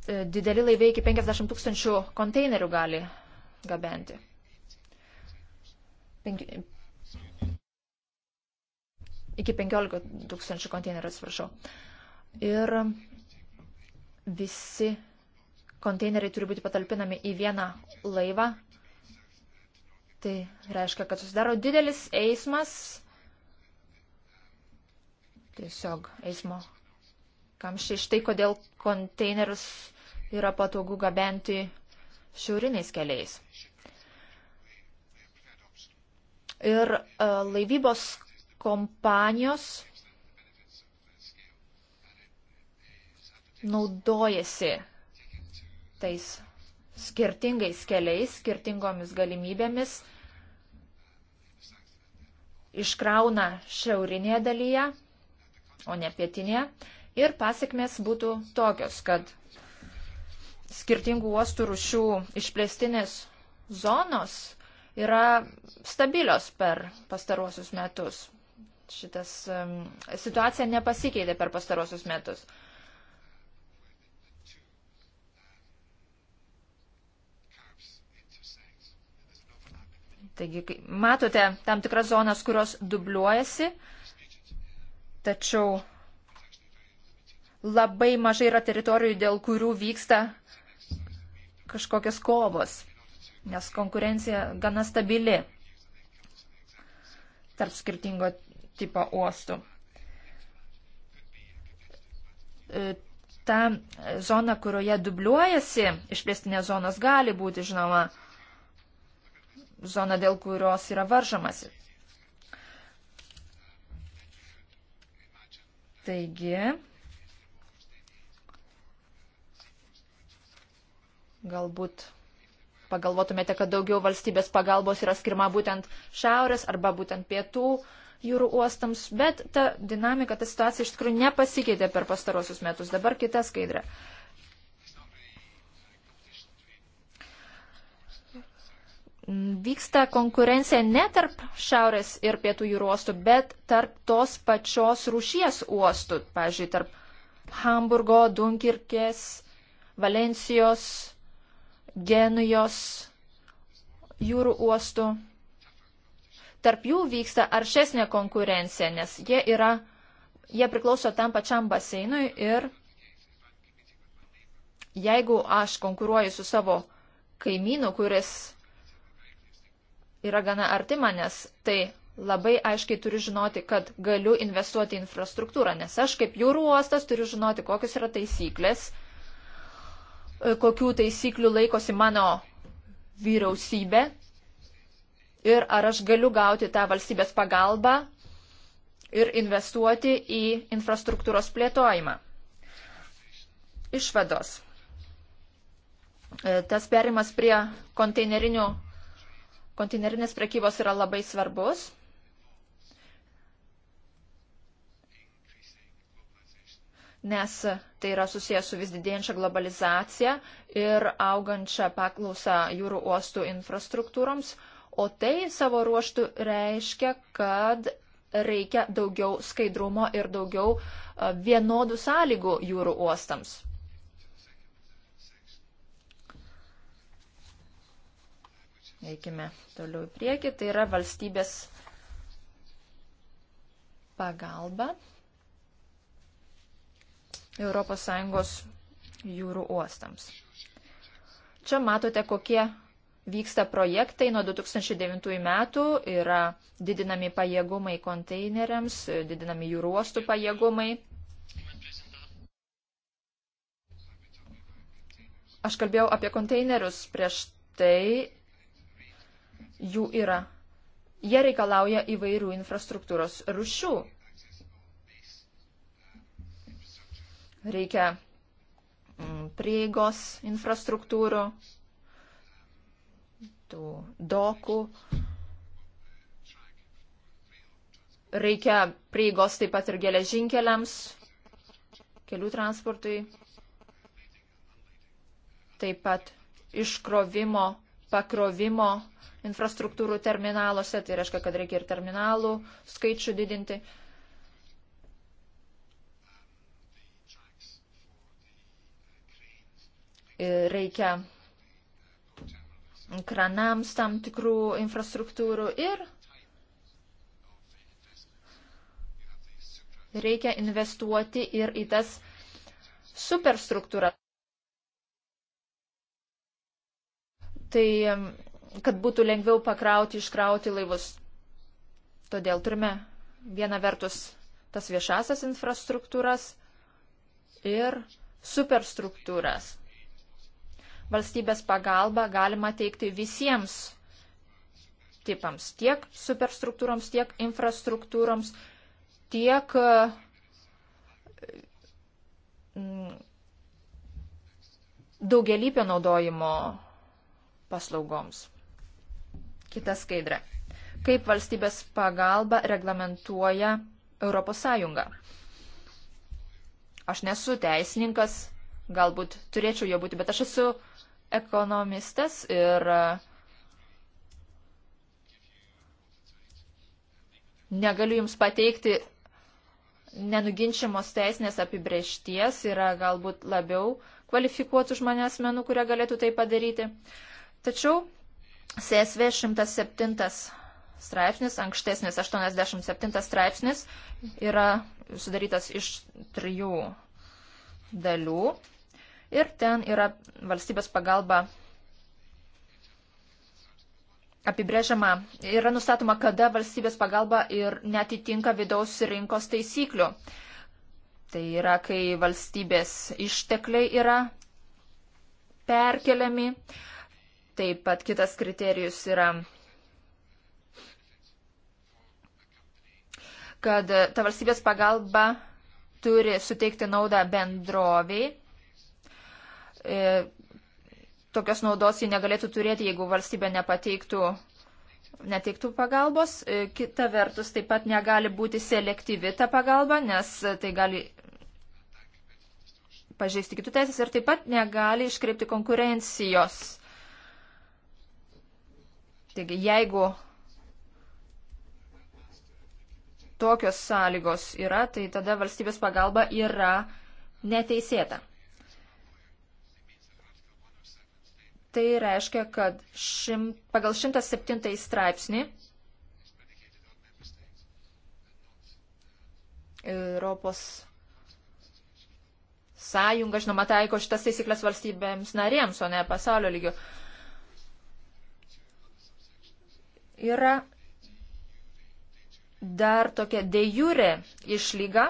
E, dideli laivai iki 50 tūkstančių konteinerių gali gabenti penki, iki 15 tūkstančių konteinerių, atsiprašau. Ir visi konteineriai turi būti patalpinami į vieną laivą. Tai reiškia, kad susidaro didelis eismas, tiesiog eismo kamščiai. Štai kodėl konteinerius yra patogu gabenti šiauriniais keliais ir e, laivybos kompanijos naudojasi tais skirtingais keliais, skirtingomis galimybėmis, iškrauna šiaurinėje dalyje, o ne pietinėje. Ir pasiekmes būtų tokios, kad skirtingų uostų rušių išplėstinės zonos yra stabilios per pastaruosius metus. Šitas um, situacija nepasikeitė per pastaruosius metus. Taigi, matote tam tikras zonas, kurios dubliuojasi, tačiau labai mažai yra teritorijų, dėl kurių vyksta kažkokios kovos nes konkurencija gana stabili tarp skirtingo tipo uostų. E, ta zona, kurioje dubliuojasi išplėstinės zonos, gali būti, žinoma, zona, dėl kurios yra varžomasi. Taigi, galbūt pagalvotumėte, kad daugiau valstybės pagalbos yra skirma būtent šiaurės arba būtent pietų jūrų uostams, bet ta dinamika, ta situacija iš tikrųjų nepasikeitė per pastarosius metus. Dabar kita skaidrė. Vyksta konkurencija ne tarp šiaurės ir pietų jūrų uostų, bet tarp tos pačios rūšies uostų, pavyzdžiui, tarp Hamburgo, Dunkirkės, Valencijos, Genujos jūrų uostų. Tarp jų vyksta aršesnė konkurencija, nes jie, yra, jie priklauso tam pačiam baseinui ir jeigu aš konkuruoju su savo kaimynu, kuris yra gana arti manęs, tai labai aiškiai turiu žinoti, kad galiu investuoti į infrastruktūrą, nes aš kaip jūrų uostas turiu žinoti, kokios yra taisyklės kokių taisyklių laikosi mano vyriausybė ir ar aš galiu gauti tą valstybės pagalbą ir investuoti į infrastruktūros plėtojimą. Išvados. E, tas perimas prie konteinerinės prekybos yra labai svarbus. nes tai yra susijęs su vis didėjančia globalizacija ir augančia paklausa jūrų uostų infrastruktūroms, o tai savo ruoštų reiškia, kad reikia daugiau skaidrumo ir daugiau vienodų sąlygų jūrų uostams. Eikime toliau į priekį. Tai yra valstybės pagalba ES jūrų uostams. Čia matote, kokie vyksta projektai nuo 2009 metų, yra didinami pajėgumai konteineriams, didinami jūrų uostų pajėgumai. Aš kalbėjau apie konteinerius prieš tai, jų yra. Jie reikalauja įvairių infrastruktūros rušių. Reikia mm, prieigos infrastruktūrų, tų dokų. Reikia prieigos taip pat ir geležinkeliams, kelių transportui, taip pat iškrovimo, pakrovimo infrastruktūrų terminaluose, tai reiškia, kad reikia ir terminalų skaičių didinti. E, reikia kranams tam tikrų infrastruktūrų ir reikia investuoti ir į tas superstruktūras. Tai kad būtų lengviau pakrauti, iškrauti laivus. Todėl turime viena vertus tas viešasias infrastruktūras ir superstruktūras valstybės pagalbą galima teikti visiems tipams, tiek superstruktūroms, tiek infrastruktūroms, tiek mm, daugelįpio naudojimo paslaugoms. Kita skaidra. Kaip valstybės pagalba reglamentuoja ES? Aš nesu teisininkas, galbūt turėčiau jo būti, bet aš esu uh, ekonomistas ir e, negaliu Jums pateikti nenuginčiamos teisinės apibriešties, yra galbūt labiau kvalifikuotų žmonės menų, kurie galėtų tai padaryti. Tačiau CSV 107 straipsnis, ankštesnis 87 straipsnis yra sudarytas iš trijų dalių ir ten yra valstybės pagalba apibrėžiama, yra nustatoma, kada valstybės pagalba ir netitinka vidaus rinkos taisyklių. Tai yra, kai valstybės ištekliai yra perkeliami. Taip pat kitas kriterijus yra, kad ta valstybės pagalba turi suteikti naudą bendroviai e, tokios naudos jie negalėtų turėti, jeigu valstybė nepateiktų, neteiktų pagalbos. E, kita vertus, taip pat negali būti selektyvi ta pagalba, nes tai gali pažeisti kitų teisės ir taip pat negali iškreipti konkurencijos. Taigi, jeigu tokios sąlygos yra, tai tada valstybės pagalba yra neteisėta. Tai reiškia, kad šim, pagal 107 straipsnį Europos sąjunga, žinoma, taiko šitas taisyklės valstybėms narėms, o ne pasaulio lygiu. Yra dar tokia dejure išlyga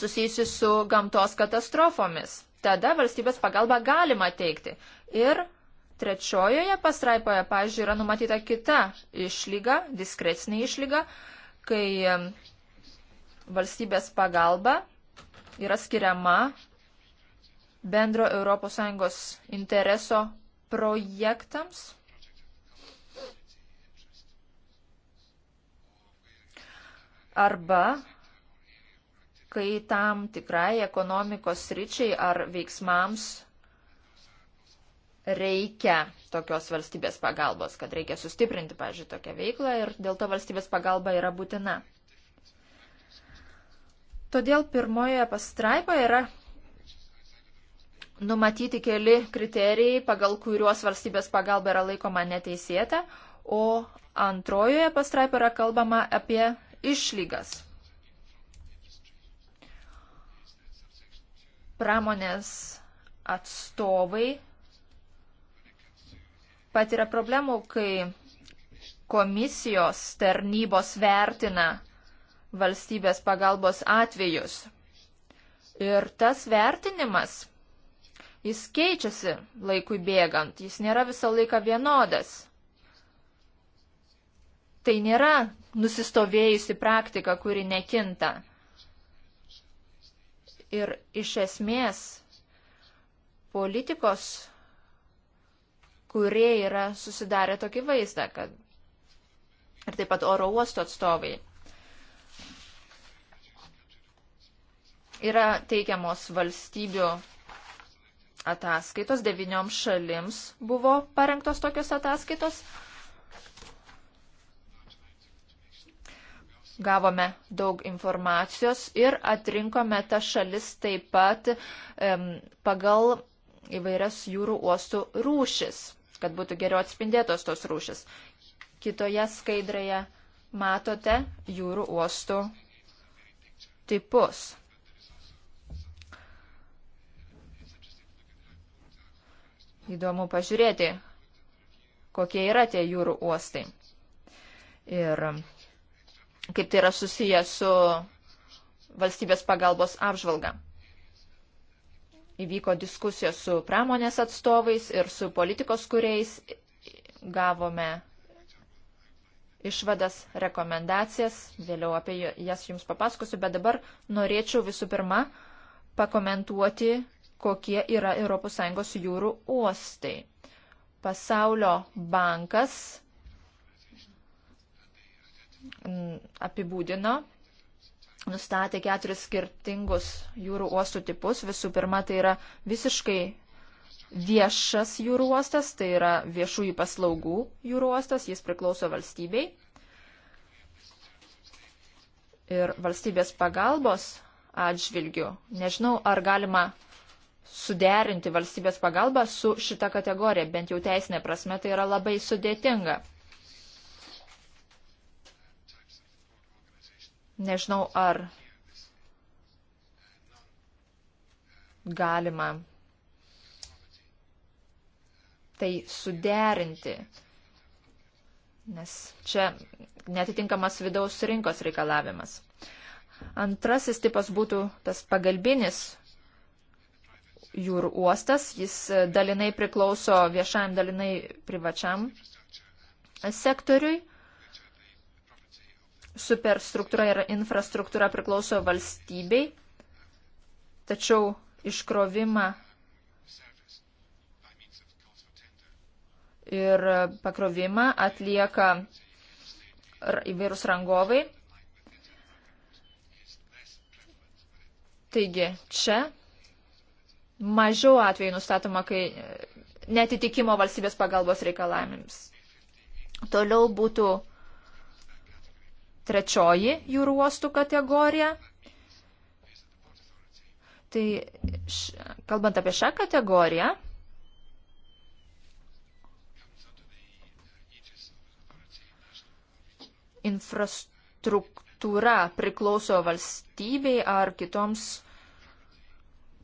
susijusi su gamtos katastrofomis. Tada valstybės pagalbą galima teikti. Ir Trečiojoje pastraipoje, pažiūrėjau, yra numatyta kita išlyga, diskrecinė išlyga, kai valstybės pagalba yra skiriama bendro ES intereso projektams. Arba kai tam tikrai ekonomikos ryčiai ar veiksmams reikia tokios valstybės pagalbos, kad reikia sustiprinti, pažiūrėjau, tokią veiklą ir dėl to valstybės pagalba yra būtina. Todėl pirmojoje pastraipoje yra numatyti keli kriterijai, pagal kuriuos valstybės pagalba yra laikoma neteisėta, o antrojoje pastraipoje yra kalbama apie išlygas. Pramonės atstovai patiria problemų, kai komisijos tarnybos vertina valstybės pagalbos atvejus. Ir tas vertinimas, jis keičiasi laikui bėgant, jis nėra visą laiką vienodas. Tai nėra nusistovėjusi praktika, kuri nekinta. Ir iš esmės politikos kurie yra susidarę tokį vaizdą, kad ir taip pat oro uosto atstovai. Yra teikiamos valstybių ataskaitos, devinioms šalims buvo parengtos tokios ataskaitos. Gavome daug informacijos ir atrinkome tą šalis taip pat um, pagal įvairias jūrų uostų rūšis kad būtų geriau atspindėtos tos rūšis. Kitoje skaidrėje matote jūrų uostų tipus. Įdomu pažiūrėti, kokie yra tie jūrų uostai. Ir kaip tai yra susiję su valstybės pagalbos apžvalga. Įvyko diskusija su pramonės atstovais ir su politikos kuriais. Gavome išvadas, rekomendacijas, vėliau apie jas jums papasakosiu, bet dabar norėčiau visų pirma pakomentuoti, kokie yra ES jūrų uostai. Pasaulio bankas mm, apibūdino nustatė keturis skirtingus jūrų uostų tipus. Visų pirma, tai yra visiškai viešas jūrų uostas, tai yra viešųjų paslaugų jūrų uostas, jis priklauso valstybei. Ir valstybės pagalbos atžvilgių. Nežinau, ar galima suderinti valstybės pagalbą su šita kategorija, bent jau teisinė prasme tai yra labai sudėtinga. Nežinau, ar galima tai suderinti, nes čia netitinkamas vidaus rinkos reikalavimas. Antrasis tipas būtų tas pagalbinis jūrų uostas, jis dalinai priklauso viešajam, dalinai privačiam sektoriui superstruktūra ir infrastruktūra priklauso valstybei, tačiau iškrovimą ir pakrovimą atlieka įvairūs rangovai. Taigi čia mažiau atvejų nustatoma, kai netitikimo valstybės pagalbos reikalavimams. Toliau būtų trečioji jūrų uostų kategorija. Tai š, kalbant apie šią kategoriją, infrastruktūra priklauso valstybei ar kitoms,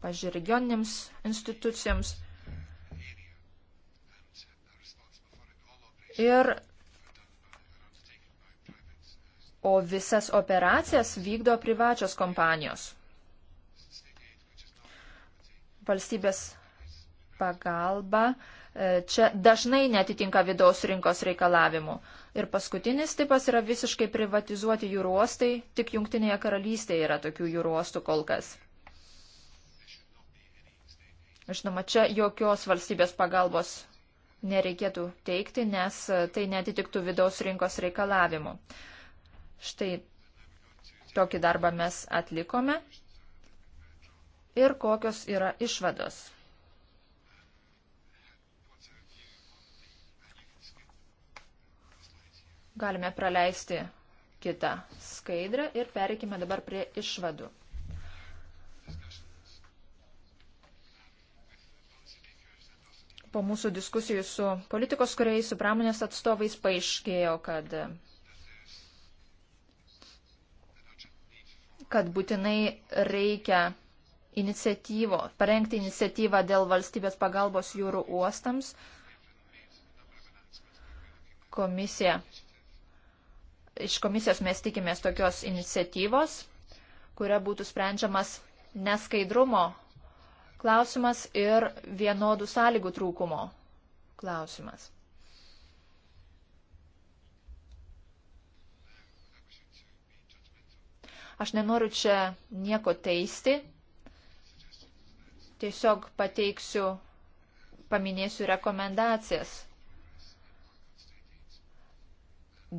pažiūrėjau, regioninėms institucijoms. Ir o visas operacijas vykdo privačios kompanijos. Valstybės pagalba e, čia dažnai netitinka vidaus rinkos reikalavimų. Ir paskutinis tipas yra visiškai privatizuoti jūruostai, tik Junktinėje karalystėje yra tokių jūruostų kol kas. Žinoma, čia jokios valstybės pagalbos nereikėtų teikti, nes e, tai netitiktų vidaus rinkos reikalavimų. Štai tokį darbą mes atlikome ir kokios yra išvados. Galime praleisti kitą skaidrę ir pereikime dabar prie išvadų. Po mūsų diskusijų su politikos kuriais, su pramonės atstovais paaiškėjo, kad kad būtinai reikia iniciatyvo, parengti iniciatyvą dėl valstybės pagalbos jūrų uostams. Komisija. Iš komisijos mes tikimės tokios iniciatyvos, kuria būtų sprendžiamas neskaidrumo klausimas ir vienodų sąlygų trūkumo klausimas. Aš nenoriu čia nieko teisti, tiesiog pateiksiu, paminėsiu rekomendacijas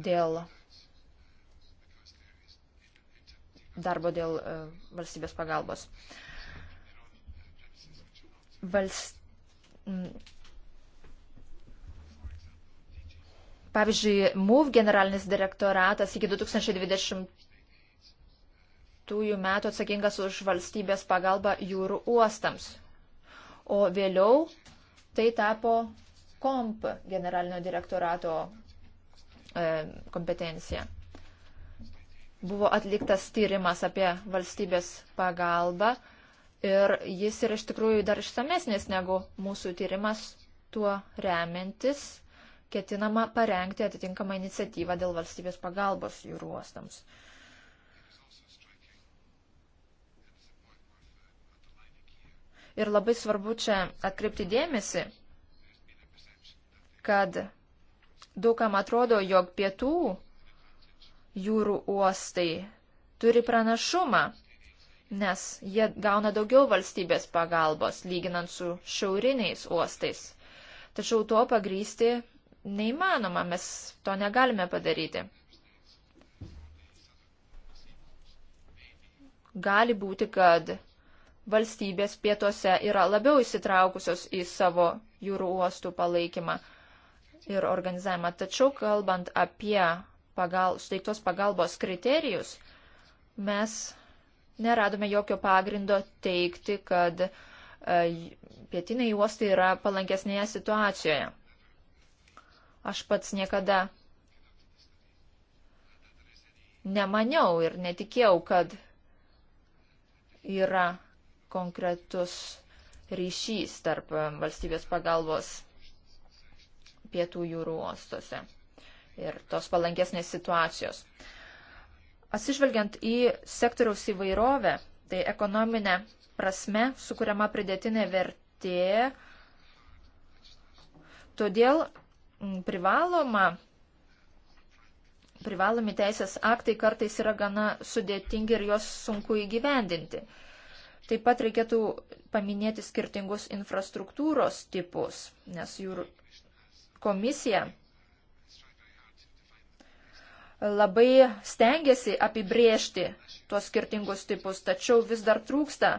dėl darbo dėl e, valstybės pagalbos. Valst... Pavyzdžiui, MUV generalinis direktoratas iki 2020 metų atsakingas už valstybės pagalbą jūrų uostams. O vėliau tai tapo komp generalinio direktorato e, kompetencija. Buvo atliktas tyrimas apie valstybės pagalbą ir jis yra iš tikrųjų dar išsamesnis negu mūsų tyrimas tuo remiantis ketinama parengti atitinkamą iniciatyvą dėl valstybės pagalbos jūrų uostams. Ir labai svarbu čia atkreipti dėmesį, kad daugam atrodo, jog pietų jūrų uostai turi pranašumą, nes jie gauna daugiau valstybės pagalbos lyginant su šiauriniais uostais. Tačiau to pagrysti neįmanoma, mes to negalime padaryti. Gali būti, kad valstybės pietuose yra labiau įsitraukusios į savo jūrų uostų palaikymą ir organizavimą. Tačiau kalbant apie pagal, suteiktos pagalbos kriterijus, mes neradome jokio pagrindo teikti, kad e, pietiniai uostai yra palankesnėje situacijoje. Aš pats niekada nemaniau ir netikėjau, kad yra konkretus ryšys tarp um, valstybės pagalbos pietų jūrų uostuose ir tos palankesnės situacijos. Atsižvelgiant į sektoriaus įvairovę, tai ekonominė prasme sukuriama pridėtinė vertė, todėl privaloma privalomi teisės aktai kartais yra gana sudėtingi ir juos sunku įgyvendinti. Taip pat reikėtų paminėti skirtingus infrastruktūros tipus, nes jų komisija labai stengiasi apibriežti tuos skirtingus tipus, tačiau vis dar trūksta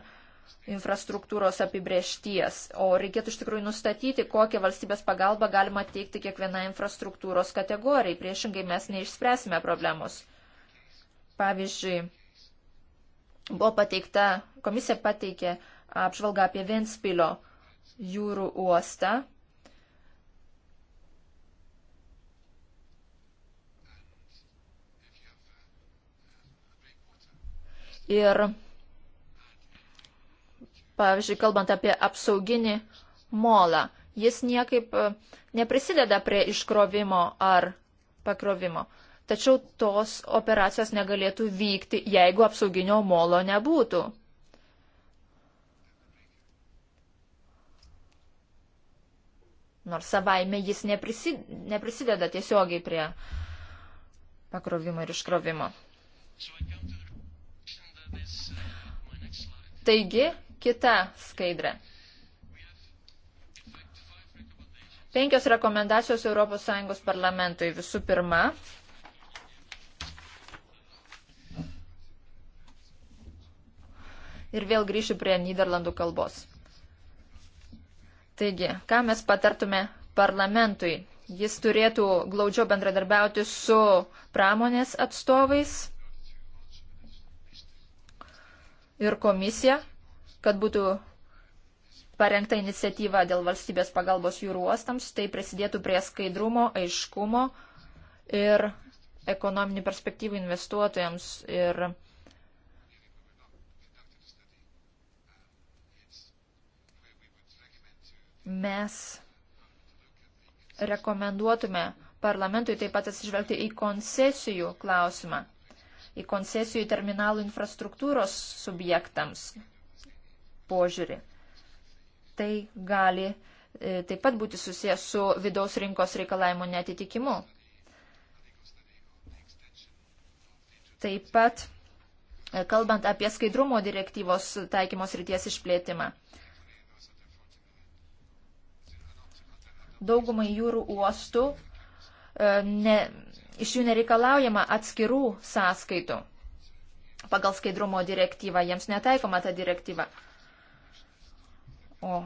infrastruktūros apibriešties, o reikėtų iš tikrųjų nustatyti, kokią valstybės pagalbą galima teikti kiekvienai infrastruktūros kategorijai. Priešingai mes neišspręsime problemos. Pavyzdžiui, Buvo pateikta, komisija pateikė apžvalgą apie Ventspilio jūrų uostą. Ir, pavyzdžiui, kalbant apie apsauginį molą, jis niekaip e, neprisideda prie iškrovimo ar pakrovimo tačiau tos operacijos negalėtų vykti, jeigu apsauginio molo nebūtų. Nors savaime jis neprisideda tiesiogiai prie pakrovimo ir iškrovimo. Taigi, kita skaidrė. Penkios rekomendacijos ES parlamentui. Visų pirma, ir vėl grįšiu prie Niderlandų kalbos. Taigi, ką mes patartume parlamentui? Jis turėtų glaudžiau bendradarbiauti su pramonės atstovais ir komisija, kad būtų parengta iniciatyva dėl valstybės pagalbos jūrų uostams, tai prisidėtų prie skaidrumo, aiškumo ir ekonominių perspektyvų investuotojams ir investuotojams mes rekomenduotume parlamentui taip pat atsižvelgti į koncesijų klausimą, į koncesijų terminalų infrastruktūros subjektams požiūrį. Tai gali e, taip pat būti susijęs su vidaus rinkos reikalavimo netitikimu. Taip pat, e, kalbant apie skaidrumo direktyvos taikymos ryties išplėtimą, daugumai jūrų uostų e, ne, iš jų nereikalaujama atskirų sąskaitų. Pagal skaidrumo direktyvą jiems netaikoma ta direktyva. O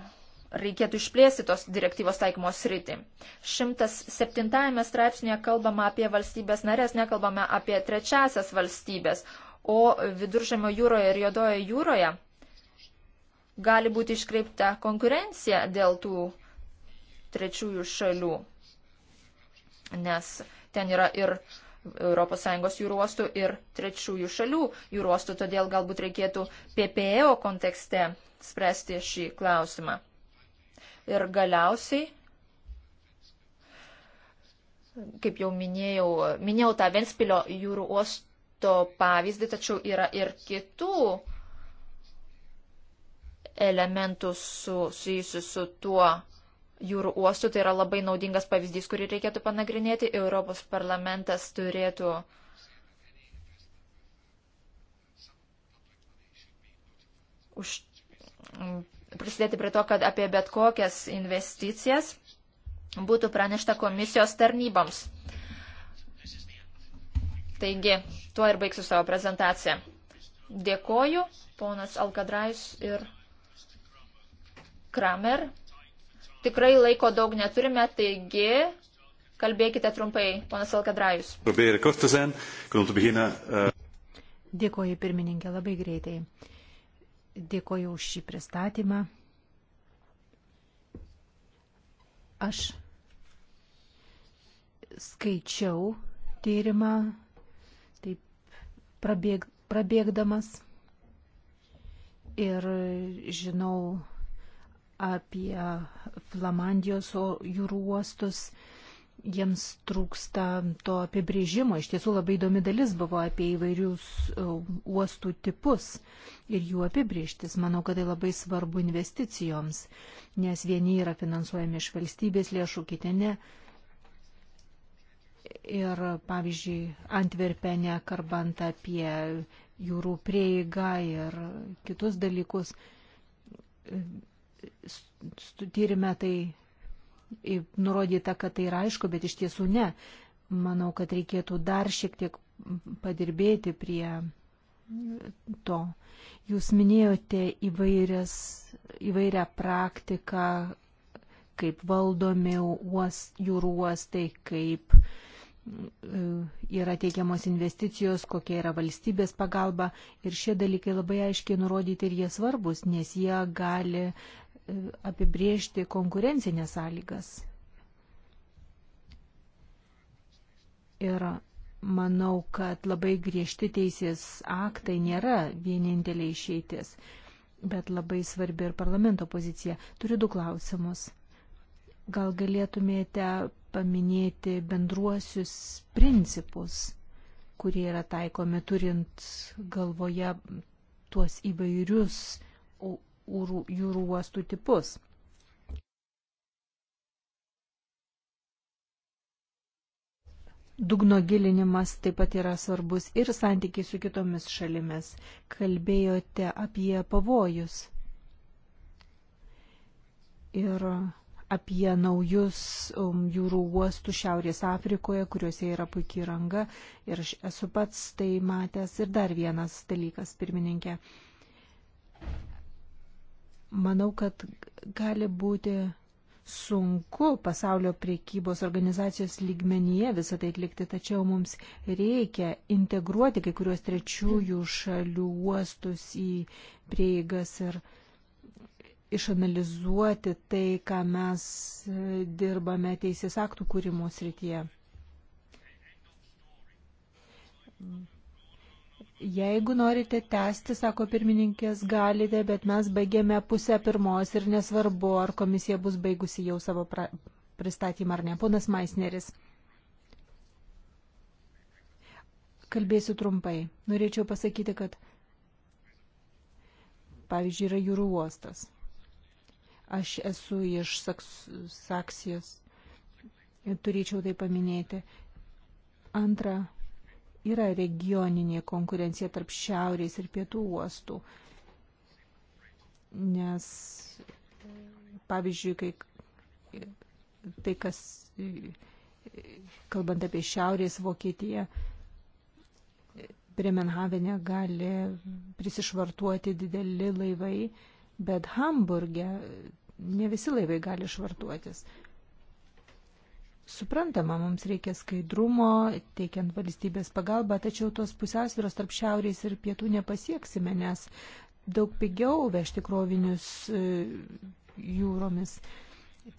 reikėtų išplėsti tos direktyvos taikymo sritį. 107 straipsnėje kalbama apie valstybės narės, nekalbame apie trečiasias valstybės, o viduržėmio jūroje ir juodoje jūroje gali būti iškreipta konkurencija dėl tų trečiųjų šalių, nes ten yra ir ES jūrų uostų ir trečiųjų šalių jūrų uostų, todėl galbūt reikėtų PPEO kontekste spręsti šį klausimą. Ir galiausiai, kaip jau minėjau, minėjau tą Venspilio jūrų uosto pavyzdį, tačiau yra ir kitų elementų susijusių su tuo jūrų uostų. Tai yra labai naudingas pavyzdys, kurį reikėtų panagrinėti. Europos parlamentas turėtų. Už, prisidėti prie to, kad apie bet kokias investicijas būtų pranešta komisijos tarnyboms. Taigi, tuo ir baigsiu savo prezentaciją. Dėkoju, ponas Alkadrais ir Kramer tikrai laiko daug neturime, taigi kalbėkite trumpai, ponas Alkadrajus. Dėkoju pirmininkė labai greitai. Dėkoju už šį pristatymą. Aš skaičiau tyrimą, taip prabėg, prabėgdamas ir žinau apie Flamandijos jūrų uostus. Jiems trūksta to apibrėžimo. Iš tiesų labai įdomi dalis buvo apie įvairius e, uostų tipus ir jų apibrėžtis. Manau, kad tai labai svarbu investicijoms, nes vieni yra finansuojami iš valstybės lėšų, kiti ne. Ir pavyzdžiui, Antverpenė, karbant apie jūrų prieigą ir kitus dalykus, tyrimė tai nurodyta, kad tai yra aišku, bet iš tiesų ne. Manau, kad reikėtų dar šiek tiek padirbėti prie to. Jūs minėjote įvairias, įvairią praktiką, kaip valdomi uost, jūrų uostai, kaip e, yra teikiamos investicijos, kokia yra valstybės pagalba. Ir šie dalykai labai aiškiai nurodyti ir jie svarbus, nes jie gali apibriežti konkurencinės sąlygas. Ir manau, kad labai griežti teisės aktai nėra vienintelė išeitis, bet labai svarbi ir parlamento pozicija. Turiu du klausimus. Gal galėtumėte paminėti bendruosius principus, kurie yra taikomi turint galvoje tuos įvairius jūrų uostų tipus. Dugno gilinimas taip pat yra svarbus ir santykiai su kitomis šalimis. Kalbėjote apie pavojus ir apie naujus um, jūrų uostų Šiaurės Afrikoje, kuriuose yra puikiai ranga. Ir aš esu pats tai matęs. Ir dar vienas dalykas, pirmininkė. Uh, manau, kad gali būti sunku pasaulio priekybos organizacijos lygmenyje visą tai atlikti, tačiau mums reikia integruoti kai kuriuos trečiųjų šalių uostus į prieigas ir išanalizuoti tai, ką mes dirbame teisės aktų kūrimo srityje. Jeigu norite tęsti, sako pirmininkės, galite, bet mes baigėme pusę pirmos ir nesvarbu, ar komisija bus baigusi jau savo pra... pristatymą ar ne. Ponas Maisneris. Kalbėsiu trumpai. Norėčiau pasakyti, kad pavyzdžiui yra jūrų uostas. Aš esu iš Saks... Saksijos. Turėčiau tai paminėti. Antra, yra regioninė konkurencija tarp šiaurės ir pietų uostų. Nes, pavyzdžiui, kai tai, kas, kalbant apie šiaurės Vokietiją, Bremenhavene gali prisišvartuoti dideli laivai, bet Hamburge ne visi laivai gali švartuotis. Suprantama, mums reikia skaidrumo, teikiant valstybės pagalbą, tačiau tos pusiausvyros tarp šiaurės ir pietų nepasieksime, nes daug pigiau vežti krovinius e, jūromis.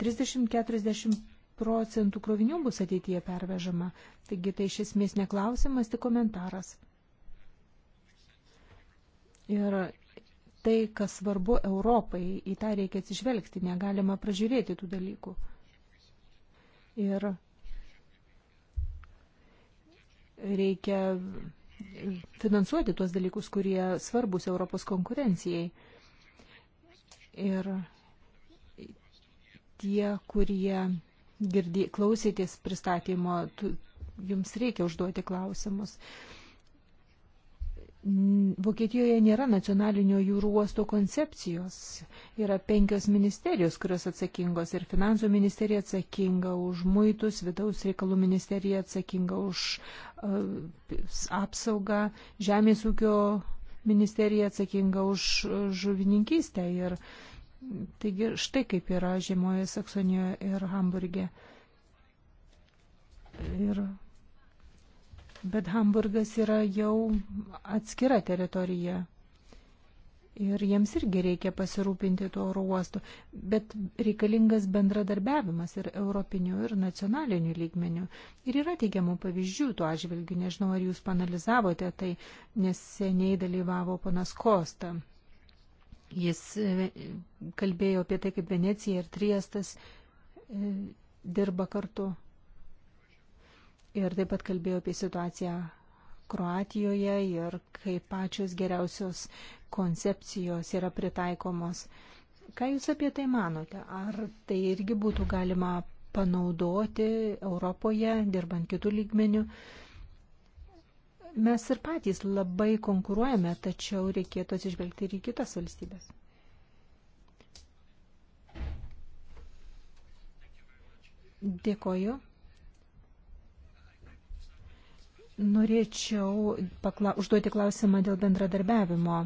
30-40 procentų krovinių bus ateityje pervežama. Taigi tai iš esmės neklausimas, tik komentaras. Ir tai, kas svarbu Europai, į tą reikia atsižvelgti, negalima pražiūrėti tų dalykų. Ir reikia finansuoti tuos dalykus, kurie svarbus Europos konkurencijai. Ir tie, kurie girdė, klausėtės pristatymo, tu, jums reikia užduoti klausimus. Uh, Vokietijoje nėra nacionalinio jūrų uosto koncepcijos. Yra penkios ministerijos, kurios atsakingos ir finansų ministerija atsakinga už muitus, vidaus reikalų ministerija atsakinga už uh, apsaugą, žemės ūkio ministerija atsakinga už e, žuvininkystę. Ir taigi štai kaip yra žiemoje Saksonijoje ir Hamburgė. Ir Bet Hamburgas yra jau atskira teritorija. Ir jiems irgi reikia pasirūpinti tuo oro uostu. Bet reikalingas bendradarbiavimas ir europiniu, ir nacionaliniu lygmeniu. Ir yra teigiamų pavyzdžių tuo atžvilgiu. Nežinau, ar jūs panalizavote tai, nes seniai dalyvavo ponas Kosta. Jis e, kalbėjo apie tai, kaip Venecija ir Triestas e, dirba kartu ir taip pat kalbėjo apie situaciją Kroatijoje ir kaip pačios geriausios koncepcijos yra pritaikomos. Ką Jūs apie tai manote? Ar tai irgi būtų galima panaudoti Europoje, dirbant kitų lygmenių? Mes ir patys labai konkuruojame, tačiau reikėtų atsižvelgti ir į kitas valstybės. Dėkoju. Norėčiau pakla užduoti klausimą dėl bendradarbiavimo.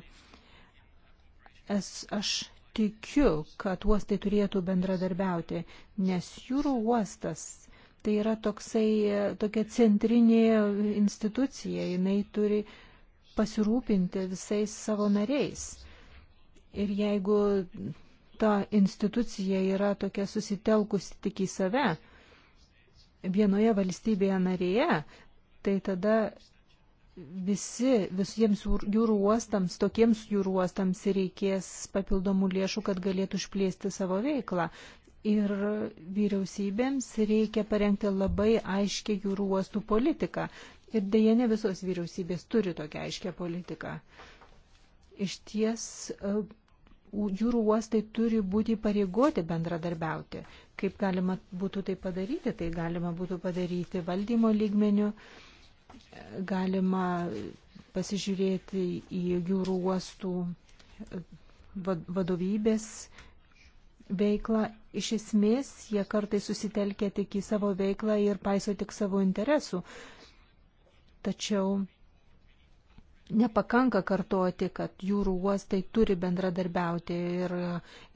Es, aš tikiu, kad uostai turėtų bendradarbiauti, nes jūrų uostas tai yra toksai, tokia centrinė institucija, jinai turi pasirūpinti visais savo nariais. Ir jeigu ta institucija yra tokia susitelkusi tik į save, vienoje valstybėje narėje, tai tada visi, visiems jūrų uostams, tokiems jūrų uostams reikės papildomų lėšų, kad galėtų išplėsti savo veiklą. Ir vyriausybėms reikia parengti labai aiškę jūrų uostų politiką. Ir dėja ne visos vyriausybės turi tokią aiškę politiką. Iš ties e, jūrų uostai turi būti pareigoti bendradarbiauti. Kaip galima būtų tai padaryti? Tai galima būtų padaryti valdymo lygmenių. Uh, galima pasižiūrėti į jūrų uostų e, vadovybės veiklą. Iš esmės, jie kartai susitelkia tik į savo veiklą ir paiso tik savo interesų. Tačiau nepakanka kartoti, kad jūrų uostai turi bendradarbiauti ir,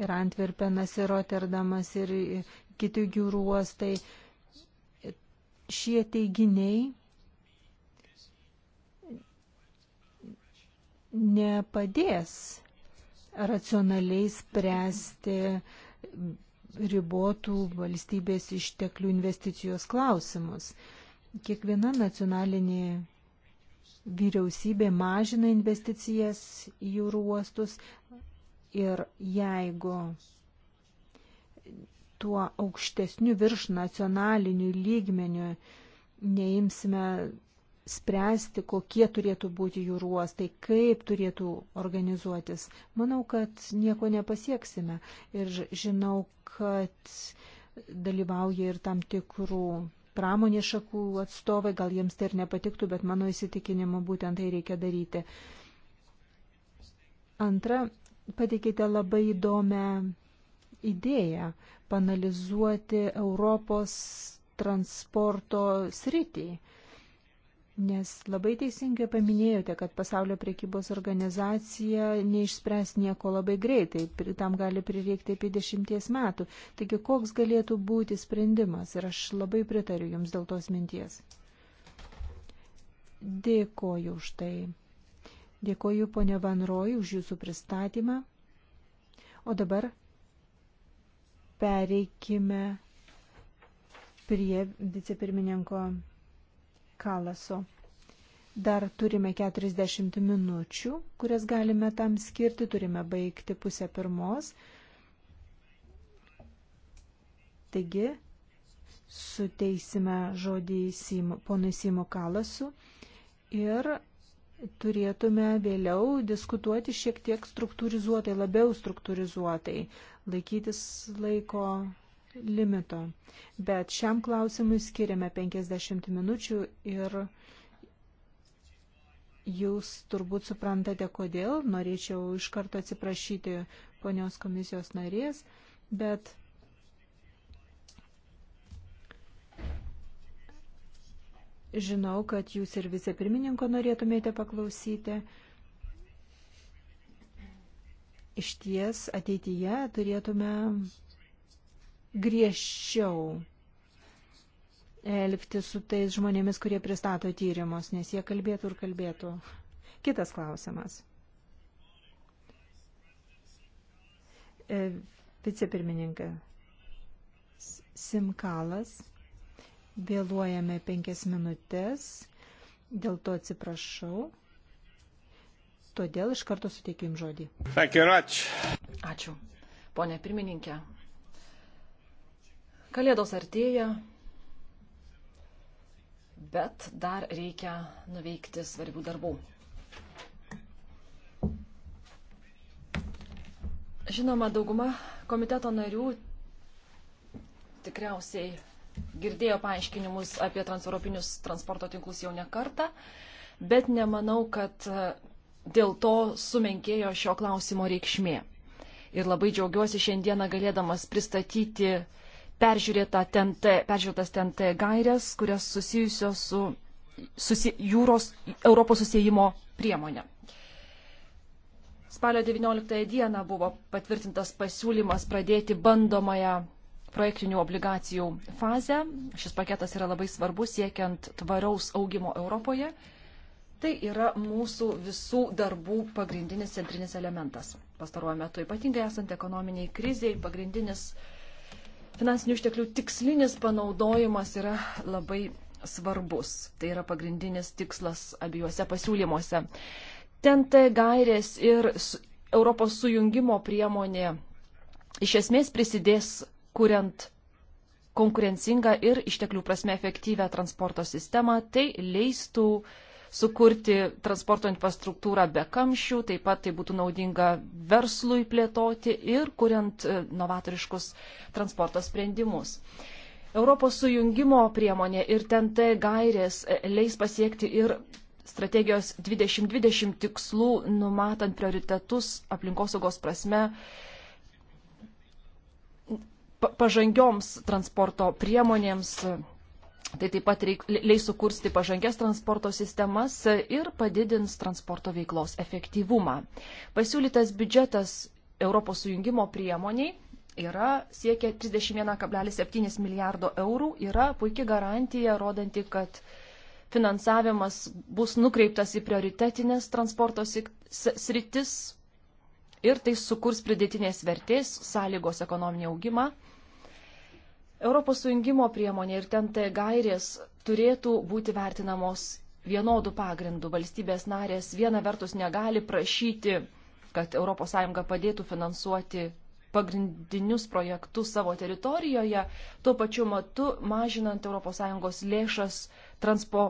ir Antverpenas, ir Rotterdamas, ir kiti jūrų uostai. Šie teiginiai nepadės racionaliai spręsti ribotų valstybės išteklių investicijos klausimus. Kiekviena nacionalinė vyriausybė mažina investicijas į jūrų uostus ir jeigu tuo aukštesniu virš nacionaliniu lygmeniu neimsime spręsti, kokie turėtų būti jūrų uostai, kaip turėtų organizuotis. Manau, kad nieko nepasieksime. Ir žinau, kad dalyvauja ir tam tikrų pramonės šakų atstovai, gal jiems tai ir nepatiktų, bet mano įsitikinimu būtent tai reikia daryti. Antra, pateikite labai įdomią idėją panalizuoti Europos transporto sritį. Uh, Nes labai teisingai paminėjote, kad pasaulio priekybos organizacija neišspręs nieko labai greitai, tam gali prireikti apie dešimties metų. Taigi, koks galėtų būti sprendimas ir aš labai pritariu Jums dėl tos minties. Dėkoju už tai. Dėkoju ponė Van Roy už Jūsų pristatymą. O dabar pereikime prie vicepirmininko Kalaso. Dar turime 40 minučių, kurias galime tam skirti, turime baigti pusę pirmos. Taigi, suteisime žodį Simo, ponui Simo Kalasu ir turėtume vėliau diskutuoti šiek tiek struktūrizuotai, labiau struktūrizuotai, laikytis laiko limito. Bet šiam klausimui skiriame 50 minučių ir jūs turbūt suprantate, kodėl. Norėčiau iš karto atsiprašyti ponios komisijos narės, bet žinau, kad jūs ir vicepirmininko norėtumėte paklausyti. Iš ties ateityje turėtume griežčiau elgti su tais žmonėmis, kurie pristato tyrimus, nes jie kalbėtų ir kalbėtų. Kitas klausimas. E, Vicepirmininkas Simkalas, vėluojame penkias minutės, dėl to atsiprašau, todėl iš karto suteikiu jums žodį. Ačiū. Ačiū. Pone pirmininkė, Kalėdos artėja, bet dar reikia nuveikti svarbių darbų. Žinoma, dauguma komiteto narių tikriausiai girdėjo paaiškinimus apie transeuropinius transporto tinklus jau ne kartą, bet nemanau, kad dėl to sumenkėjo šio klausimo reikšmė. Ir labai džiaugiuosi šiandieną galėdamas pristatyti uh, peržiūrėta TNT, peržiūrėtas TNT gairias, kurias susijusios su susi, jūros Europos susijimo priemonė. Spalio 19 dieną buvo patvirtintas pasiūlymas pradėti bandomąją projektinių obligacijų fazę. Šis paketas yra labai svarbus siekiant tvaraus augimo Europoje. Tai yra mūsų visų darbų pagrindinis centrinis elementas. Pastaruoju metu ypatingai esant ekonominiai kriziai, pagrindinis uh, Finansinių išteklių tikslinis panaudojimas yra labai svarbus. Tai yra pagrindinis tikslas abiejose pasiūlymuose. TNT gairės ir Europos sujungimo priemonė iš esmės prisidės kuriant konkurencingą ir išteklių prasme efektyvę transporto sistemą, tai leistų uh, sukurti transporto infrastruktūrą be kamščių, taip pat tai būtų naudinga verslui plėtoti ir kuriant e, novatoriškus transporto sprendimus. Europos sujungimo priemonė ir TNT gairės e, leis pasiekti ir strategijos 2020 tikslų, numatant prioritetus aplinkosaugos prasme pažangioms transporto priemonėms Tai taip pat reik, leis sukursti pažangės transporto sistemas ir padidins transporto veiklos efektyvumą. Pasiūlytas biudžetas Europos sujungimo priemoniai yra siekia 31,7 milijardo eurų, yra puikia garantija, rodanti, kad finansavimas bus nukreiptas į prioritetinės transporto sritis ir tai sukurs pridėtinės vertės sąlygos ekonominį augimą Europos sujungimo priemonė ir ten tai gairės turėtų būti vertinamos vienodų pagrindų. Valstybės narės viena vertus negali prašyti, kad ES padėtų finansuoti pagrindinius projektus savo teritorijoje, tuo pačiu metu mažinant ES lėšas transpo,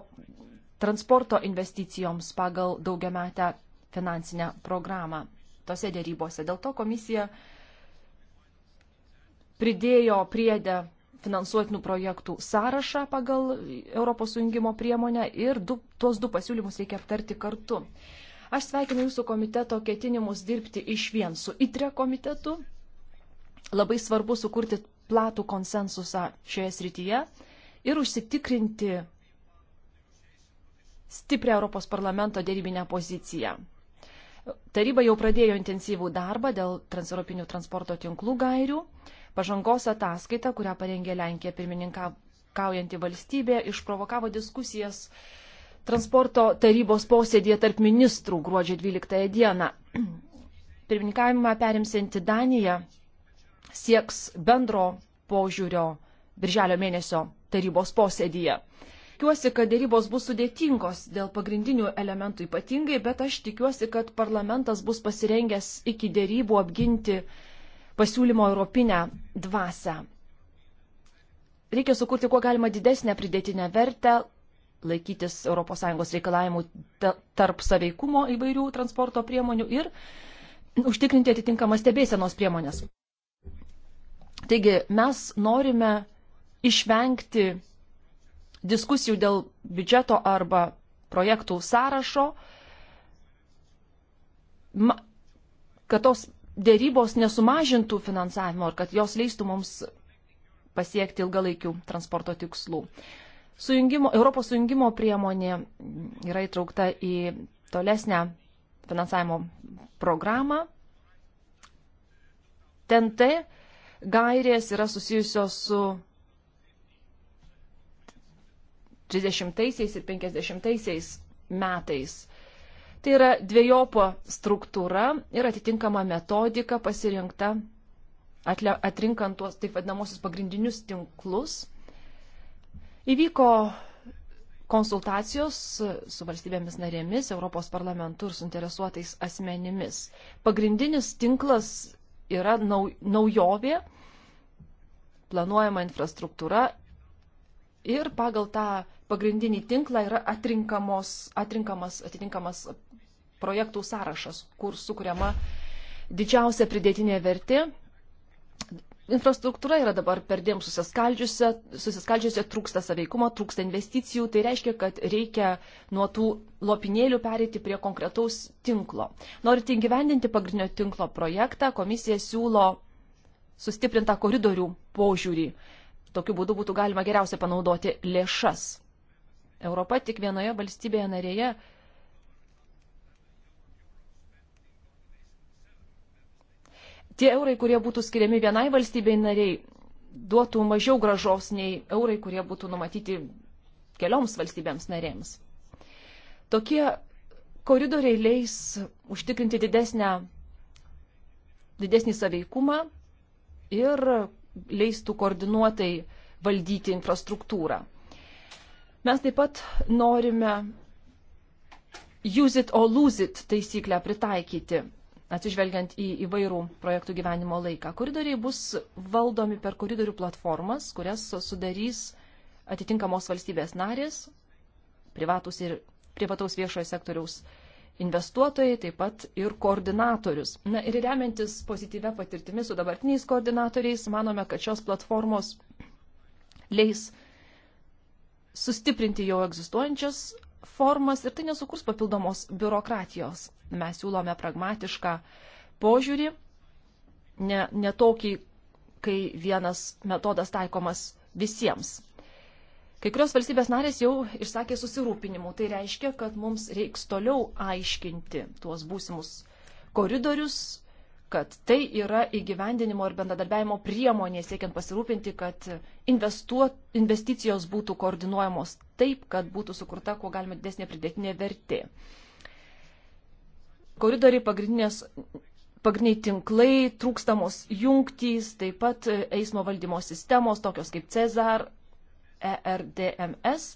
transporto investicijoms pagal daugiametę finansinę programą tose dėrybose. Dėl to komisija pridėjo priedę finansuotinų projektų sąrašą pagal Europos sujungimo priemonę ir du, tuos du pasiūlymus reikia aptarti kartu. Aš sveikinu jūsų komiteto ketinimus dirbti iš vien su ITRE komitetu. Labai svarbu sukurti platų konsensusą šioje srityje ir užsitikrinti stiprią Europos parlamento dėrybinę poziciją. Taryba jau pradėjo intensyvų darbą dėl transeuropinių transporto tinklų gairių. Pažangos ataskaita, kurią parengė Lenkija pirmininkaujanti valstybė, išprovokavo diskusijas transporto tarybos posėdėje tarp ministrų gruodžio 12 dieną. Pirmininkavimą perimsinti Danija sieks bendro požiūrio birželio mėnesio tarybos posėdėje. Tikiuosi, kad dėrybos bus sudėtingos dėl pagrindinių elementų ypatingai, bet aš tikiuosi, kad parlamentas bus pasirengęs iki dėrybų apginti pasiūlymo europinę dvasę. Reikia sukurti kuo galima didesnę pridėtinę vertę, laikytis ES reikalavimų tarp saveikumo įvairių transporto priemonių ir užtikrinti atitinkamas stebėsenos priemonės. Taigi mes norime išvengti diskusijų dėl biudžeto arba projektų sąrašo, kad tos dėrybos nesumažintų finansavimo ir kad jos leistų mums pasiekti ilgalaikių transporto tikslų. Sujungimo, Europos sujungimo priemonė yra įtraukta į tolesnę finansavimo programą. TNT gairės yra susijusios su 30 ir 50 metais. Tai yra dviejopo struktūra ir atitinkama metodika pasirinkta atrinkant tuos taip vadinamosius pagrindinius tinklus. Įvyko konsultacijos su valstybėmis narėmis, Europos parlamentu ir suinteresuotais asmenimis. Pagrindinis tinklas yra naujovė, planuojama infrastruktūra ir pagal tą pagrindinį tinklą yra atrinkamas atitinkamas projektų sąrašas, kur sukuriama didžiausia pridėtinė vertė. Infrastruktūra yra dabar perdėm susiskaldžiusi, trūksta saveikumo, trūksta investicijų, tai reiškia, kad reikia nuo tų lopinėlių pereiti prie konkretaus tinklo. Norint įgyvendinti pagrindinio tinklo projektą, komisija siūlo sustiprintą koridorių požiūrį. Tokiu būdu būtų galima geriausiai panaudoti lėšas. Europa tik vienoje valstybėje narėje tie eurai, kurie būtų skiriami vienai valstybei nariai, duotų mažiau gražos nei eurai, kurie būtų numatyti kelioms valstybėms narėms. Tokie koridoriai leis užtikrinti didesnę, didesnį saveikumą ir leistų koordinuotai valdyti infrastruktūrą. Mes taip pat norime use it or lose it taisyklę pritaikyti atsižvelgiant į įvairų projektų gyvenimo laiką. Koridoriai bus valdomi per koridorių platformas, kurias sudarys atitinkamos valstybės narės, privatus ir privataus viešojo sektoriaus investuotojai, taip pat ir koordinatorius. Na ir remiantis pozityvę patirtimi su dabartiniais koordinatoriais, manome, kad šios platformos leis sustiprinti jau egzistuojančias formas ir tai nesukurs papildomos biurokratijos. Mes siūlome pragmatišką požiūrį, ne, ne tokį, kai vienas metodas taikomas visiems. Kai kurios valstybės narės jau išsakė susirūpinimų. Tai reiškia, kad mums reiks toliau aiškinti tuos būsimus koridorius, kad tai yra įgyvendinimo ir bendradarbiavimo priemonė siekiant pasirūpinti, kad investuot, investicijos būtų koordinuojamos taip, kad būtų sukurta kuo galima didesnė pridėtinė vertė. Koridoriai pagrindinės. Pagrindiniai tinklai, trūkstamos jungtys, taip pat eismo valdymo sistemos, tokios kaip Cezar, ERDMS.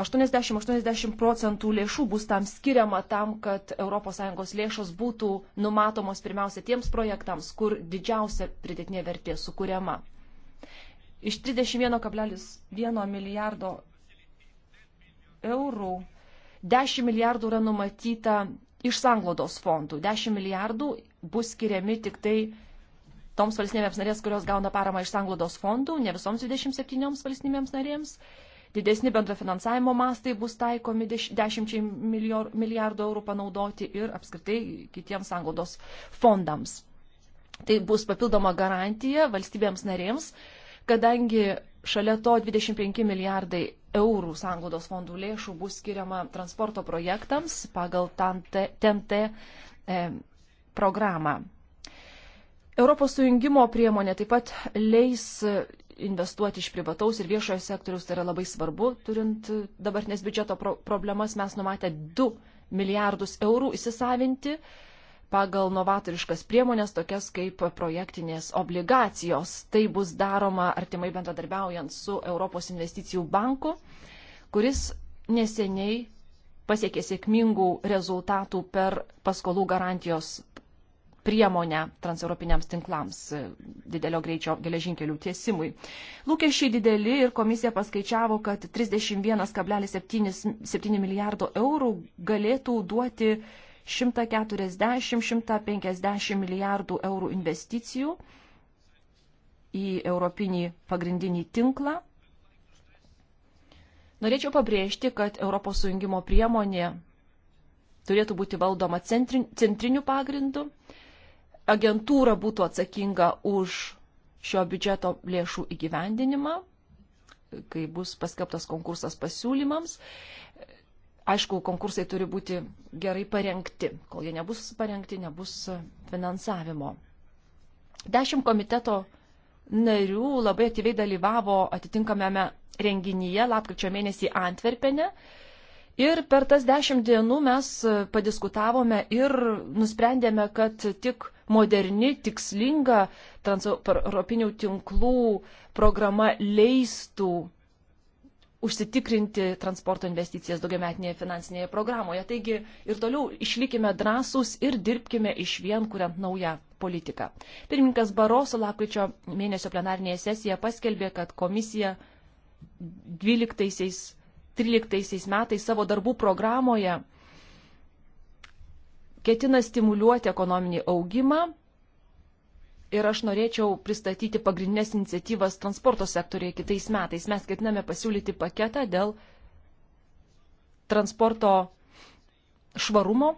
80-80 procentų lėšų bus tam skiriama tam, kad ES lėšos būtų numatomos pirmiausia tiems projektams, kur didžiausia pridėtinė vertė sukūriama. Iš 31,1 milijardo eurų 10 milijardų yra numatyta iš sanglodos fondų. 10 milijardų bus skiriami tik tai toms valstybėms narės, kurios gauna paramą iš sanglodos fondų, ne visoms 27 valstybėms narėms. Didesni bendrofinansavimo mastai bus taikomi 10 milijardų eurų panaudoti ir apskritai kitiems sanglodos fondams. Tai bus papildoma garantija valstybėms narėms, kadangi šalia to 25 milijardai eurų sanglaudos fondų lėšų bus skiriama transporto projektams pagal TNT e, programą. Europos sujungimo priemonė taip pat leis investuoti iš privataus ir viešojo sektoriaus, tai yra labai svarbu, turint dabartinės biudžeto pro problemas, mes numatę 2 milijardus eurų įsisavinti. E, pagal novatoriškas priemonės, tokias kaip projektinės obligacijos. Tai bus daroma artimai bendradarbiaujant su Europos investicijų banku, kuris neseniai pasiekė sėkmingų rezultatų per paskolų garantijos priemonę transeuropiniams tinklams e, didelio greičio geležinkelių tiesimui. Lūkesčiai dideli ir komisija paskaičiavo, kad 31,7 milijardo eurų galėtų duoti 140-150 milijardų eurų investicijų į Europinį pagrindinį tinklą. Norėčiau pabrėžti, kad Europos sujungimo priemonė turėtų būti valdoma centriniu pagrindu. Agentūra būtų atsakinga už šio biudžeto lėšų įgyvendinimą, kai bus paskelbtas konkursas pasiūlymams. Aišku, konkursai turi būti gerai parengti. Kol jie nebus parengti, nebus finansavimo. Dešimt komiteto narių labai aktyviai dalyvavo atitinkamame renginyje lapkričio mėnesį Antverpene. Ir per tas dešimt dienų mes padiskutavome ir nusprendėme, kad tik moderni, tikslinga transeuropinių tinklų programa leistų užsitikrinti transporto investicijas daugiametinėje finansinėje programoje. Taigi ir toliau išlikime drąsūs ir dirbkime iš vien, kuriant naują politiką. Pirmininkas Baroso lapkričio mėnesio plenarinėje sesijoje paskelbė, kad komisija 12-13 metais savo darbų programoje ketina stimuliuoti ekonominį augimą ir aš norėčiau pristatyti pagrindinės iniciatyvas transporto sektorėje kitais metais. Mes ketiname pasiūlyti paketą dėl transporto švarumo,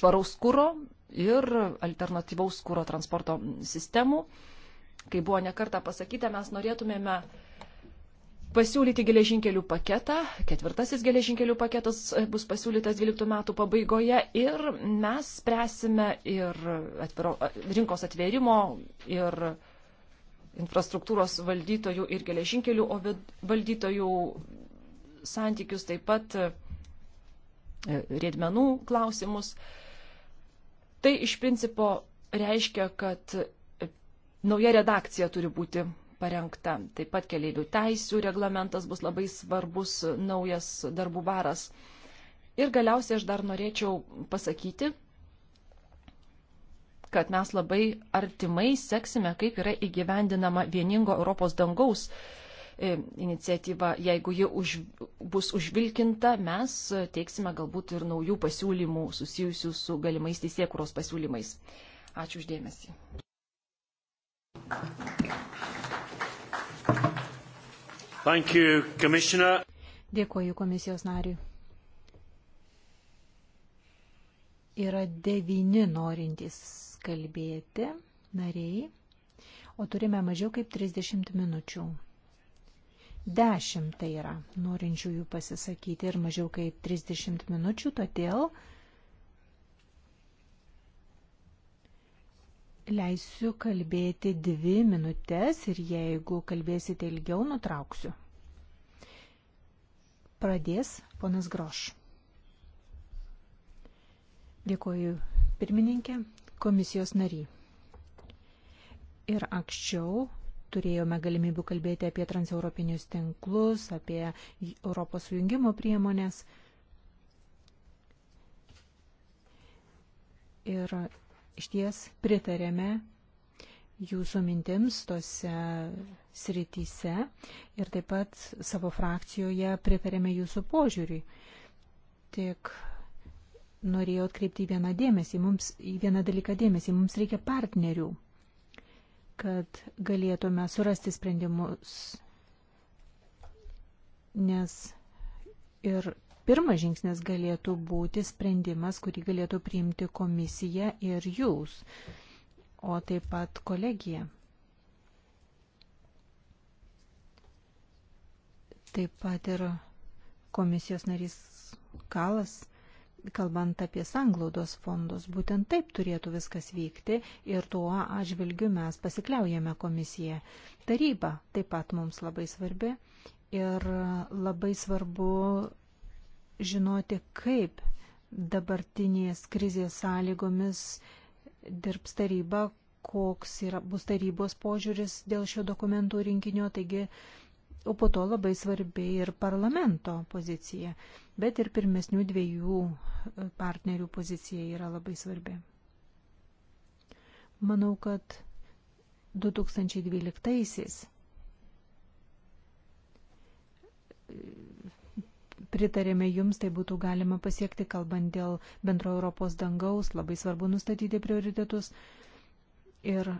švaraus kūro ir alternatyvaus kūro transporto sistemų. Kai buvo nekarta pasakyta, mes norėtumėme pasiūlyti geležinkelių paketą. Ketvirtasis geležinkelių paketas e, bus pasiūlytas 12 metų pabaigoje ir mes spręsime ir atviro, rinkos atvėrimo ir infrastruktūros valdytojų ir geležinkelių valdytojų santykius, taip pat e, riedmenų klausimus. Tai iš principo reiškia, kad nauja redakcija turi būti parengta. Taip pat keliaivių teisų reglamentas bus labai svarbus naujas darbų varas. Ir galiausiai aš dar norėčiau pasakyti, kad mes labai artimai seksime, kaip yra įgyvendinama vieningo Europos dangaus e, iniciatyva. Jeigu ji už, bus užvilkinta, mes teiksime galbūt ir naujų pasiūlymų susijusių su galimais teisėkuros pasiūlymais. Ačiū uždėmesi. Thank you, Commissioner. Dėkuoju komisijos nariui. Yra devyni norintys kalbėti nariai, o turime mažiau kaip 30 minučių. Dešimt tai yra norinčiųjų pasisakyti ir mažiau kaip 30 minučių, todėl leisiu kalbėti dvi minutės ir jeigu kalbėsite ilgiau, nutrauksiu. Pradės ponas Groš. Dėkuoju pirmininkė, komisijos nary. Ir anksčiau turėjome galimybių kalbėti apie transeuropinius tinklus, apie Europos sujungimo priemonės. Ir Išties pritarėme jūsų mintims tose srityse ir taip pat savo frakcijoje pritarėme jūsų požiūriui. Tik norėjau atkreipti į vieną, dėmesį, mums, į vieną dalyką dėmesį. Mums reikia partnerių, kad galėtume surasti sprendimus, nes ir pirmas žingsnis galėtų būti sprendimas, kurį galėtų priimti komisija ir jūs, o taip pat kolegija. Taip pat ir komisijos narys Kalas kalbant apie sanglaudos fondus, būtent taip turėtų viskas vykti ir tuo atžvilgiu mes pasikliaujame komisiją. Taryba taip pat mums labai svarbi ir labai svarbu žinoti, kaip dabartinės krizės sąlygomis dirbs taryba, koks yra, bus tarybos požiūris dėl šio dokumentų rinkinio, taigi, o po to labai svarbi ir parlamento pozicija, bet ir pirmesnių dviejų e, partnerių pozicija yra labai svarbi. Manau, kad 2012-aisiais pritarėme jums, tai būtų galima pasiekti, kalbant dėl bendro Europos dangaus, labai svarbu nustatyti prioritetus. Ir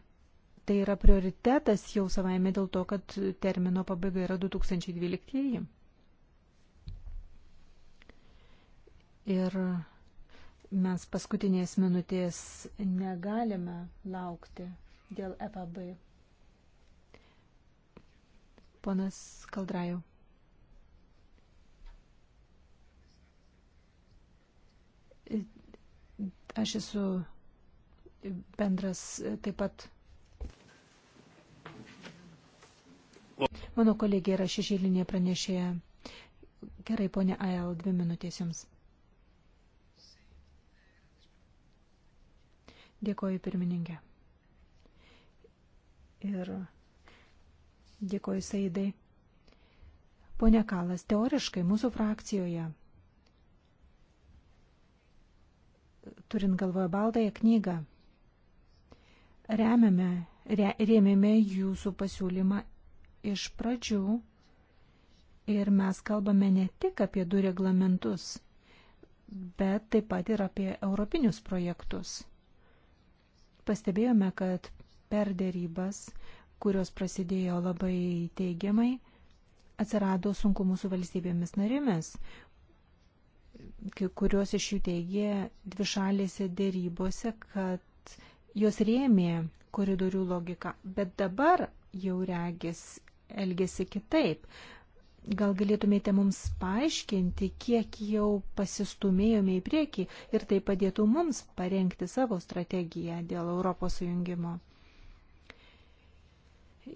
tai yra prioritetas jau savaime dėl to, kad termino pabaiga yra 2012. Ir mes paskutinės minutės negalime laukti dėl EPAB. Ponas Kaldrajau. Aš esu bendras e, taip pat. Mano kolegė yra šešėlinė pranešėja. Gerai, ponė AL, dvi minutės jums. Dėkoju pirmininkė. Ir dėkoju Saidai. Pone Kalas, teoriškai mūsų frakcijoje turint galvoje baltąją knygą, remiame, re, rėmėme jūsų pasiūlymą iš pradžių ir mes kalbame ne tik apie du reglamentus, bet taip pat ir apie europinius projektus. Pastebėjome, kad per dėrybas, kurios prasidėjo labai teigiamai, atsirado sunkumų su valstybėmis narėmis, kai kurios iš jų teigė dvišalėse dėrybose, kad jos rėmė koridorių logiką, bet dabar jau regis elgesi kitaip. Gal galėtumėte mums paaiškinti, kiek jau pasistumėjome į priekį ir tai padėtų mums parengti savo strategiją dėl Europos sujungimo.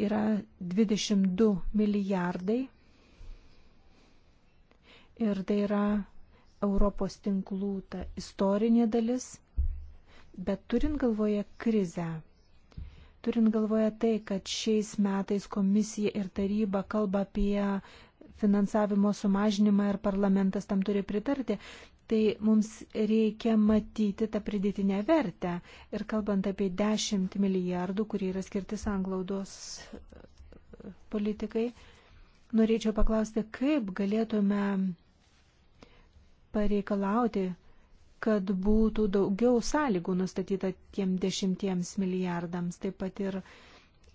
Yra 22 milijardai ir tai yra Europos tinklų ta istorinė dalis, bet turint galvoje krizę, turint galvoje tai, kad šiais metais komisija ir taryba kalba apie finansavimo sumažinimą ir parlamentas tam turi pritarti, tai mums reikia matyti tą pridėtinę vertę. Ir kalbant apie 10 milijardų, kurie yra skirti sanglaudos e, e, politikai, norėčiau paklausti, kaip galėtume pareikalauti, kad būtų daugiau sąlygų nustatyta tiem dešimtiems milijardams, taip pat ir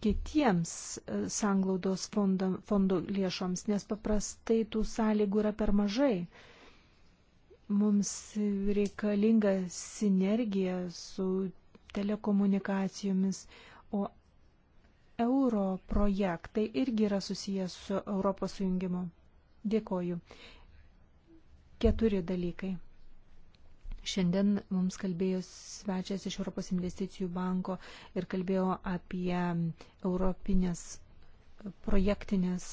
kitiems e, sanglaudos fondam, fondų lėšoms, nes paprastai tų sąlygų yra per mažai. Mums reikalinga sinergija su telekomunikacijomis, o euro projektai irgi yra susijęs su Europos sujungimu. Dėkoju keturi dalykai. Šiandien mums kalbėjo svečias iš Europos investicijų banko ir kalbėjo apie europinės projektinės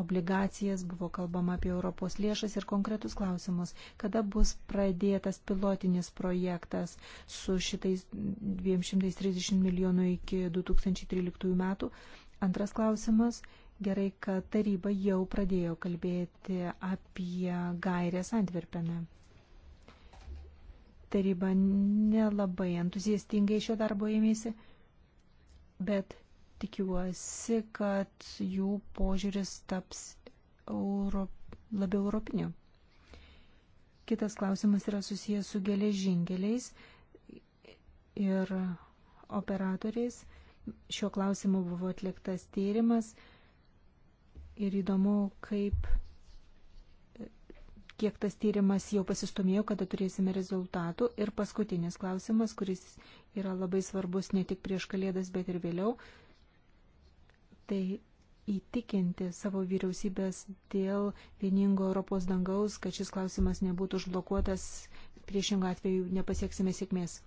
obligacijas, buvo kalbama apie Europos lėšas ir konkretus klausimus, kada bus pradėtas pilotinis projektas su šitais 230 milijonų iki 2013 metų. Antras klausimas Gerai, kad taryba jau pradėjo kalbėti apie gairės Antverpenę. Taryba nelabai entuziastingai šio darbo ėmėsi, bet tikiuosi, kad jų požiūris taps euro, labiau europiniu. Kitas klausimas yra susijęs su geležinkeliais ir operatoriais. Šiuo klausimu buvo atliktas tyrimas Ir įdomu, kaip, kiek tas tyrimas jau pasistumėjo, kada turėsime rezultatų. Ir paskutinis klausimas, kuris yra labai svarbus ne tik prieš kalėdas, bet ir vėliau, tai įtikinti savo vyriausybės dėl vieningo Europos dangaus, kad šis klausimas nebūtų užblokuotas, priešingų atveju nepasieksime sėkmės.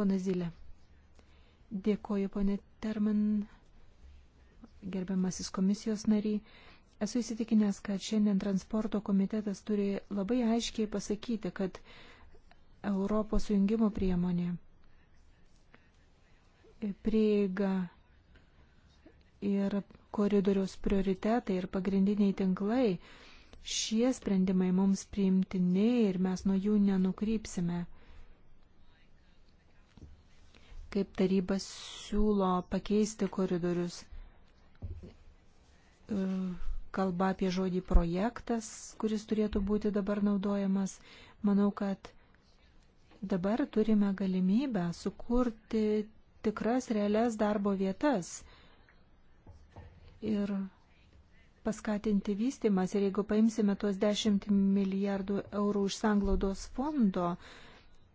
Pana Zilė. Dėkoju, ponė Terman gerbiamasis komisijos nariai. Esu įsitikinęs, kad šiandien transporto komitetas turi labai aiškiai pasakyti, kad Europos sujungimo priemonė e, prieiga ir koridoriaus prioritetai ir pagrindiniai tinklai šie sprendimai mums priimtini ir mes nuo jų nenukrypsime. Kaip taryba siūlo pakeisti koridorius kalba apie žodį projektas, kuris turėtų būti dabar naudojamas. Manau, kad dabar turime galimybę sukurti tikras realias darbo vietas ir paskatinti vystimas. Ir jeigu paimsime tuos 10 milijardų eurų iš sanglaudos fondo,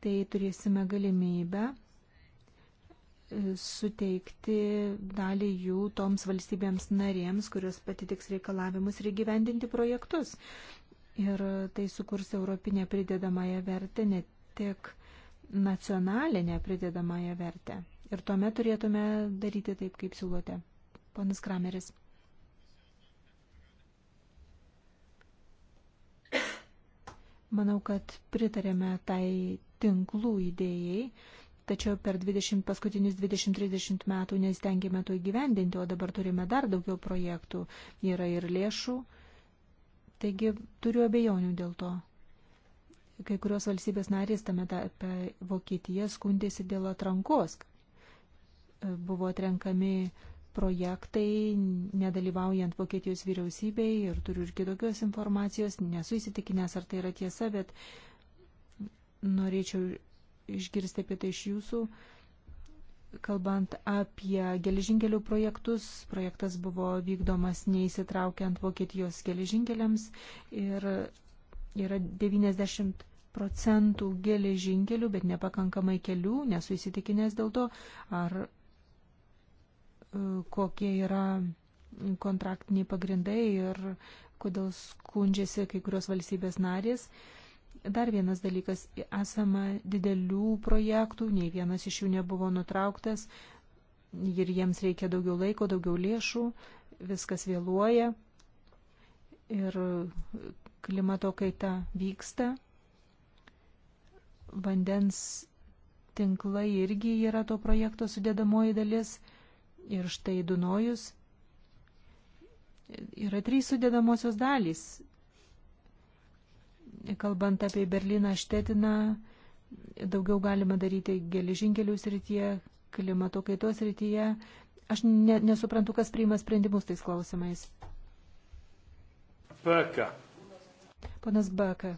tai turėsime galimybę suteikti dalį jų toms valstybėms narėms, kurios patitiks reikalavimus ir įgyvendinti projektus. Ir tai sukurs europinę pridedamąją vertę, ne tik nacionalinę pridedamąją vertę. Ir tuomet turėtume daryti taip, kaip siūlote. Ponas Krameris. Manau, kad pritarėme tai tinklų idėjai tačiau per 20, paskutinius 20-30 metų neįstengėme to įgyvendinti, o dabar turime dar daugiau projektų, yra ir lėšų, taigi turiu abejonių dėl to. Kai kurios valstybės narės tame tarpe Vokietija skundėsi dėl atrankos. Buvo atrenkami projektai, nedalyvaujant Vokietijos vyriausybei ir turiu ir kitokios informacijos, nesu įsitikinęs, ar tai yra tiesa, bet norėčiau išgirsti apie tai iš jūsų. Kalbant apie geležinkelių projektus, projektas buvo vykdomas neįsitraukiant Vokietijos geležinkeliams ir yra 90 procentų geležinkelių, bet nepakankamai kelių, nesu įsitikinęs dėl to, ar e, kokie yra kontraktiniai pagrindai ir kodėl skundžiasi kai kurios valstybės narės. Uh, Dar vienas dalykas, esama didelių projektų, nei vienas iš jų nebuvo nutrauktas ir jiems reikia daugiau laiko, daugiau lėšų, viskas vėluoja ir klimato kaita vyksta, vandens tinklai irgi yra to projekto sudėdamoji dalis ir štai Dunojus yra trys sudėdamosios dalys kalbant apie Berliną Štetiną, daugiau galima daryti geležinkelių srityje, klimato kaitos srityje. Aš ne, nesuprantu, kas priima sprendimus tais klausimais. Baka. Ponas Baka.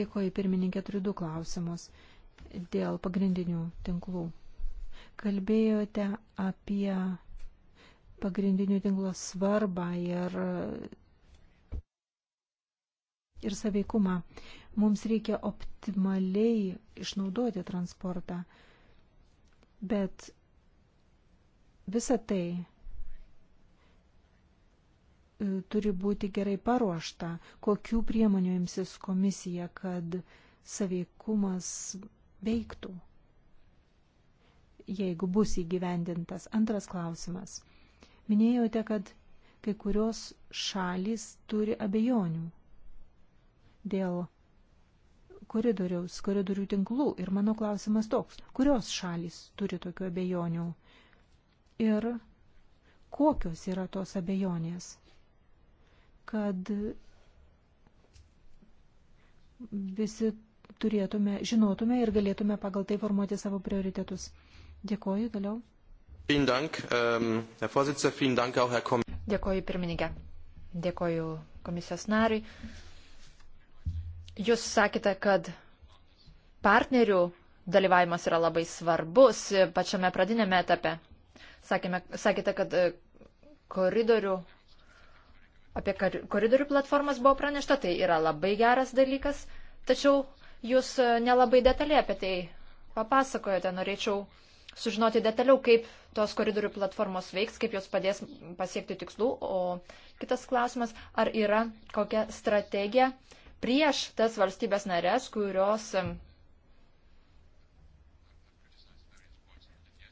Dėkoju, pirmininkė, turiu du klausimus dėl pagrindinių tinklų. Kalbėjote apie pagrindinių tinklo svarbą ir ir saveikumą. Mums reikia optimaliai išnaudoti transportą. Bet visa tai e, turi būti gerai paruošta, kokių priemonių imsis komisija, kad saveikumas veiktų, jeigu bus įgyvendintas. Antras klausimas. Minėjote, kad kai kurios šalys turi abejonių dėl koridoriaus, koridorių tinklų. Ir mano klausimas toks, kurios šalys turi tokių abejonių ir kokios yra tos abejonės, kad visi turėtume, žinotume ir galėtume pagal tai formuoti savo prioritetus. Dėkoju toliau. Ähm, Dėkoju pirmininkė. Dėkoju komisijos nariui. Jūs sakėte, kad partnerių dalyvavimas yra labai svarbus pačiame pradinėme etape. Sakėme, sakėte, kad e, koridorių, apie koridorių platformas buvo pranešta, tai yra labai geras dalykas, tačiau jūs e, nelabai detaliai apie tai papasakojote. Norėčiau sužinoti detaliau, kaip tos koridorių platformos veiks, kaip jos padės pasiekti tikslų. O kitas klausimas, ar yra kokia strategija prieš tas valstybės narės, kurios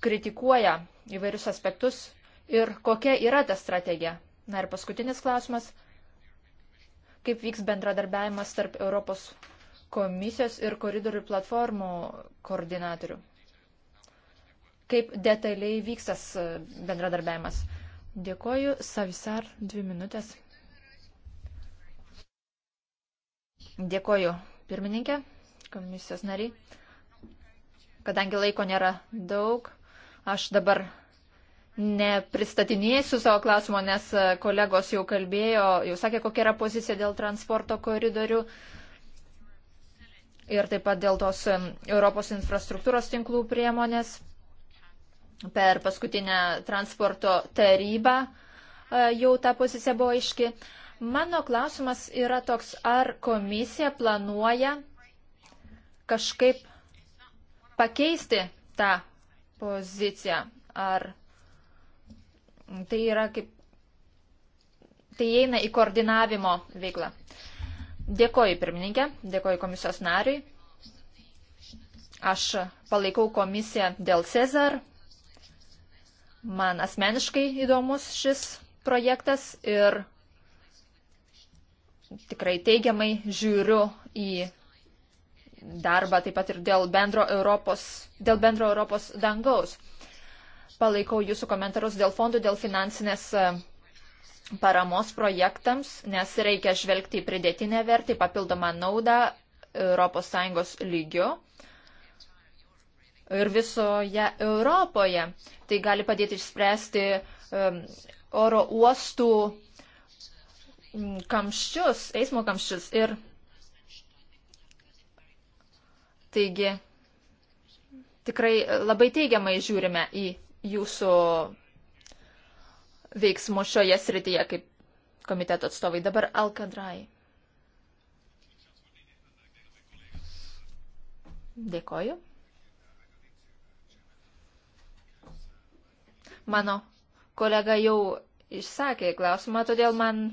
kritikuoja įvairius aspektus ir kokia yra ta strategija. Na ir paskutinis klausimas. Kaip vyks bendradarbiavimas tarp Europos komisijos ir koridorių platformų koordinatorių? Kaip detaliai vyksas e, bendradarbiavimas? Dėkoju, Savisar, dvi minutės. Dėkoju, pirmininkė, komisijos nariai. Kadangi laiko nėra daug, aš dabar nepristatinėsiu savo klausimo, nes e, kolegos jau kalbėjo, jau sakė, kokia yra pozicija dėl transporto koridorių ir taip pat dėl tos e, Europos infrastruktūros tinklų priemonės. Per paskutinę transporto tarybą e, jau ta pozicija buvo aiški. Mano klausimas yra toks, ar komisija planuoja kažkaip pakeisti tą poziciją, ar tai yra kaip, tai eina į koordinavimo veiklą. Dėkoju pirmininkė, dėkoju komisijos nariui. Aš palaikau komisiją dėl Cezar. Man asmeniškai įdomus šis projektas ir tikrai teigiamai žiūriu į darbą taip pat ir dėl bendro Europos, dėl bendro Europos dangaus. Palaikau jūsų komentarus dėl fondų, dėl finansinės e, paramos projektams, nes reikia žvelgti į pridėtinę vertį, papildomą naudą ES lygiu ir visoje Europoje. Tai gali padėti išspręsti um, oro uostų Mm, kamščius, eismo kamščius. Ir taigi tikrai labai teigiamai žiūrime į jūsų veiksmų šioje srityje kaip komiteto atstovai. Dabar Alkadrai. Dėkoju. Mano kolega jau išsakė klausimą, todėl man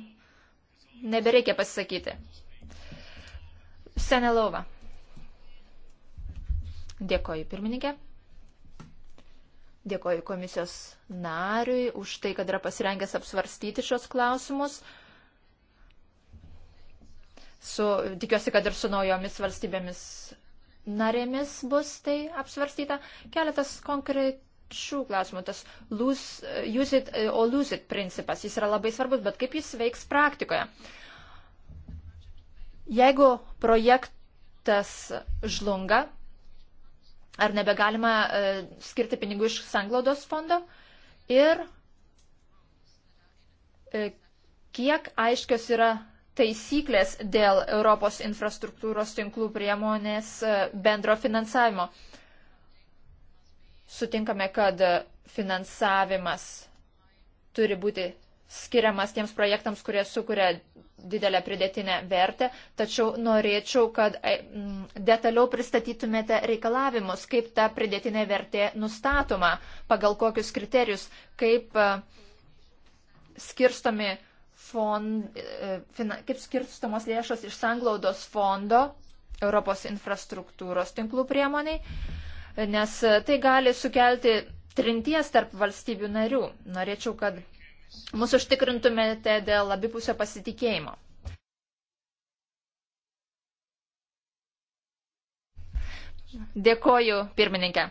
nebereikia pasisakyti. Senelova. Dėkoju pirmininkė. Dėkoju komisijos nariui už tai, kad yra pasirengęs apsvarstyti šios klausimus. Su, tikiuosi, kad ir su naujomis valstybėmis narėmis bus tai apsvarstyta. Keletas konkrečių šių klausimų. Tas lose, uh, use it, uh, o lose it principas, jis yra labai svarbus, bet kaip jis veiks praktikoje? Jeigu projektas žlunga, ar nebegalima uh, skirti pinigų iš sanglaudos fondo ir kiek aiškios yra taisyklės dėl Europos infrastruktūros tinklų priemonės bendro finansavimo sutinkame, kad finansavimas turi būti skiriamas tiems projektams, kurie sukuria didelę pridėtinę vertę, tačiau norėčiau, kad e, detaliau pristatytumėte reikalavimus, kaip ta pridėtinė vertė nustatoma, pagal kokius kriterijus, kaip e, skirstomi fond, e, kaip skirstamos lėšos iš sanglaudos fondo Europos infrastruktūros tinklų priemoniai nes e, tai gali sukelti trinties tarp valstybių narių. Norėčiau, kad mus užtikrintumėte dėl abipusio pasitikėjimo. Dėkoju, pirmininkė.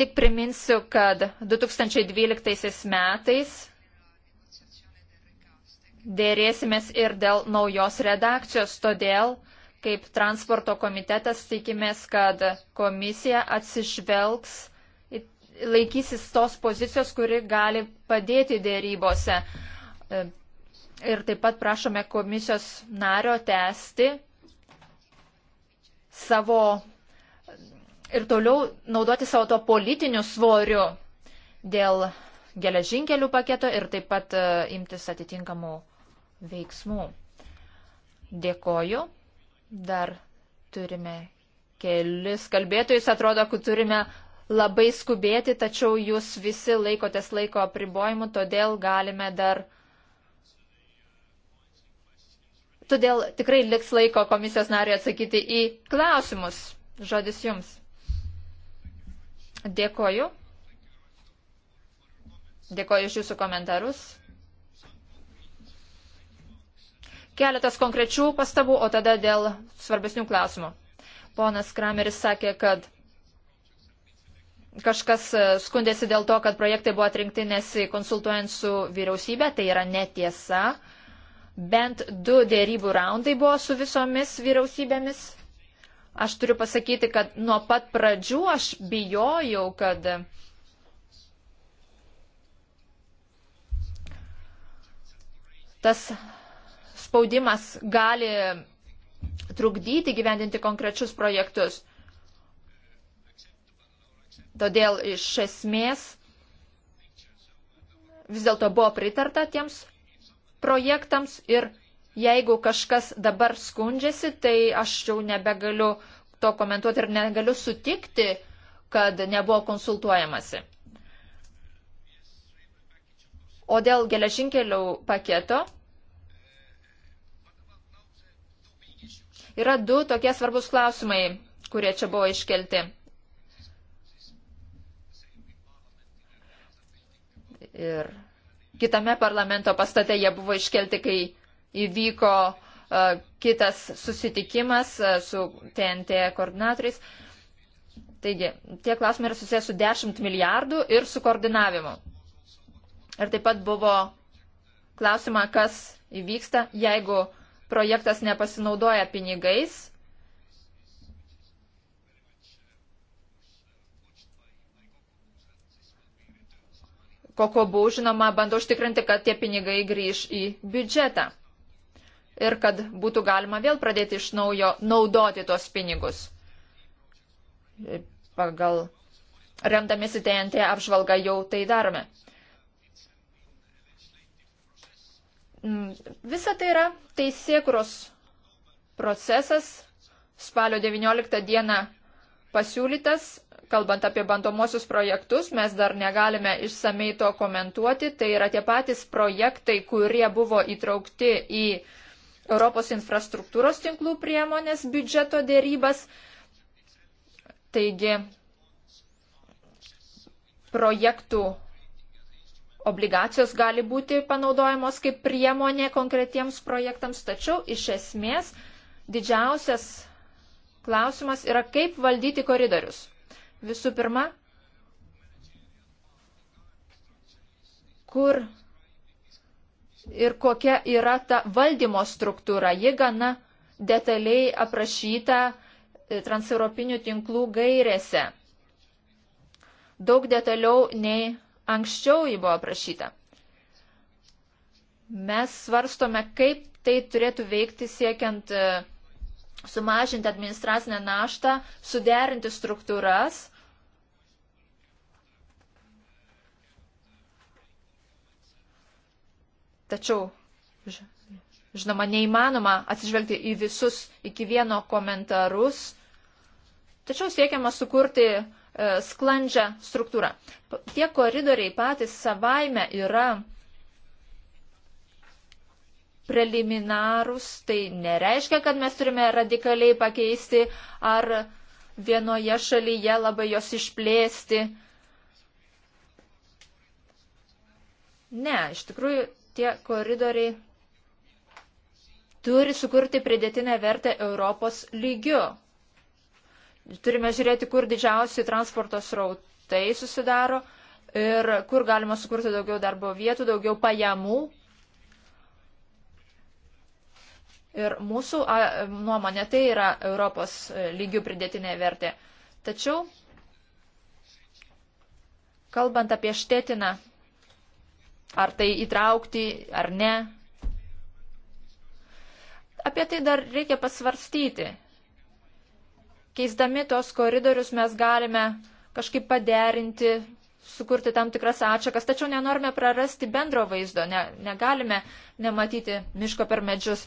Tik priminsiu, kad 2012 metais dėrėsimės ir dėl naujos redakcijos, todėl Kaip transporto komitetas tikimės, kad komisija atsižvelgs, laikysis tos pozicijos, kuri gali padėti dėrybose. E, ir taip pat prašome komisijos nario tęsti savo ir toliau naudoti savo to politiniu svoriu dėl geležinkelių paketo ir taip pat e, imtis atitinkamų veiksmų. Dėkoju. Dar turime kelis kalbėtojus, atrodo, kad turime labai skubėti, tačiau jūs visi laikotės laiko apribojimų, todėl galime dar. Todėl tikrai liks laiko komisijos nariui atsakyti į klausimus. Žodis jums. Dėkoju. Dėkoju iš jūsų komentarus. Keletas konkrečių pastabų, o tada dėl svarbesnių klausimų. Ponas Krameris sakė, kad kažkas e, skundėsi dėl to, kad projektai buvo atrinkti nesikonsultuojant su vyriausybė, tai yra netiesa. Bent du dėrybų raundai buvo su visomis vyriausybėmis. Aš turiu pasakyti, kad nuo pat pradžių aš bijojau, kad tas spaudimas gali trukdyti gyvendinti konkrečius projektus. Todėl iš esmės vis dėlto buvo pritarta tiems projektams ir jeigu kažkas dabar skundžiasi, tai aš jau nebegaliu to komentuoti ir negaliu sutikti, kad nebuvo konsultuojamasi. O dėl geležinkelių paketo Yra du tokie svarbus klausimai, kurie čia buvo iškelti. Ir kitame parlamento pastate jie buvo iškelti, kai įvyko uh, kitas susitikimas uh, su TNT koordinatoriais. Taigi, tie klausimai yra susijęs su 10 milijardų ir su koordinavimu. Ir taip pat buvo klausima, kas įvyksta, jeigu uh, projektas nepasinaudoja pinigais. Kokobu, žinoma, bando užtikrinti, kad tie pinigai grįž į biudžetą ir kad būtų galima vėl pradėti iš naujo naudoti tos pinigus. Pagal remdamėsi TNT apžvalgą jau tai darome. Mm, visa tai yra teisėkuros procesas spalio 19 dieną pasiūlytas. Kalbant apie bandomosius projektus, mes dar negalime išsamei to komentuoti. Tai yra tie patys projektai, kurie buvo įtraukti į Europos infrastruktūros tinklų priemonės biudžeto dėrybas. Taigi, projektų Obligacijos gali būti panaudojamos kaip priemonė konkretiems projektams, tačiau iš esmės didžiausias klausimas yra, kaip valdyti koridorius. Visų pirma, kur ir kokia yra ta valdymo struktūra. Ji gana detaliai aprašyta e, transeuropinių tinklų gairėse. Daug detaliau nei anksčiau jį buvo prašyta. Mes svarstome, kaip tai turėtų veikti siekiant e, sumažinti administracinę naštą, suderinti struktūras. Tačiau, žinoma, neįmanoma atsižvelgti į visus iki vieno komentarus. Tačiau siekiama sukurti uh, E, sklandžią struktūrą. Tie koridoriai patys savaime yra preliminarūs, tai nereiškia, kad mes turime radikaliai pakeisti ar vienoje šalyje labai jos išplėsti. Ne, iš tikrųjų tie koridoriai turi sukurti pridėtinę vertę Europos lygiu. Turime žiūrėti, kur didžiausi transporto srautai susidaro ir kur galima sukurti daugiau darbo vietų, daugiau pajamų. Ir mūsų nuomonė tai yra Europos lygių pridėtinė vertė. Tačiau, kalbant apie štetiną, ar tai įtraukti ar ne, apie tai dar reikia pasvarstyti keisdami tos koridorius mes galime kažkaip paderinti, sukurti tam tikras atšakas, tačiau nenorime prarasti bendro vaizdo, ne, negalime nematyti miško per medžius.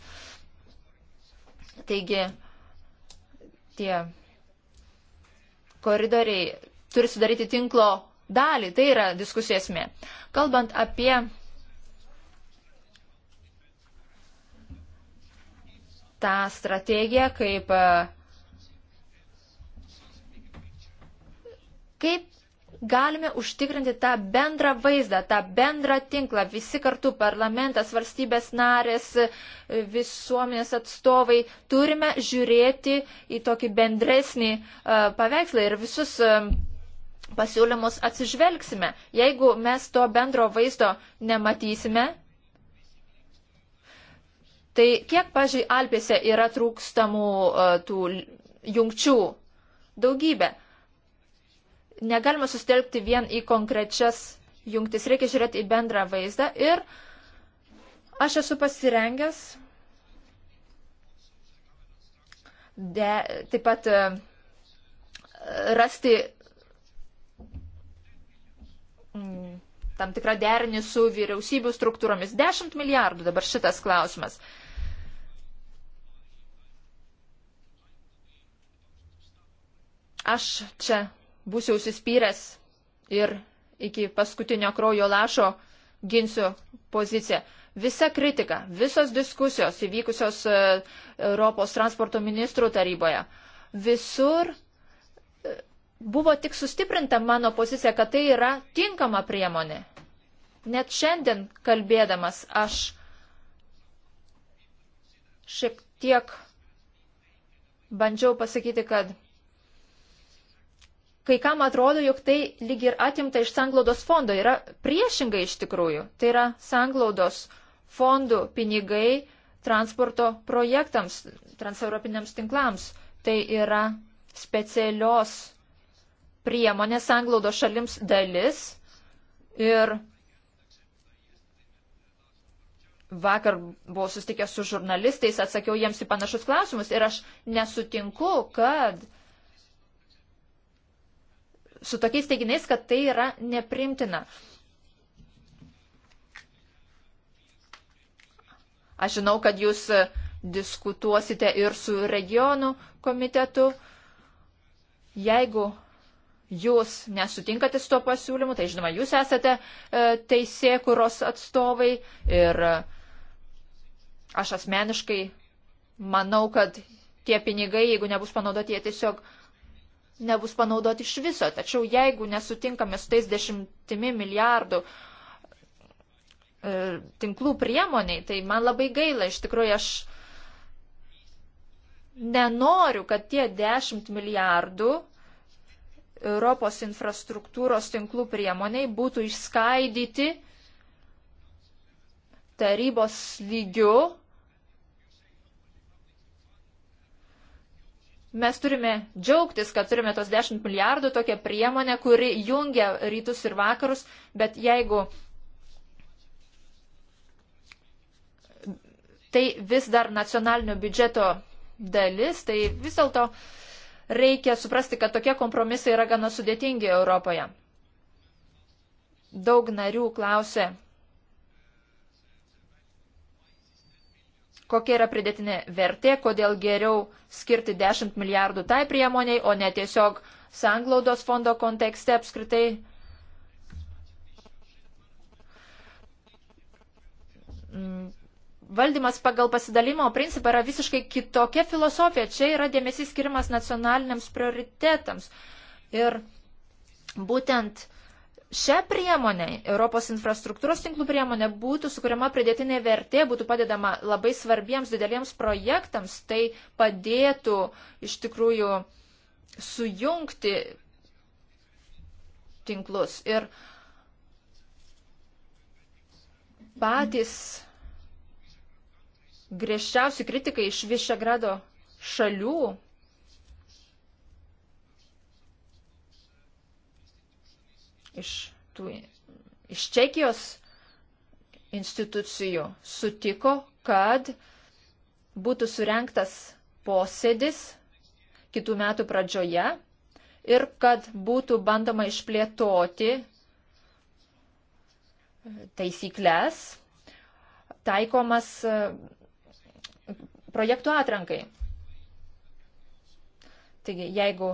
Taigi, tie koridoriai turi sudaryti tinklo dalį, tai yra diskusijų esmė. Kalbant apie tą strategiją kaip Kaip galime užtikrinti tą bendrą vaizdą, tą bendrą tinklą, visi kartu, parlamentas, valstybės narės, visuomenės atstovai, turime žiūrėti į tokį bendresnį uh, paveikslą ir visus uh, pasiūlymus atsižvelgsime. Jeigu mes to bendro vaizdo nematysime, tai kiek, pažiūrėjau, Alpėse yra trūkstamų uh, tų jungčių? Daugybė negalima sustelkti vien į konkrečias jungtis, reikia žiūrėti į bendrą vaizdą ir aš esu pasirengęs de, taip pat e, rasti mm, tam tikrą derinį su vyriausybių struktūromis. 10 milijardų dabar šitas klausimas. Aš čia būsiu užsispyręs ir iki paskutinio kraujo lašo ginsiu poziciją. Visa kritika, visos diskusijos įvykusios e, Europos transporto ministrų taryboje, visur e, buvo tik sustiprinta mano pozicija, kad tai yra tinkama priemonė. Net šiandien kalbėdamas aš šiek tiek bandžiau pasakyti, kad kai kam atrodo, jog tai lyg ir atimta iš sanglaudos fondo. Yra priešingai iš tikrųjų. Tai yra sanglaudos fondų pinigai transporto projektams, transeuropiniams tinklams. Tai yra specialios priemonės sanglaudos šalims dalis. Ir vakar buvau susitikęs su žurnalistais, atsakiau jiems į panašus klausimus ir aš nesutinku, kad su tokiais teiginiais, kad tai yra neprimtina. Aš žinau, kad jūs diskutuosite ir su regionų komitetu. Jeigu jūs nesutinkate su to pasiūlymu, tai žinoma, jūs esate e, teisėkuros atstovai ir e, aš asmeniškai manau, kad tie pinigai, jeigu nebus panaudoti, jie tiesiog uh, nebus panaudoti iš viso. Tačiau jeigu nesutinkame su tais dešimtimi milijardų e, tinklų priemoniai, tai man labai gaila. Iš tikrųjų, aš nenoriu, kad tie dešimt milijardų Europos infrastruktūros tinklų priemoniai būtų išskaidyti tarybos lygiu Mes turime džiaugtis, kad turime tos 10 milijardų tokią priemonę, kuri jungia rytus ir vakarus, bet jeigu tai vis dar nacionalinio biudžeto dalis, tai vis dėlto reikia suprasti, kad tokie kompromisai yra gana sudėtingi Europoje. Daug narių klausė, kokia yra pridėtinė vertė, kodėl geriau skirti 10 milijardų tai priemoniai, o ne tiesiog sanglaudos fondo kontekste apskritai. Mm, valdymas pagal pasidalimo principą yra visiškai kitokia filosofija. Čia yra dėmesys skirimas nacionaliniams prioritetams. Ir būtent Šią priemonę, Europos infrastruktūros tinklų priemonė, būtų sukuriama pridėtinė vertė, būtų padedama labai svarbiems dideliems projektams, tai padėtų iš tikrųjų sujungti tinklus. Ir patys griežčiausi kritikai iš Višegrado šalių iš, tų, iš Čekijos institucijų sutiko, kad būtų surenktas posėdis kitų metų pradžioje ir kad būtų bandoma išplėtoti taisyklės taikomas e, projektų atrankai. Taigi, jeigu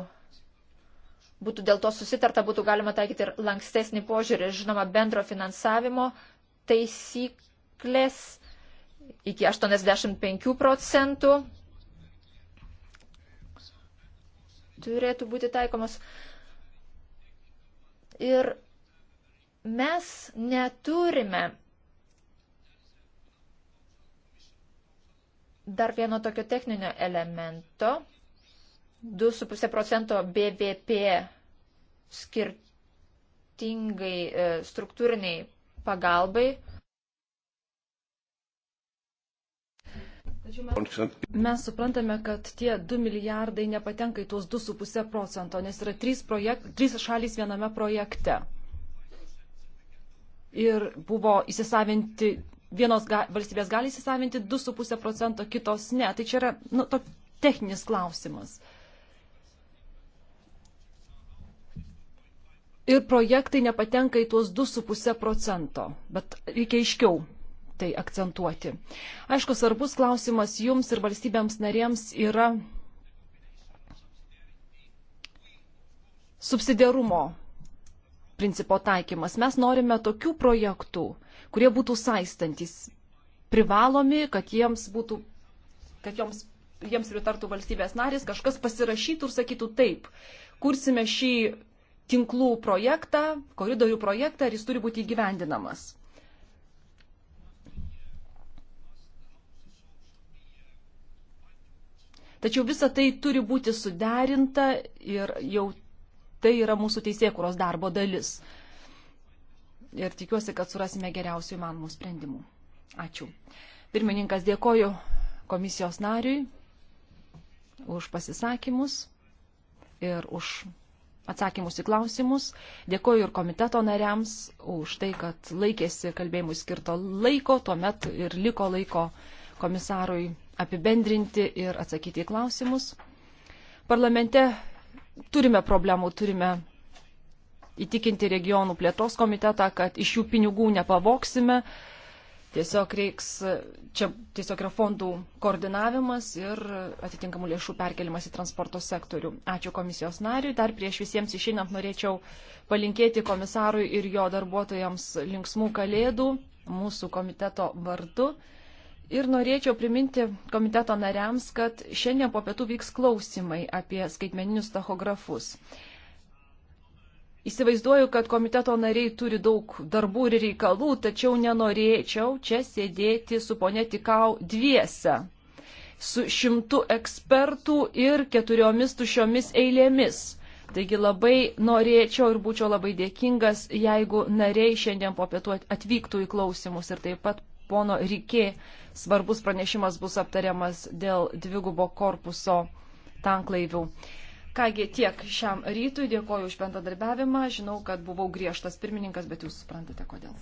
būtų dėl to susitarta, būtų galima taikyti ir lankstesnį požiūrį, žinoma, bendro finansavimo taisyklės iki 85 procentų turėtų būti taikomos. Ir mes neturime dar vieno tokio techninio elemento, 2,5 procento BVP skirtingai e, struktūriniai pagalbai. Mes suprantame, kad tie 2 milijardai nepatenka į tuos 2,5 procento, nes yra 3, projekt, 3 šalys viename projekte. Ir buvo įsisavinti, vienos ga, valstybės gali įsisavinti 2,5 procento, kitos ne. Tai čia yra nu, to, techninis klausimas. Uh, ir projektai nepatenka į tuos 2,5 procento, bet reikia aiškiau tai akcentuoti. Aišku, svarbus klausimas jums ir valstybėms narėms yra subsidiarumo principo taikymas. Mes norime tokių projektų, kurie būtų saistantis, privalomi, kad jiems būtų, kad joms, jiems pritartų valstybės narės, kažkas pasirašytų ir sakytų taip, kursime šį tinklų projektą, koridorių projektą ir jis turi būti įgyvendinamas. Tačiau visa tai turi būti suderinta ir jau tai yra mūsų teisėkuros darbo dalis. Ir tikiuosi, kad surasime geriausių įmanomų sprendimų. Ačiū. Pirmininkas dėkoju komisijos nariui už pasisakymus ir už atsakymus į klausimus. Dėkoju ir komiteto nariams už tai, kad laikėsi kalbėjimui skirto laiko, tuomet ir liko laiko komisarui apibendrinti ir atsakyti į klausimus. Parlamente turime problemų, turime įtikinti regionų plėtos komitetą, kad iš jų pinigų nepavoksime, Tiesiog reiks, čia tiesiog yra fondų koordinavimas ir atitinkamų lėšų perkelimas į transporto sektorių. Ačiū komisijos nariui. Dar prieš visiems išeinant norėčiau palinkėti komisarui ir jo darbuotojams linksmų kalėdų mūsų komiteto vardu. Ir norėčiau priminti komiteto nariams, kad šiandien po pietų vyks klausimai apie skaitmeninius tachografus. Įsivaizduoju, kad komiteto nariai turi daug darbų ir reikalų, tačiau nenorėčiau čia sėdėti su ponė Tikau dviese, su šimtu ekspertų ir keturiomis tušiomis eilėmis. Taigi labai norėčiau ir būčiau labai dėkingas, jeigu nariai šiandien po pietų atvyktų į klausimus ir taip pat pono Rikė svarbus pranešimas bus aptariamas dėl dvigubo korpuso tanklaivių. Kągi tiek šiam rytui, dėkoju už bendradarbiavimą, žinau, kad buvau griežtas pirmininkas, bet jūs suprantate kodėl.